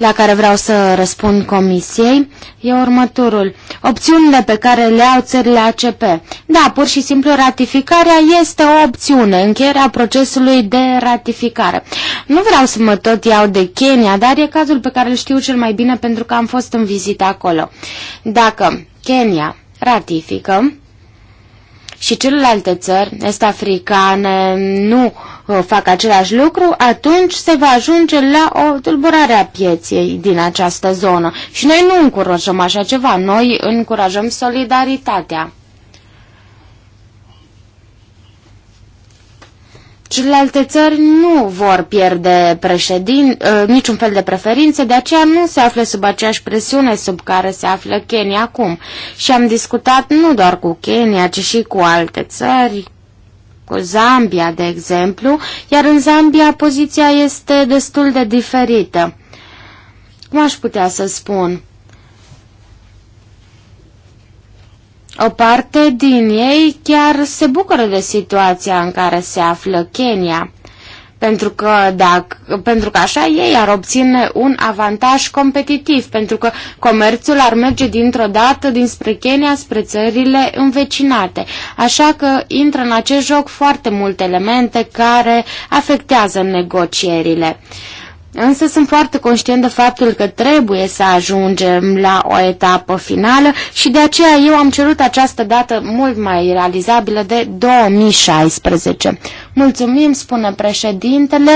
la care vreau să răspund comisiei e următorul. Opțiunile pe care le au țările ACP. Da, pur și simplu ratificarea este o opțiune, încheierea procesului de ratificare. Nu vreau să mă tot iau de Kenya, dar e cazul pe care îl știu cel mai bine pentru că am fost în vizită acolo. Dacă Kenya ratifică, și celelalte țări est-africane nu uh, fac același lucru, atunci se va ajunge la o tulburare a pieței din această zonă. Și noi nu încurajăm așa ceva, noi încurajăm solidaritatea. Celelalte țări nu vor pierde președin, ă, niciun fel de preferințe, de aceea nu se află sub aceeași presiune sub care se află Kenya acum. Și am discutat nu doar cu Kenya, ci și cu alte țări, cu Zambia, de exemplu, iar în Zambia poziția este destul de diferită. Cum aș putea să spun? O parte din ei chiar se bucură de situația în care se află Kenya, pentru că, dacă, pentru că așa ei ar obține un avantaj competitiv, pentru că comerțul ar merge dintr-o dată dinspre Kenya spre țările învecinate. Așa că intră în acest joc foarte multe elemente care afectează negocierile. Însă sunt foarte conștient de faptul că trebuie să ajungem la o etapă finală și de aceea eu am cerut această dată mult mai realizabilă de 2016. Mulțumim, spune președintele.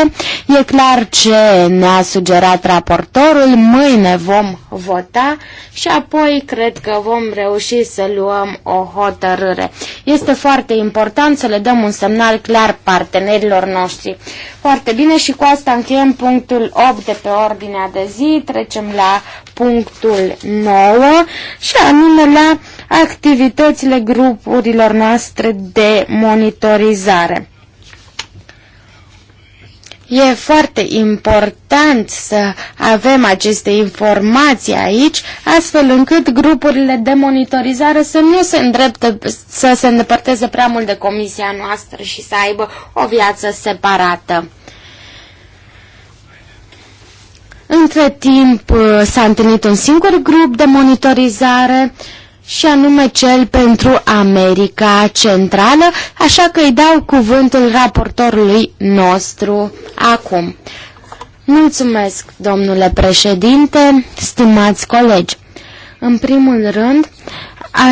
E clar ce ne-a sugerat raportorul. Mâine vom vota și apoi cred că vom reuși să luăm o hotărâre. Este foarte important să le dăm un semnal clar partenerilor noștri. Foarte bine și cu asta încheiem punctul 8 de pe ordinea de zi. Trecem la punctul 9 și anume la activitățile grupurilor noastre de monitorizare. E foarte important să avem aceste informații aici, astfel încât grupurile de monitorizare să nu se îndrepte, să se îndepărteze prea mult de comisia noastră și să aibă o viață separată. Între timp uh, s-a întâlnit un singur grup de monitorizare și anume cel pentru America Centrală, așa că îi dau cuvântul raportorului nostru acum. Mulțumesc, domnule președinte, stimați colegi. În primul rând,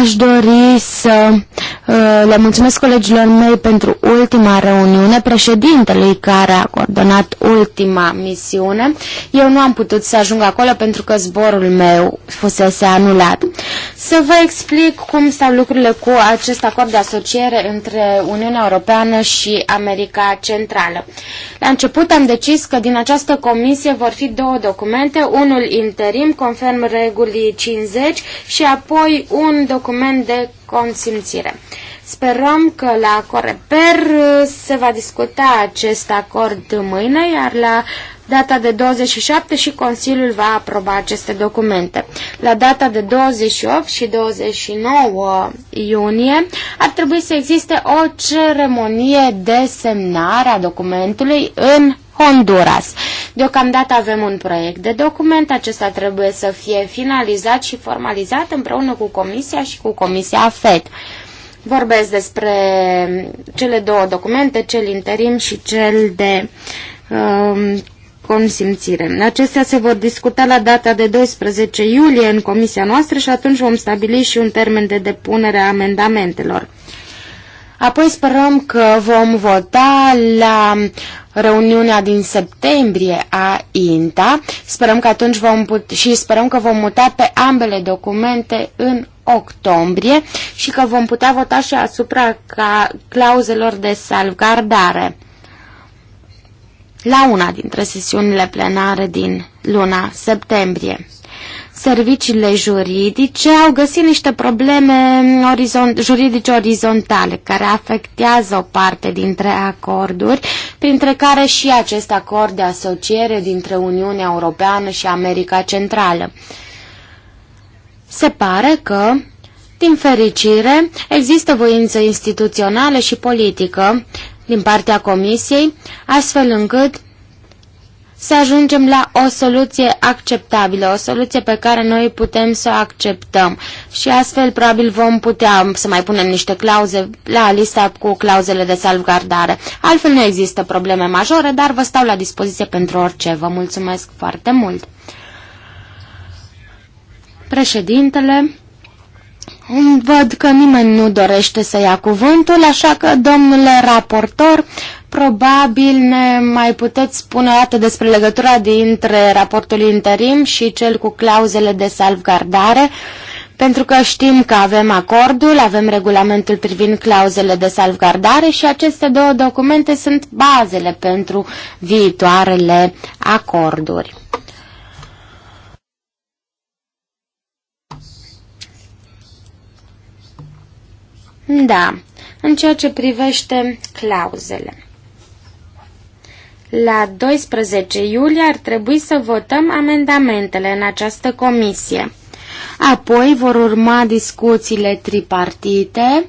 Aș dori să uh, le mulțumesc colegilor mei pentru ultima reuniune, președintelui care a coordonat ultima misiune. Eu nu am putut să ajung acolo pentru că zborul meu fusese anulat. Să vă explic cum stau lucrurile cu acest acord de asociere între Uniunea Europeană și America Centrală. La început am decis că din această comisie vor fi două documente, unul interim conform regulii 50 și apoi un document de consimțire. Sperăm că la Coreper uh, se va discuta acest acord mâine, iar la data de 27 și Consiliul va aproba aceste documente. La data de 28 și 29 iunie ar trebui să existe o ceremonie de semnare a documentului în Honduras. Deocamdată avem un proiect de document, acesta trebuie să fie finalizat și formalizat împreună cu Comisia și cu Comisia FED. Vorbesc despre cele două documente, cel interim și cel de um, consimțire. Acestea se vor discuta la data de 12 iulie în comisia noastră și atunci vom stabili și un termen de depunere a amendamentelor. Apoi sperăm că vom vota la reuniunea din septembrie a INTA. Sperăm că atunci vom put și sperăm că vom muta pe ambele documente în octombrie și că vom putea vota și asupra ca clauzelor de salvgardare la una dintre sesiunile plenare din luna septembrie serviciile juridice au găsit niște probleme orizont, juridice orizontale care afectează o parte dintre acorduri, printre care și acest acord de asociere dintre Uniunea Europeană și America Centrală. Se pare că din fericire, există voință instituțională și politică din partea Comisiei, astfel încât să ajungem la o soluție acceptabilă, o soluție pe care noi putem să o acceptăm și astfel probabil vom putea să mai punem niște clauze la lista cu clauzele de salvgardare. Altfel nu există probleme majore, dar vă stau la dispoziție pentru orice. Vă mulțumesc foarte mult! Președintele Văd că nimeni nu dorește să ia cuvântul, așa că, domnule raportor, probabil ne mai puteți spune o dată despre legătura dintre raportul interim și cel cu clauzele de salvgardare, pentru că știm că avem acordul, avem regulamentul privind clauzele de salvgardare și aceste două documente sunt bazele pentru viitoarele acorduri. Da, în ceea ce privește clauzele. La 12 iulie ar trebui să votăm amendamentele în această comisie. Apoi vor urma discuțiile tripartite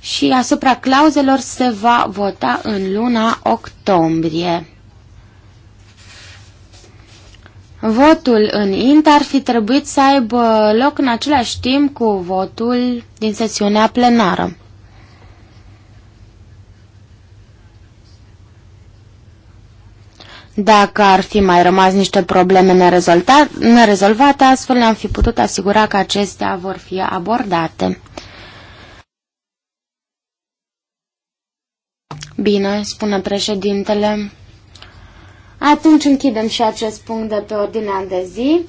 și asupra clauzelor se va vota în luna octombrie. Votul în INT ar fi trebuit să aibă loc în același timp cu votul din sesiunea plenară. Dacă ar fi mai rămas niște probleme nerezolvate, astfel ne-am fi putut asigura că acestea vor fi abordate. Bine, spune președintele. Atunci închidem și acest punct de pe ordinea de zi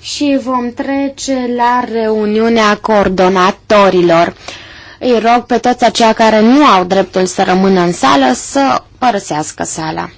și vom trece la reuniunea coordonatorilor. Îi rog pe toți aceia care nu au dreptul să rămână în sală să părăsească sala.